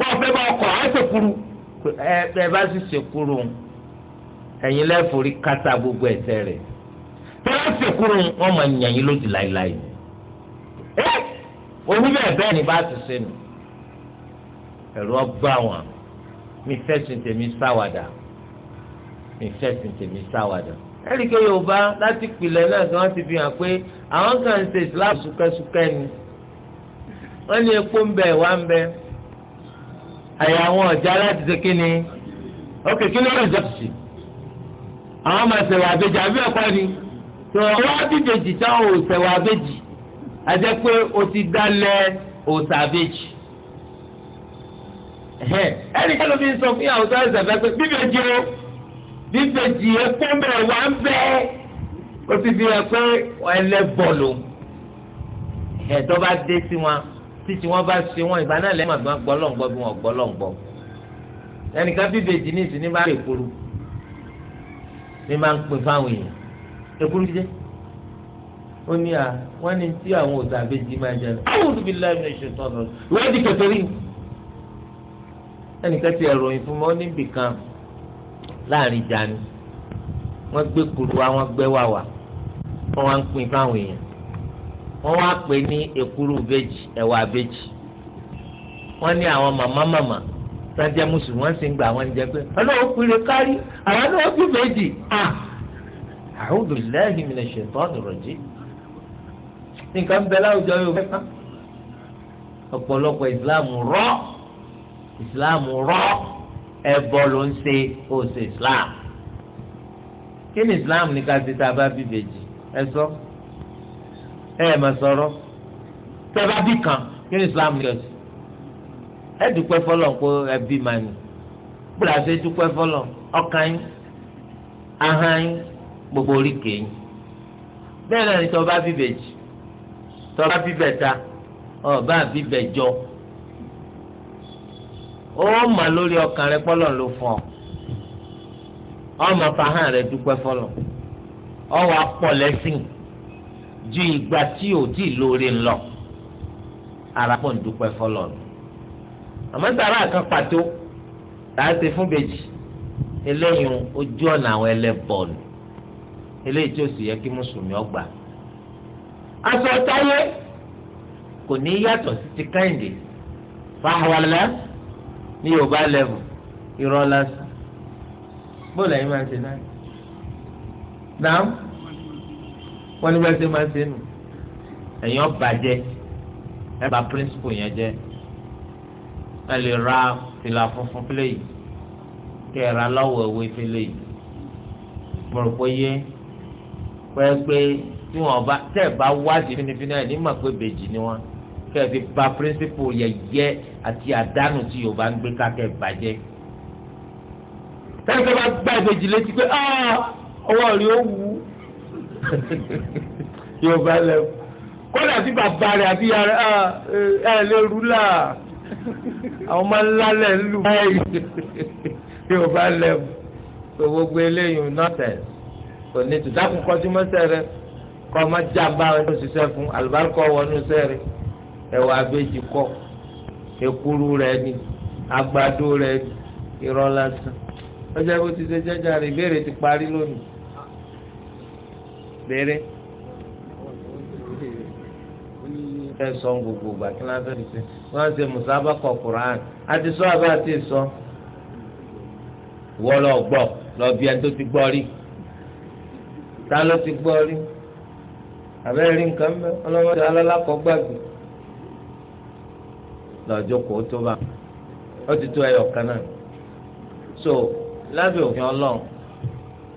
wọn fẹ́ bá ọkọ̀ àwọn ìṣèkúrú ẹ bá sì ṣèkúrú ẹ̀yin lẹ́fọ̀rí kásá gbogbo ẹ̀ṣẹ̀ rẹ̀ tọ́wọ́ ṣèkúrú wọn máa yàn yín lódì láìláì ẹ òun bẹ́ẹ̀ bẹ́ẹ̀ ni bá ti ṣe nù ẹ̀rọ gbà wọn mi fẹ́sìn tèmi sáwàdà mi fẹ́sìn tèmi sáwàdà ẹnìkan yorùbá láti pìlẹ̀ náà kí wọ́n ti fi hàn pé àwọn kan ṣe islam sùkẹ́sùkẹ́ ni wọ́n ní epo ń bẹ ìwà ń bẹ àyà àwọn ọ̀já láti ṣe kí ni ókè kí ni wọ́n jọ sí àwọn máa ṣẹ̀wà àbẹ́jì àbí ẹ̀kọ́ ni tó wọ́n dìde jì táwọn ò ṣẹ̀wà àbẹ́jì àjẹ́ pé o ti dalẹ̀ òòṣà àbẹ́jì ẹnìkan ló fi sọ fún yàrá òòṣà àbẹ́jì bíbèjì ẹ̀kọ́ bẹ̀rẹ̀ wá ń bẹ́ ó ti fi hàn pé ẹlẹ́bọ̀lù ẹ̀tọ́ bá dé sí wọn títí wọn bá ṣe wọn ìgbà náà lẹ́yìn àgbọn gbọ́lọ́ngbọ́ bí wọn gbọ́lọ́ngbọ́ ẹnìkan bíbèjì ní ìsìn ní bá rè kúrú ní máa ń pè fáwọn èèyàn èkúrú jíjẹ ó ní à wọn ní tí àwọn òòtà àbèjì máa jẹ lọ àwọn òbí láì ní ìṣètò ọ̀rọ̀ ìwádìí kẹtẹrí ẹnìkan ti ẹ̀rọ ìfúnmọ́ níbìkan láàrin jani wọ́n gbé kuru wa wọ́n gbé wà wà wọ́n wá ń pín fáwọn èèyàn wọ́n wá pè ní èkuru bèjì ẹ̀wà bèjì wọ́n ní àwọn màmá màmá sanjẹ mùsùlùmí wọ́n sì ń gbà wọ́n jẹ pé ọlọ́wọ́ kúrè kárí àwọn náà bí bèjì à a'udhu billahi minash shaitanir rajim nǹkan bẹ láwùjọ yóò fẹ́ kán ọ̀pọ̀lọpọ̀ ìsìláàmù rọ́ ìsìláàmù rọ́ ẹbọ ló ń ṣe òsè islam kí ni islam ní ká ṣe tá a bá bí bèjì ẹ sọ ẹ ẹ mà sọ̀rọ̀ tẹ bá bí kan kí ni islam ní ká ṣe ẹ dúpẹ́ fọlọ́ kó ẹ bí ma ni gbọ́dọ̀ àti dúpẹ́ fọlọ́ ọkàn yín ahọ́n yín gbogbo oríkèé yín bẹ́ẹ̀ náà ni tọ́ bá bí bèjì tọ́ bá bí bẹ̀ta ọ̀ bá bí bẹ̀jọ. ó mà lórí ọkàn rẹ pọ́lọ̀ ló fọ́ ọmọ fàhán rẹ dúpẹ́ fọlọ́ ọwọ́ apọ̀ lẹ́sìn ju ìgbà tí ò tí lóore ńlọ ara pọ̀ ń dúpẹ́ fọlọ́ nù àmọ́ sàrà kan pàtó tàá fún bèjì eléyìí ojú ọ̀nà àwọn ẹlẹ́bọ̀ọ̀lù eléyìí tí ó sì yẹ kí mùsùlùmí ní yorùbá level irọ́ lásán bóòlù ẹ̀yin máa ń ṣe náà dàm wọ́n ní bẹ́ẹ̀ ṣe máa ń ṣe nù ẹ̀yin ọba jẹ́ ẹ bá principal yẹn jẹ́ ẹ lè ra fìlà funfun play kẹ́ ẹ ra lọ́wọ́ ewé play mo rò pé yé pẹ́ pé tí wọ́n bá tẹ́ ẹ bá wá sí finifini ẹ̀ ní mà pé bèjì ni wọ́n kẹ́ fi ba píríncípù yẹ̀yẹ́ àti àdánù tí Yorùbá ń gbé kákẹ́ bàjẹ́ sẹ́ni bá gbá ìbejì létí pé ah, ọwọ́ rí ó wú Yorùbá lẹ́wọ̀ kódà tí bàbá rẹ̀ àti ìyá ah, ẹ lè là àwọn máa ń lálẹ̀ lù báyìí Yorùbá lẹ́wọ̀ gbogbo eléyìí nọ́tẹ̀ kò ní tùdákùn kọjú mọ́sẹ̀ rẹ̀ kọ́ ọ má jábá ẹ̀ ṣiṣẹ́ fún àlùbáríkọ́ wọnú sẹ́rẹ̀ ẹ̀wà abéjì kọ́ èkúrú rẹ̀ ni àgbàdo rẹ̀ ni irọ́ lásán ọjọ́ ìbò ti ṣe jẹ́jà rẹ̀ ìbéèrè ti parí lónìí béèrè fẹ́ sọ gbogbo gbà kí lásán ti ṣe wọ́n á ṣe mùsàbà kọ Quran àti sọ àbá àti sọ wọ́n lọ gbọ́ lọ bí ẹni tó ti gbọ́ rí ta ló ti gbọ́ rí àbẹ́rẹ́ rí nǹkan mẹ́ ọlọ́wọ́ alọ́lá kọ́ gbàgbé. lọ́jọ́ kò tó bá ó ti tó ẹyọ kan náà so lábẹ́ òfin ọlọ́run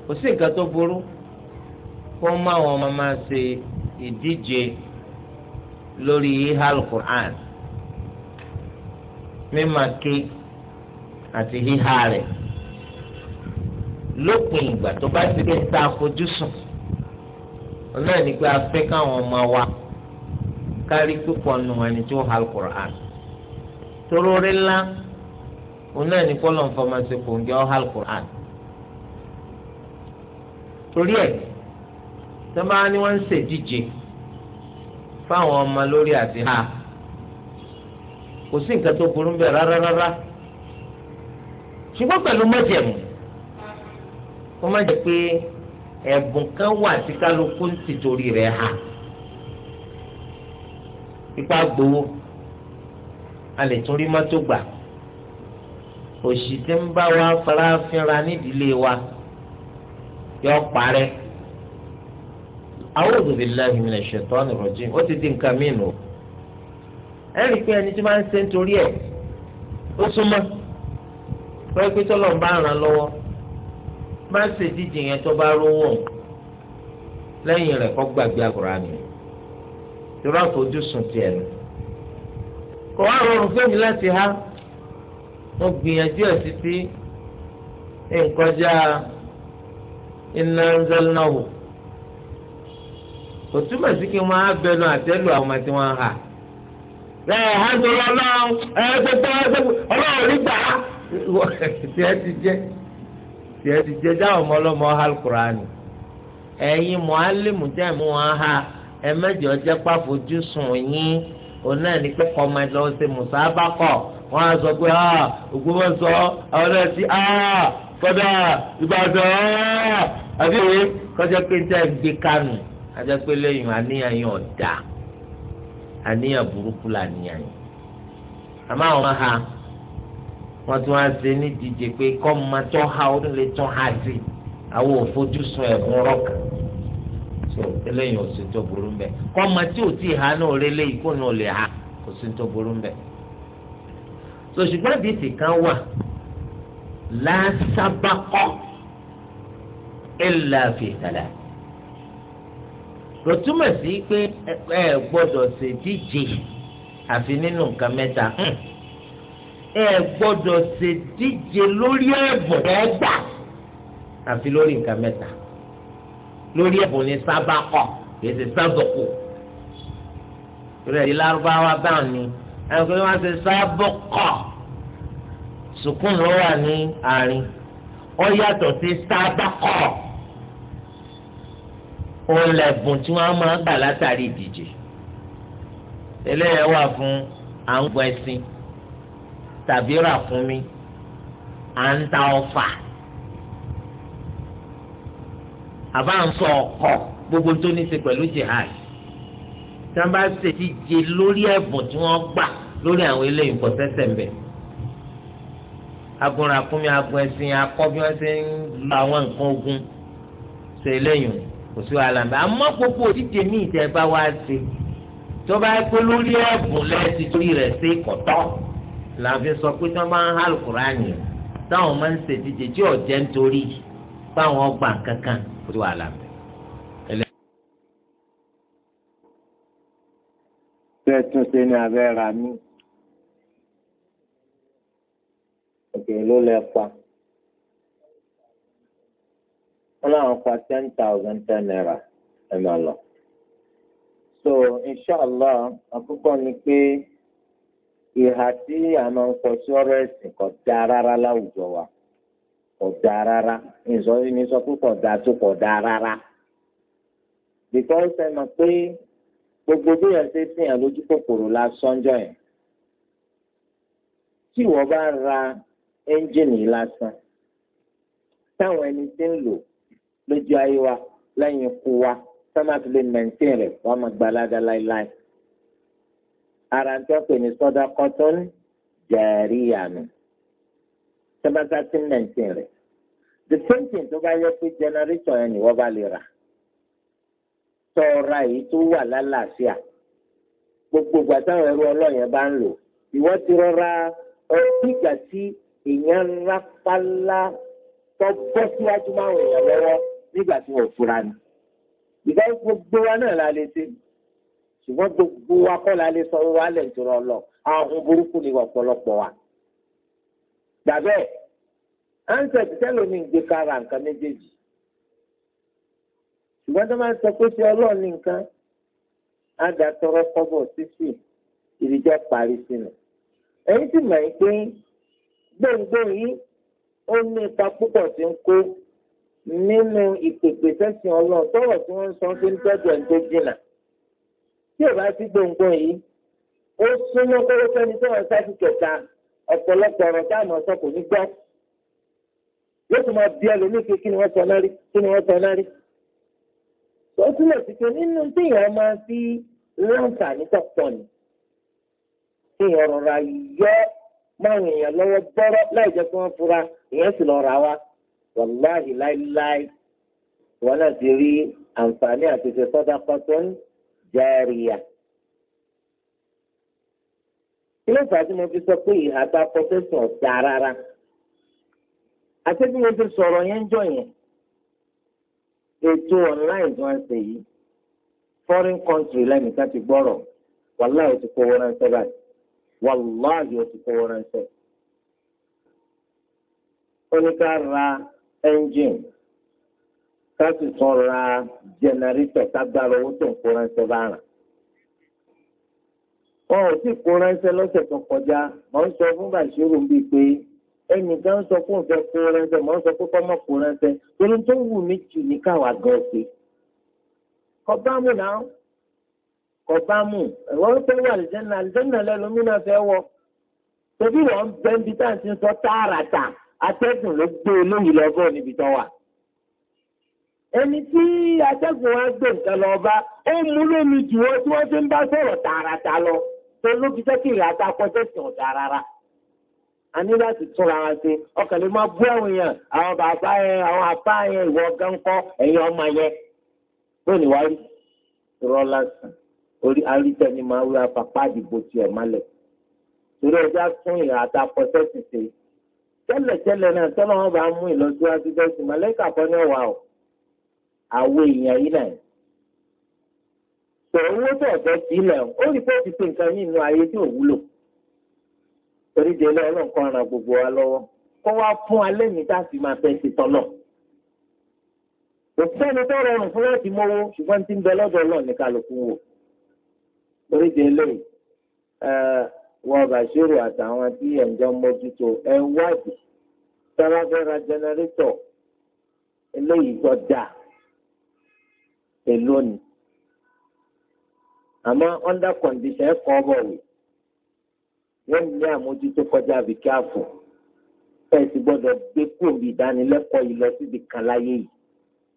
kò sí nǹkan tó burú kó má wọn máa ṣe ìdíje lórí híhá alukur'an mímà ké àti híhá rẹ̀ lópin ìgbà tó bá ti gbé tá a fojú sùn ní pé káwọn ọmọ wa kárí púpọ̀ nù ẹni tó toróore ńlá òun náà ní kọ́lọ̀ nfọmọ́sí kò ń jẹ́ ọ́hál Qur'an torí ẹ̀ sábà ni wọ́n ń ṣèdíje fáwọn ọmọ lórí àti ha kò sí nǹkan tó burú bẹ́ẹ̀ rárá rárá ṣùgbọ́n pẹ̀lú mọ́jẹ̀mú wọ́n má jẹ́ pé ẹ̀bùn kan wà tí kálukú ń tìtorí rẹ̀ ha ipa gbowó a lè tún rí mọ́tò gbà òṣì tí ń bá wa farafinra nídìílé wa yọ parẹ́ a'udhu billahi minash shaitani rajim ó ti di nǹkan mí nù ẹ rí i pé ẹni tí máa ń ṣe nítorí ẹ̀ ó súnmọ́ lọ́wọ́ pé tọ́lọ̀ ń bá ràn lọ́wọ́ máa ń ṣèdíje yẹn tó bá rówó lẹ́yìn rẹ̀ kọ́ gbàgbé àkùrá ni tó rà tiẹ̀ nù kò wá rọrùn fún mi láti há mo gbìyànjú ẹ̀ títí nkọjá iná ń zẹ́lẹ̀ náà wò kò túmọ̀ sí kí wọ́n á bẹnu àtẹ́lù àwọn ọmọ tí wọ́n há ẹ hàndùrọ̀ ọlọ́run ẹ gbogbo ọlọ́run nígbà tí ẹ ti jẹ́ tí ẹ ti jẹ́ dáhùn ọmọ ọlọ́mọ alukurani ẹ̀yin mọ̀ alẹ́ mùtẹ́ mú wọn há ẹ mẹ́jọ jẹ́ pàfojúsùn yín. òun náà ní pé kọ́ máa lọ ṣe mùsàbákọ̀ wọ́n á sọ pé Ògbómọ̀ṣọ́ àwọn náà ti kọ́dà Ìbàdàn àbí òye kọjá pé ń tẹ́ gbé kánù pé lẹ́yìn àníyàn yẹn ọ̀dà àníyàn burúkú làníyàn yẹn àmọ́ àwọn ha wọ́n tún á ṣe ní pé kọ́ máa tọ́ ha ó lè tọ́ ha sí àwọn tó eléyìí ò tó burú mbẹ kọ́mọ tí ha náà rí eléyìí kó náà lè ha kò tó burú mbẹ. so ṣùgbọ́n kan wà fi n'inu kò túmọ̀ sí pé ẹ gbọ́dọ̀ ṣèdíje àfi nínú nǹkan mẹ́ta hmm. ẹ gbọ́dọ̀ lórí lórí ẹ̀bùn ní sábà kọ̀ kìí ṣe sábọ̀kù rẹ̀ di lárúbáwá báwọn ni ẹ̀rọ pé wọ́n ṣe sábọ̀kọ̀ sùkúùn ló wà ní àárín ó yàtọ̀ sí sábà kọ̀ òun lẹ̀bùn tí wọ́n máa gbà látàrí ìdíje eléyẹ̀ wà fún àwọn ẹ̀sìn tàbí rà fún mi à ń ta ọfà àbá ń sọ ọkọ gbogbo tó ní í ṣe pẹ̀lú jihad tí wọ́n bá ṣe ti jẹ lórí ẹ̀bùn tí wọ́n gbà lórí àwọn eléyìí nǹkan sẹ́sẹ̀ ń bẹ̀. agunra kúnmi agun ẹ̀sìn akọ́ bí wọ́n ṣe ń lo àwọn nǹkan ogun ṣe eléyìí kò sí wàhálà mẹ́ àmọ́ gbogbo òdíje míì tẹ́ bá wá ṣe tó bá pé lórí ẹ̀bùn lẹ́sìn torí rẹ̀ ṣe kọ̀tọ́ làfi sọ pé tí wọ́n bá ń hàlùkùránì táwọn máa ń ṣèdíje tí ò jẹ́ nítorí báwọn gbà kankan kò sí wàhálà mi. ṣé tún ṣe ní abẹ́ ra mí? òkè ló lẹ pa. wọ́n láwọn pa ten thousand ten naira ẹ̀ máa lọ. so inshallah àkọ́kọ́ ni pé ìhà tí a máa ń kọ sí ọ̀rọ̀ ẹ̀sìn kò dáa rárá láwùjọ wa kò dáa rárá nzọ ní sọ pé kò dáa tó kò dáa rárá because ẹ mọ̀ pé gbogbo bí yẹn ṣe sìn yẹn lójú kòkòrò la sọ́njọ́ yẹn tí wọ́n bá ra ẹ́ńjìnì lásán táwọn ẹni tí ń lò lójú ayé wa lẹ́yìn ikú wa sọ́màtì lè mẹ̀ntìn rẹ̀ wọ́n máa gba aládá láéláé ara ń tọ́ pè ní sọ́dá kọ́tọ́n jàrí àná sẹ́bàtà tí ń nàìjíríà rẹ̀ the same thing tó bá yẹ pé generation yẹn ni wọ́n bá lè rà tọ́ra yìí tó wà lálàáfíà gbogbo ìgbà táwọn ẹrú ọlọ́yẹn bá ń lò ìwọ́n ti rọra ọ̀dìgbà tí èèyàn rápálá tó bọ́ síwájú máa ń rìn lọ́wọ́ nígbà tí wọ́n fura ni. ìgbà gbogbo wa náà la lè ṣe ṣùgbọ́n gbogbo wa kọ́ la lè sọ wọ́n wá lẹ̀ ń tura ọlọ́ àwọn burúkú ni ọ̀pọ̀lọpọ̀ wa gbàbẹ́ ansẹt tẹlomi gbé kára nǹkan méjèèjì ṣùgbọ́n tó máa ń sọ pé ṣe ọlọ́ọ̀ni nǹkan á da tọrọ kọ́bọ̀ sísì ìdíjọ́ parí sínú ẹ̀yìn sì mọ̀ pé gbòǹgbòǹ yìí ó ní ipa púpọ̀ tí ń kó nínú ìpèpè sẹ́sìn ọlọ́run tọ́rọ̀ tí wọ́n ń sọ fún tọ́jú ẹ̀ tó jìnà tí ò bá sí gbòǹgbòǹ yìí ó súnmọ́ kọ́kọ́ sẹ́ni tó wọ́n kẹta ọ̀pọ̀lọpọ̀ ọ̀rọ̀ táwọn ọ̀sọ́ kò ní gbọ́ yóò tún máa bí ẹlòmíì pé kí ni wọ́n sọ náà rí kí ni wọ́n sọ náà rí. ó túmọ̀ sí pé nínú téèyàn máa fi láǹfààní tó pọ̀ ni téèyàn rọra yọ márùn èèyàn lọ́wọ́ bọ́rọ́ láì jẹ́ kí wọ́n fura èèyàn sì lọ ra wa wàláhì láíláí wọn náà ti rí àǹfààní àti ṣe sọ́dá pátán járíyà kí ló fà á tí mo fi sọ pé ìhà bá pọfẹ́sọ̀ ọ̀dà rárá àti mo ti sọ̀rọ̀ yẹn ń jọ yẹn ètò online tí wọ́n ṣe yìí foreign country lẹ́nìkan ti gbọ́rọ̀ wàláhì ti kówó ránṣẹ́ báyìí wàláhì ti kówó ránṣẹ́ ó ra engine ká sì tún ra generator ká gbára owó tó ń kó ránṣẹ́ bá wọn ò sì kó ránṣẹ́ lọ́sẹ̀ tó kọjá mọ̀ ń sọ fún bàṣírù bíi pé ẹnìkan sọ fún òun fẹ́ kó ránṣẹ́ mọ̀ ń sọ pé kọ́mọ kó ránṣẹ́ torí tó wù mí jù ní káwa gan ṣe. kọbámù náà kọbámù ẹ̀wọ́n fẹ́ wà àlìjẹ́nà àlìjẹ́nà lẹ́lómìnà fẹ́ wọ. torí wọn bẹ́ẹ̀ bí táà ti ń sọ tààràtà atẹ́gùn ló gbé olóyìn lọ́gọ́ níbi tó wà ẹni tí atẹ́gùn wa gbé nǹkan lọ bá ó mú lómi jù ọ́ tí wọ́n ti ń bá sọ̀rọ̀ tààràtà lọ tó ló fi jẹ́ kí ìlà àti akọ́jẹ́sìn ọ̀dà rárá a ní láti túnra wa ṣe ọkàn lè máa bú àwọn èèyàn àwọn bàbá yẹn àwọn àbá yẹn ìwọ gánkọ ẹ̀yin ọmọ yẹn bó ni wàá rí irọ́ lásán orí arítẹ́ni máa wí apapá àdìbò tiẹ̀ mọ́lẹ̀ torí ọjà tún ìlà àtakọ sẹ́sì ṣe tẹ́lẹ̀tẹ́lẹ̀ náà tọ́lá wọn bá mú ìlọsíwájú sẹ́sì mọ́lẹ́kà kọ́ ní ọ̀wà o àwọn èèyàn yìí náà sọ̀rọ̀ owó tó ọ̀fẹ́ sí ilẹ̀ ó rí pé ó ti pín nǹkan yìí nínú ayé tí ò wúlò torí di ẹlẹ́rọ nǹkan ran gbogbo wa lọ́wọ́ kó wá fún alẹ́ mi tá a fi máa fẹ́ ṣe tọ́nà kò sẹ́ni tó rọrùn fún láti mówó ṣùgbọ́n tí ń bẹ lọ́dọ̀ náà ní kálukú wò torí di eléyìí wọ́n bàṣírò àtàwọn tí ẹ̀ǹjọ́ mójútó ẹ̀ wádìí tẹ́lágbára jẹnẹrétọ̀ eléyìí tó dáa èlónìí àmọ́ under condition ẹ̀ kọ́ ọ̀bọ̀ wò wọ́n ní àmójútó kọjá àbíkí àfọ̀ ẹ̀ sì gbọ́dọ̀ gbé kúròmì ìdánilẹ́kọ̀ọ́ yìí lọ síbi kan láyé yìí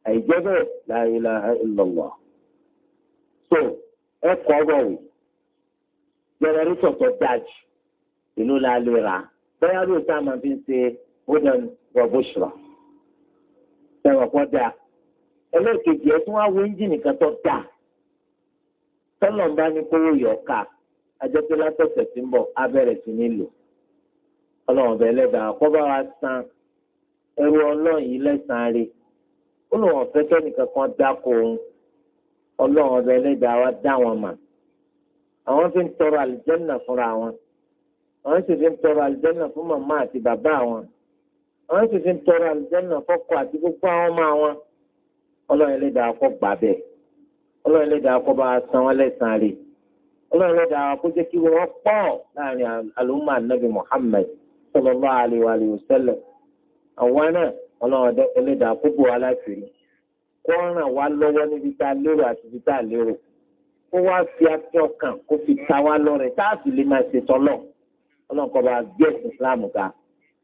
àìjẹ́ bẹ́ẹ̀ la ilaha illallah so ẹ kọ́ ọ̀bọ̀ wò jẹnẹrétọ̀ tó dájú ìlú la lè rà bẹ́ẹ̀ ló tá a máa fi ń ṣe wooden rubbish rà sẹ́wọ̀n kọ́ dáa ẹlẹ́ẹ̀kejì ẹ̀ tún wá wo ẹ́ńjìnì kan tó dáa tọ́lọ̀ bá ní kówó yọ ká ajẹ́pẹ́ látọ̀sẹ̀ tí ń bọ̀ abẹ́rẹ́ sí nílò ọlọ́run bẹ́ẹ̀ lẹ́dàá kọ́ bá wa san ẹrú ọlọ́run yìí lẹ́sàn-án rè ó lóun ọ̀fẹ́ kẹ́nìkan kan dáko òun ọlọ́run bẹ́ẹ̀ lẹ́dàá wa dá wọn mà àwọn fi ń tọrọ àlìjẹ́nà fúnra wọn àwọn sì fi ń tọrọ àlìjẹ́nà fún màmá àti bàbá wọn àwọn sì fi ń tọrọ àlìjẹ́nà fọ́kọ àti gbogbo àwọn ọmọ wọn ọlọ́run ẹlẹ́dàá kọ́ gbà ọlọ́run lè dáa kó bá a san wọn lẹ́sàn-án rè ọlọ́run lè dáa kó jẹ́ kí wọ́n pọ̀ láàrin àlùmọ́ ànábì Muhammad sallallahu alaihi wa sallam àwọn náà ọlọ́run lè dáa kó bò wá láti rí kó ràn wá lọ́wọ́ níbi tá a lérò àti ibi tá a lérò kó wá fi afẹ́ ọkàn kó fi ta wá lọ́rẹ̀ tá a sì lè máa ṣe tọ́lọ̀ ọlọ́run kó bá a gbé Islam ga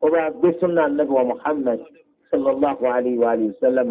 kó bá a gbé sunnah ànábì Muhammad sallallahu alaihi wa sallam